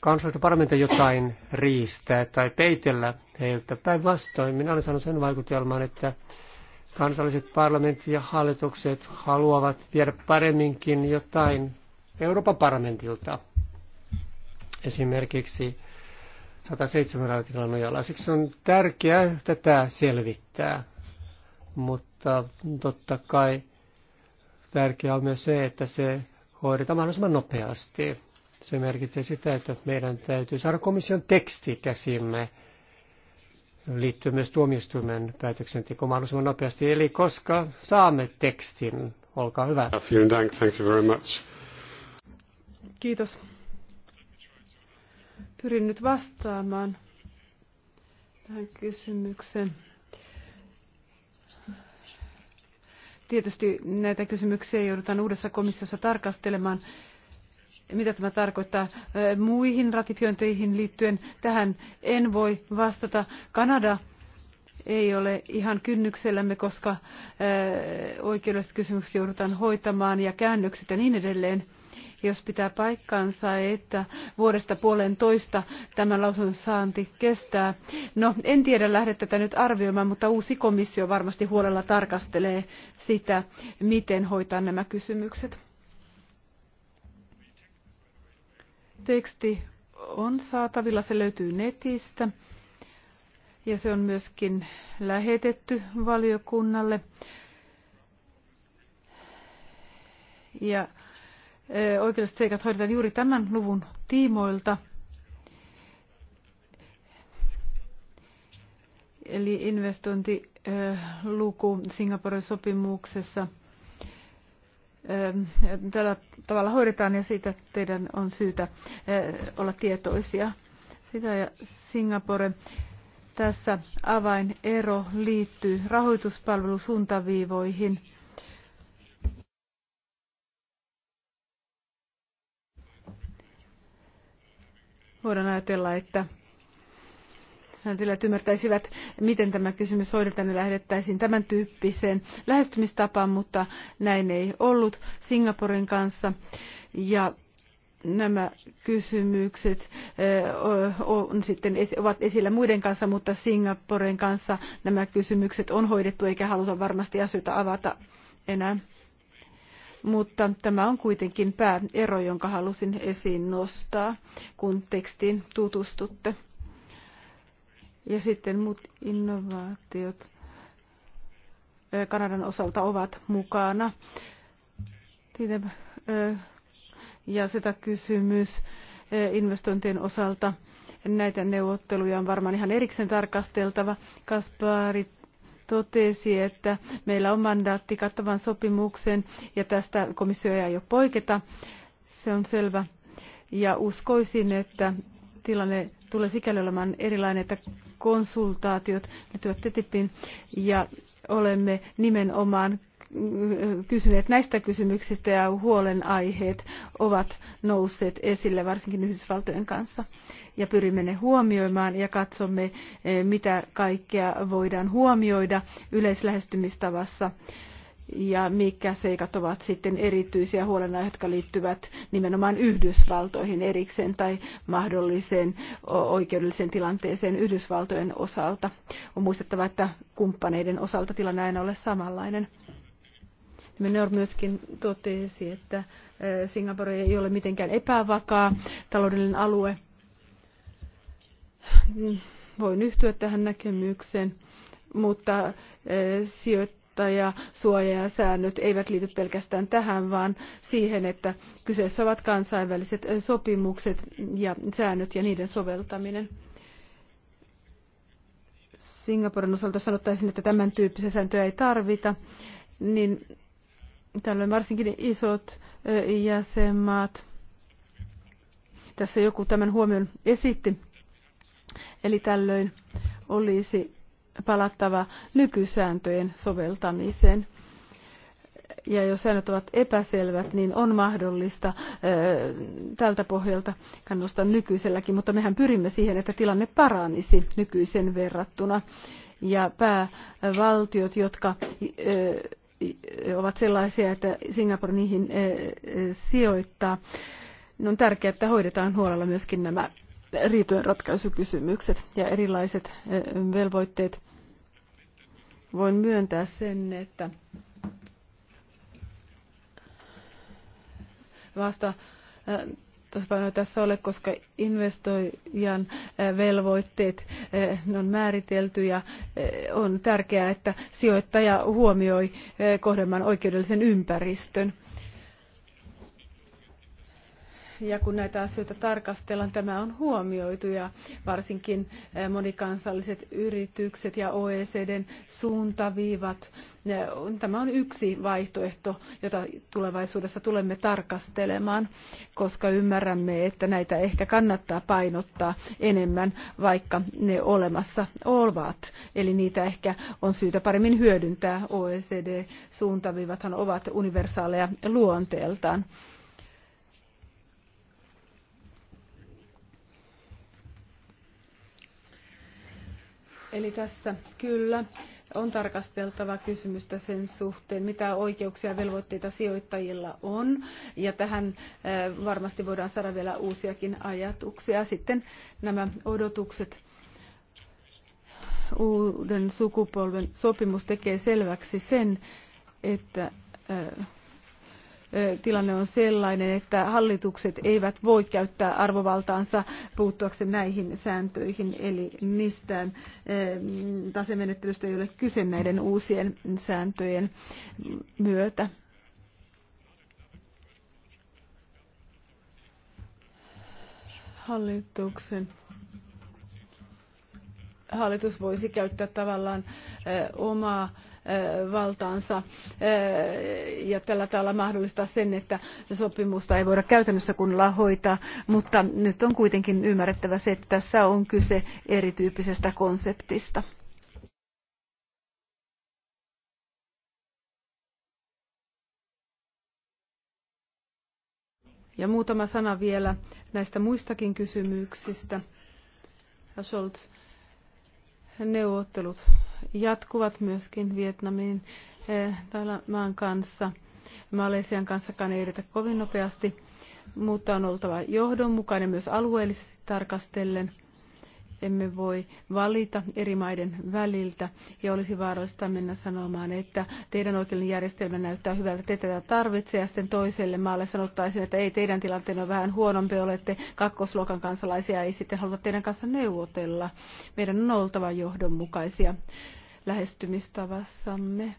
kansallista parlamentia jotain riistää tai peitellä heiltä. Päinvastoin minä olen saanut sen vaikutelman, että kansalliset parlamentit ja hallitukset haluavat viedä paremminkin jotain Euroopan parlamentilta. Esimerkiksi 107 artiklan nojalla. Siksi on tärkeää tätä selvittää. Mutta totta kai tärkeää on myös se, että se hoidetaan mahdollisimman nopeasti se merkitsee sitä, että meidän täytyy saada komission teksti käsimme liittyy myös tuomioistuimen päätöksenteko mahdollisimman nopeasti. Eli koska saamme tekstin, olkaa hyvä. Thank you very much. Kiitos. Pyrin nyt vastaamaan tähän kysymykseen. Tietysti näitä kysymyksiä joudutaan uudessa komissiossa tarkastelemaan mitä tämä tarkoittaa muihin ratifiointeihin liittyen. Tähän en voi vastata. Kanada ei ole ihan kynnyksellämme, koska oikeudelliset kysymykset joudutaan hoitamaan ja käännökset ja niin edelleen. Jos pitää paikkaansa, että vuodesta puolen toista tämä lausun saanti kestää. No, en tiedä, lähde tätä nyt arvioimaan, mutta uusi komissio varmasti huolella tarkastelee sitä, miten hoitaa nämä kysymykset. Teksti on saatavilla, se löytyy netistä ja se on myöskin lähetetty valiokunnalle. Ja e, oikeudelliset seikat hoidetaan juuri tämän luvun tiimoilta. Eli investointiluku Singaporen sopimuksessa – tällä tavalla hoidetaan ja siitä teidän on syytä olla tietoisia. Sitä ja Singapore. Tässä avainero liittyy rahoituspalvelusuuntaviivoihin. Voidaan ajatella, että sanatilat ymmärtäisivät, miten tämä kysymys hoidetaan ja lähdettäisiin tämän tyyppiseen lähestymistapaan, mutta näin ei ollut Singaporen kanssa. Ja nämä kysymykset eh, on sitten, ovat esillä muiden kanssa, mutta Singaporen kanssa nämä kysymykset on hoidettu eikä haluta varmasti asioita avata enää. Mutta tämä on kuitenkin pääero, jonka halusin esiin nostaa, kun tekstiin tutustutte. Ja sitten muut innovaatiot Kanadan osalta ovat mukana. Ja sitä kysymys investointien osalta. Näitä neuvotteluja on varmaan ihan erikseen tarkasteltava. Kaspari totesi, että meillä on mandaatti kattavan sopimuksen ja tästä komissio ei aio poiketa. Se on selvä. Ja uskoisin, että tilanne tulee sikäli olemaan erilainen, että konsultaatiot liittyvät TTIPin ja olemme nimenomaan mm, kysyneet näistä kysymyksistä ja huolenaiheet ovat nousseet esille varsinkin Yhdysvaltojen kanssa. Ja pyrimme ne huomioimaan ja katsomme, eh, mitä kaikkea voidaan huomioida yleislähestymistavassa ja mikä seikat ovat sitten erityisiä huolenaiheita, jotka liittyvät nimenomaan Yhdysvaltoihin erikseen tai mahdolliseen oikeudelliseen tilanteeseen Yhdysvaltojen osalta. On muistettava, että kumppaneiden osalta tilanne aina ole samanlainen. Menor myöskin totesi, että eh, Singapore ei ole mitenkään epävakaa taloudellinen alue. Voin yhtyä tähän näkemykseen, mutta eh, sijoittajat kuluttajasuoja ja säännöt eivät liity pelkästään tähän, vaan siihen, että kyseessä ovat kansainväliset sopimukset ja säännöt ja niiden soveltaminen. Singaporen osalta sanottaisiin, että tämän tyyppisiä sääntöjä ei tarvita, niin tällöin varsinkin isot jäsenmaat, tässä joku tämän huomion esitti, eli tällöin olisi palattava nykysääntöjen soveltamiseen. Ja jos säännöt ovat epäselvät, niin on mahdollista tältä pohjalta kannustaa nykyiselläkin, mutta mehän pyrimme siihen, että tilanne paranisi nykyisen verrattuna. Ja päävaltiot, jotka ovat sellaisia, että Singapore niihin sijoittaa, niin on tärkeää, että hoidetaan huolella myöskin nämä riitojen ratkaisukysymykset ja erilaiset velvoitteet voin myöntää sen, että vasta äh, tässä ole, koska investoijan äh, velvoitteet äh, on määritelty ja on tärkeää, että sijoittaja huomioi kohdemaan oikeudellisen ympäristön ja kun näitä asioita tarkastellaan, tämä on huomioitu ja varsinkin eh, monikansalliset yritykset ja OECDn suuntaviivat. Tämä on yksi vaihtoehto, jota tulevaisuudessa tulemme tarkastelemaan, koska ymmärrämme, että näitä ehkä kannattaa painottaa enemmän, vaikka ne olemassa ovat. Eli niitä ehkä on syytä paremmin hyödyntää. OECD-suuntaviivathan ovat universaaleja luonteeltaan. Eli tässä kyllä on tarkasteltava kysymystä sen suhteen, mitä oikeuksia ja velvoitteita sijoittajilla on. Ja tähän varmasti voidaan saada vielä uusiakin ajatuksia. Sitten nämä odotukset uuden sukupolven sopimus tekee selväksi sen, että tilanne on sellainen, että hallitukset eivät voi käyttää arvovaltaansa puuttuakseen näihin sääntöihin, eli mistään tasemenettelystä ei ole kyse näiden uusien sääntöjen myötä. Hallituksen hallitus voisi käyttää tavallaan omaa valtaansa ja tällä tavalla mahdollistaa sen, että sopimusta ei voida käytännössä kunnolla hoitaa, mutta nyt on kuitenkin ymmärrettävä se, että tässä on kyse erityyppisestä konseptista. Ja muutama sana vielä näistä muistakin kysymyksistä. Scholz, neuvottelut jatkuvat myöskin Vietnamin eh, maan kanssa. Malesian kanssakaan ei edetä kovin nopeasti, mutta on oltava johdonmukainen myös alueellisesti tarkastellen – emme voi valita eri maiden väliltä ja olisi vaarallista mennä sanomaan, että teidän oikeudellinen järjestelmä näyttää hyvältä, te tätä tarvitsee ja sitten toiselle maalle sanottaisiin, että ei teidän tilanteenne on vähän huonompi, olette kakkosluokan kansalaisia, ei sitten haluta teidän kanssa neuvotella. Meidän on oltava johdonmukaisia lähestymistavassamme.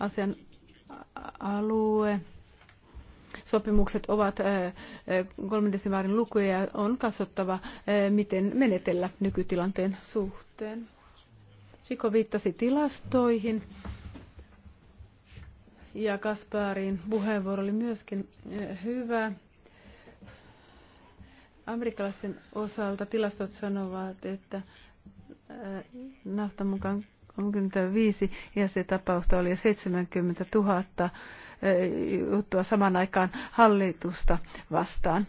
Asian alue sopimukset ovat kolmen lukuja ja on katsottava, miten menetellä nykytilanteen suhteen. Siko viittasi tilastoihin ja Kasparin puheenvuoro oli myöskin hyvä. Amerikkalaisten osalta tilastot sanovat, että naftan mukaan 35 jäsentapausta oli 70 000 juttua eh, saman aikaan hallitusta vastaan.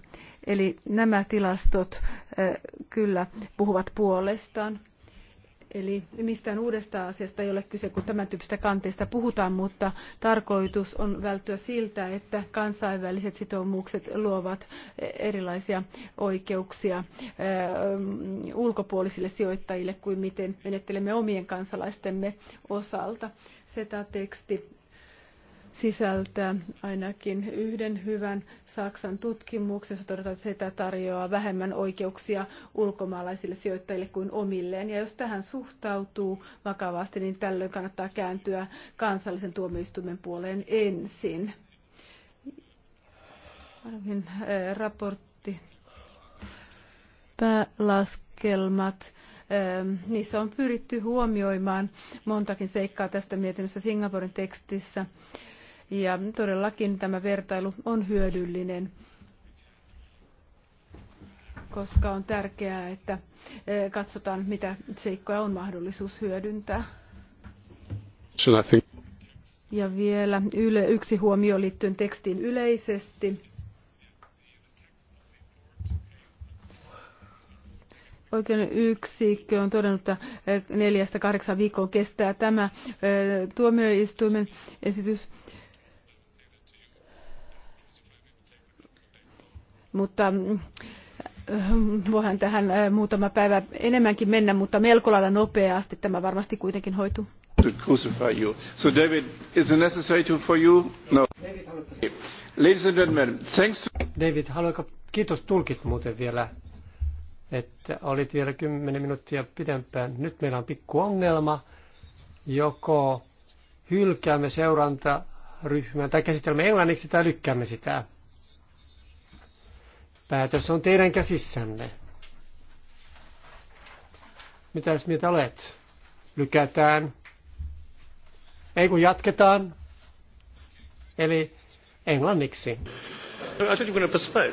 Eli nämä tilastot eh, kyllä puhuvat puolestaan. Eli mistään uudesta asiasta ei ole kyse, kun tämän tyyppistä kanteista puhutaan, mutta tarkoitus on välttyä siltä, että kansainväliset sitoumukset luovat erilaisia oikeuksia eh, ulkopuolisille sijoittajille kuin miten menettelemme omien kansalaistemme osalta. SETA-teksti sisältää ainakin yhden hyvän Saksan tutkimuksen, jossa todetaan, että sitä tarjoaa vähemmän oikeuksia ulkomaalaisille sijoittajille kuin omilleen. Ja jos tähän suhtautuu vakavasti, niin tällöin kannattaa kääntyä kansallisen tuomioistuimen puoleen ensin. Arvin eh, raportti. Päälaskelmat eh, niissä on pyritty huomioimaan montakin seikkaa tästä mietinnössä Singaporen tekstissä. Ja todellakin tämä vertailu on hyödyllinen, koska on tärkeää, että e, katsotaan, mitä seikkoja on mahdollisuus hyödyntää. Ja vielä yle, yksi huomio liittyen tekstiin yleisesti. Oikein yksikkö on todennut, että e, neljästä kahdeksan viikkoa kestää tämä e, tuomioistuimen esitys mutta eh, voihan tähän eh, muutama päivä enemmänkin mennä, mutta melko lailla nopeasti tämä varmasti kuitenkin hoituu. To crucify you. So David, is it necessary to for you? No. Ladies and gentlemen, thanks to... David, haluatko... Kiitos tulkit muuten vielä, että olit vielä 10 minuuttia pidempään. Nyt meillä on pikku ongelma. Joko hylkäämme seurantaryhmän tai käsittelemme englanniksi tai lykkäämme sitä. Päätös on teidän käsissänne. Mitäs mieltä olet? Lykätään. Ei kun jatketaan. Eli englanniksi. I thought you were going to postpone.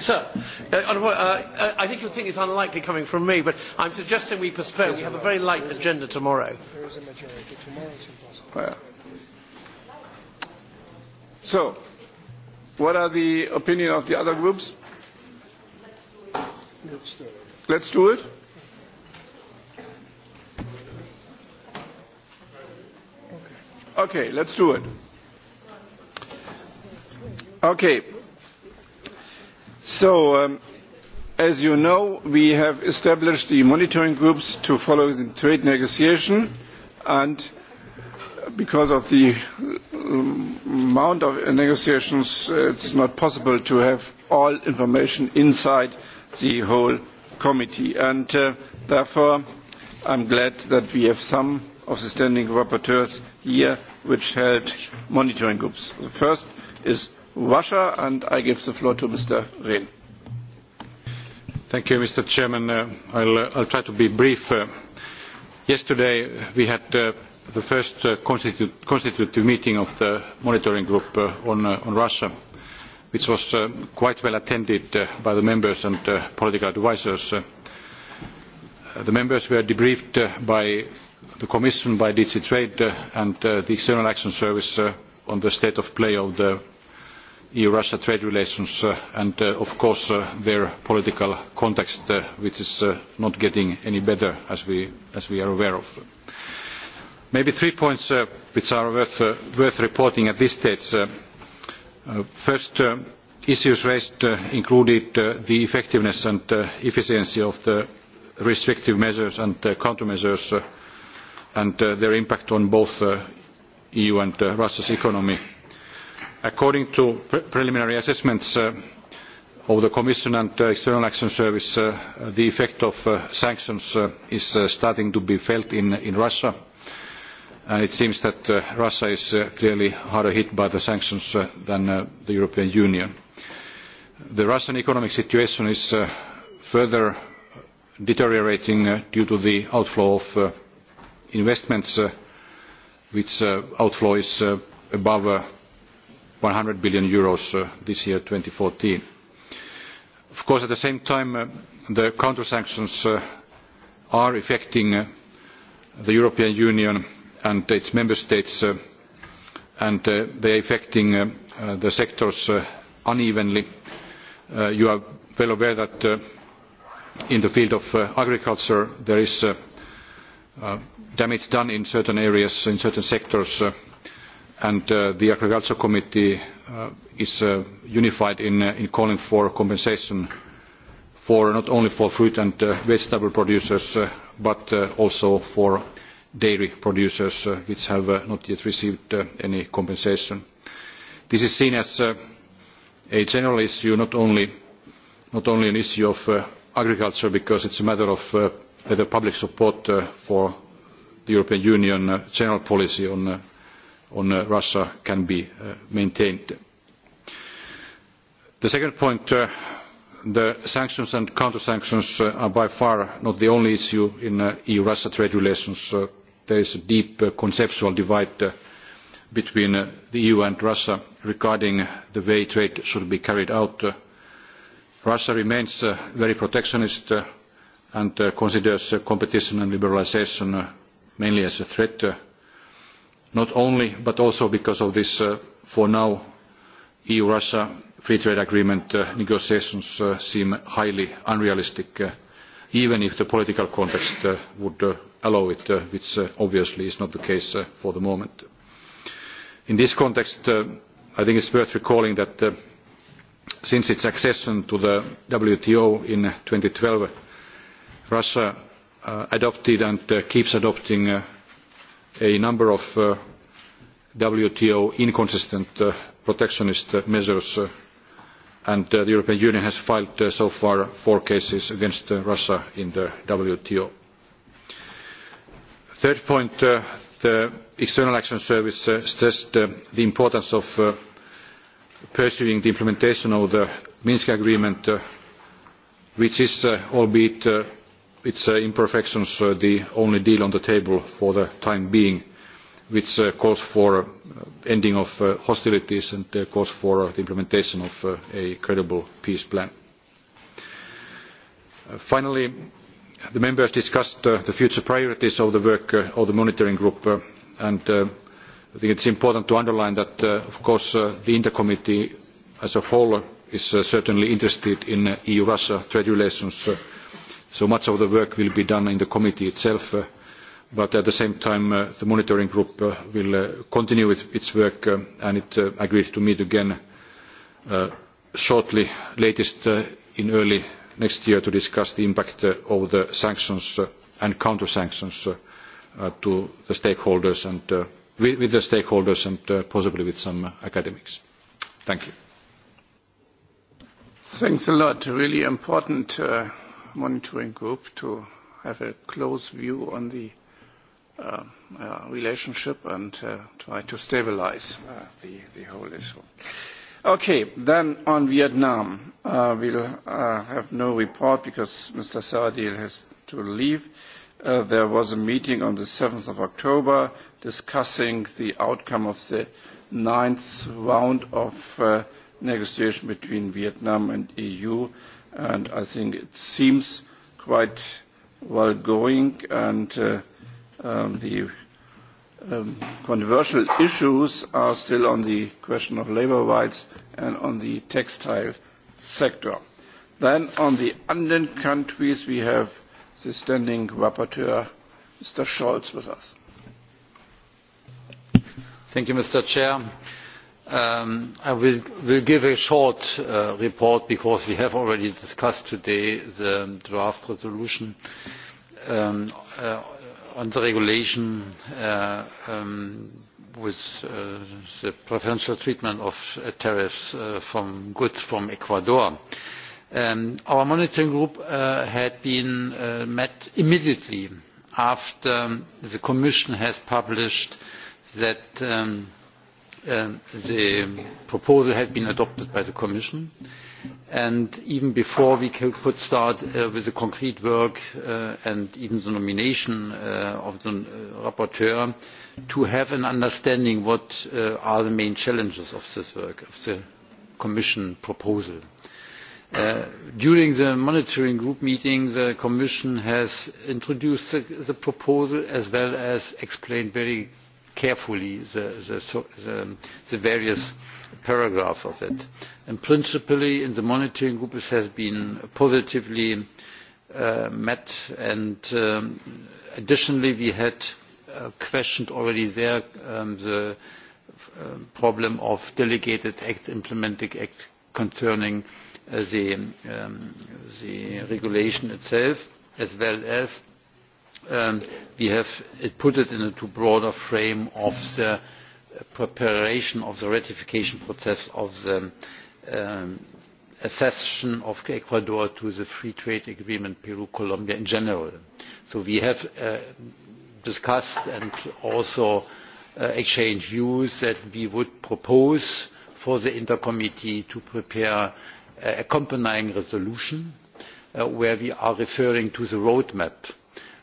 so, uh, uh I think your thing is unlikely coming from me, but I'm suggesting we postpone. We have a very light agenda tomorrow. There is a majority. Tomorrow is impossible. So, What are the opinion of the other groups? Let's do it. Okay, let's do it. Okay. So, um, as you know, we have established the monitoring groups to follow the trade negotiation and because of the um, amount of negotiations, it's not possible to have all information inside the whole committee. And uh, therefore, I'm glad that we have some of the standing rapporteurs here which held monitoring groups. The first is Russia, and I give the floor to Mr. Rehn. Thank you, Mr. Chairman. Uh, I'll, uh, I'll try to be brief. Uh, yesterday, we had uh, the first uh, constitutive meeting of the monitoring group uh, uh, on, Russia, which was quite well attended by the members and political advisers. the members were debriefed by the Commission, by DG Trade and the External Action Service on the state of play of the EU-Russia trade relations and, of course, their political context, which is not getting any better, as we, are aware of. Maybe three points uh, which are uh, worth, reporting at this stage. Uh, first, issues raised included the effectiveness and efficiency of the restrictive measures and uh, countermeasures and their impact on both the EU and Russia's economy. According to preliminary assessments of the Commission and the External Action Service, the effect of sanctions is starting to be felt in Russia Uh, it seems that uh, Russia is uh, clearly harder hit by the sanctions than the European Union. The Russian economic situation is further deteriorating due to the outflow of investments, which outflow is above EUR 100 billion Euros this year, 2014. Of course, at the same time, the counter sanctions are affecting the European Union and its member states uh, and uh, they are affecting uh, the sectors unevenly. you are well aware that in the field of agriculture there is damage done in certain areas in certain sectors and the agriculture committee is unified in calling for compensation for not only for fruit and vegetable producers but also for dairy producers uh, which have uh, not yet received uh, any compensation. This is seen as a general issue, not only, an issue of agriculture, because it's a matter of whether public support for the European Union general policy on Russia can be maintained. The second point, the sanctions and counter-sanctions are by far not the only issue in EU-Russia trade relations there is a deep uh, conceptual divide uh, between uh, the EU and Russia regarding the way trade should be carried out. Russia remains very protectionist and considers competition and liberalisation mainly as a threat, not only but also because of this, for now, EU-Russia free trade agreement negotiations seem highly unrealistic even if the political context uh, would uh, allow it uh, which obviously is not the case for the moment. in this context i think it is worth recalling that since its accession to the wto in two thousand and twelve russia adopted and keeps adopting a number of wto inconsistent protectionist measures and uh, the European Union has filed uh, so far four cases against uh, Russia in the WTO. Third point, the External Action Service stressed the importance of pursuing the implementation of the Minsk Agreement, which is, albeit its imperfections, the only deal on the table for the time being which uh, calls for uh, ending of uh, hostilities and calls for the implementation of a credible peace plan. Finally, the members discussed the future priorities of the work of the monitoring group and I think it's important to underline that of course the intercommittee as a whole is certainly interested in EU-Russia trade relations so much of the work will be done in the committee itself but at the same time uh, the monitoring group uh, will uh, continue its work and it agreed to meet again uh, shortly, latest in early next year to discuss the impact of the sanctions and counter-sanctions with, the stakeholders and possibly with some academics. Thank you. Thanks a lot. Really important monitoring group to have a close view on the Uh, uh, relationship and uh, try to stabilize uh, the, the whole issue. Okay, then on Vietnam, uh, we'll uh, have no report because Mr. Saadil has to leave. Uh, there was a meeting on the 7th of October discussing the outcome of the ninth round of uh, negotiation between Vietnam and EU, and I think it seems quite well going, and uh, um, the um, controversial issues are still on the question of labor rights and on the textile sector. Then on the Anden countries, we have the standing rapporteur, Mr. Scholz, with us. Thank you, Mr. Chair. Um, I will, will give a short uh, report because we have already discussed today the draft resolution um, uh, on the regulation uh, um, with uh, the preferential treatment of uh, tariffs from goods from ecuador um, our monitoring group had been met immediately after the commission has published that um, the proposal had been adopted by the commission and and even before we could start uh, with the concrete work uh, and even the nomination uh, of the rapporteur to have an understanding what are the main challenges of this work of the commission proposal. during the monitoring group meeting the commission has introduced the, the proposal as well as explained very carefully the, the, the various paragraphs of it. And principally, in the monitoring group, it has been positively uh, met. And um, additionally, we had uh, questioned already there um, the uh, problem of delegated acts, implementing acts concerning uh, the, um, the regulation itself, as well as Um, we have put it in a too broad a frame of the preparation of the ratification process of the um, accession of Ecuador to the free trade agreement Peru-Colombia in general. So we have uh, discussed and also uh, exchanged views that we would propose for the intercommittee to prepare an accompanying resolution uh, where we are referring to the roadmap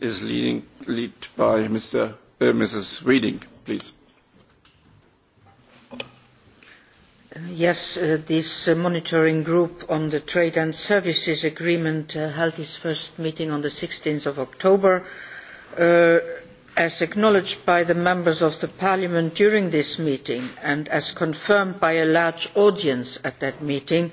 is leading, led by Mr. Uh, Mrs. Reding, please. Uh, yes, uh, this uh, monitoring group on the trade and services agreement uh, held its first meeting on sixteen october. Uh, as acknowledged by the members of the parliament during this meeting and as confirmed by a large audience at that meeting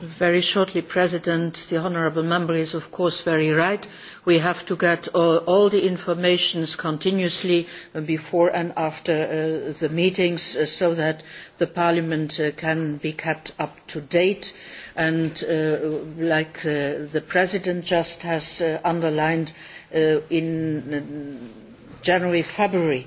very shortly president the honourable member is of course very right we have to get all, all the information continuously before and after uh, the meetings uh, so that parliament uh, can be kept up to date and uh, like uh, the president just has underlined in january february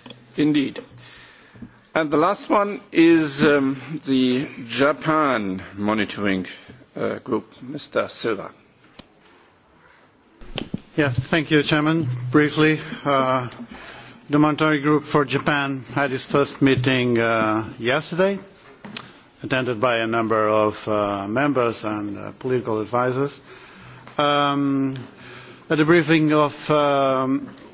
Indeed. And the last one is um, the Japan monitoring uh, group, Mr. Silva. Yeah, thank you, Chairman. Briefly, uh, the monitoring group for Japan had its first meeting uh, yesterday, attended by a number of uh, members and uh, political advisers. Um, the briefing of um,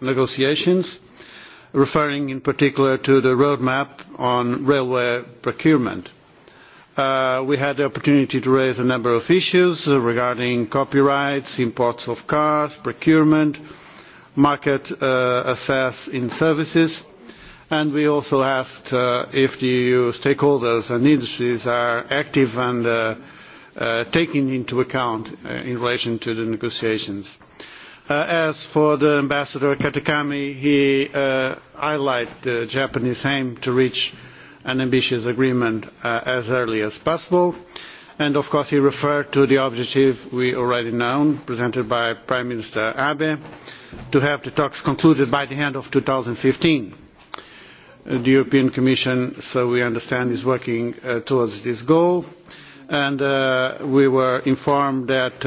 negotiations, referring in particular to the roadmap on railway procurement. Uh, we had the opportunity to raise a number of issues regarding copyrights, imports of cars, procurement, market uh, access in services, and we also asked uh, if the EU stakeholders and industries are active and uh, uh, taken into account uh, in relation to the negotiations. Uh, as for the ambassador katakami he highlighted uh, the japanese aim to reach an ambitious agreement uh, as early as possible and of course he referred to the objective we already know presented by prime minister abe to have the talks concluded by the end of. two thousand and fifteen the european commission so we understand is working towards this goal and we were informed that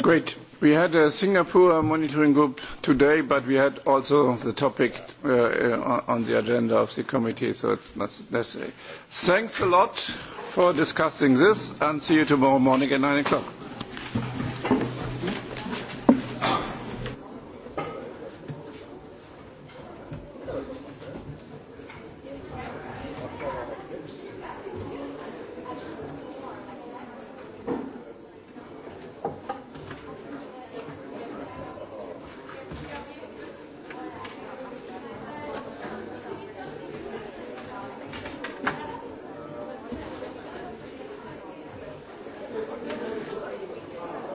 Great. We had a Singapore monitoring group today, but we had also the topic uh, uh, on the agenda of the committee, so it's not necessary. Thanks a lot for discussing this, and see you tomorrow morning at nine o'clock.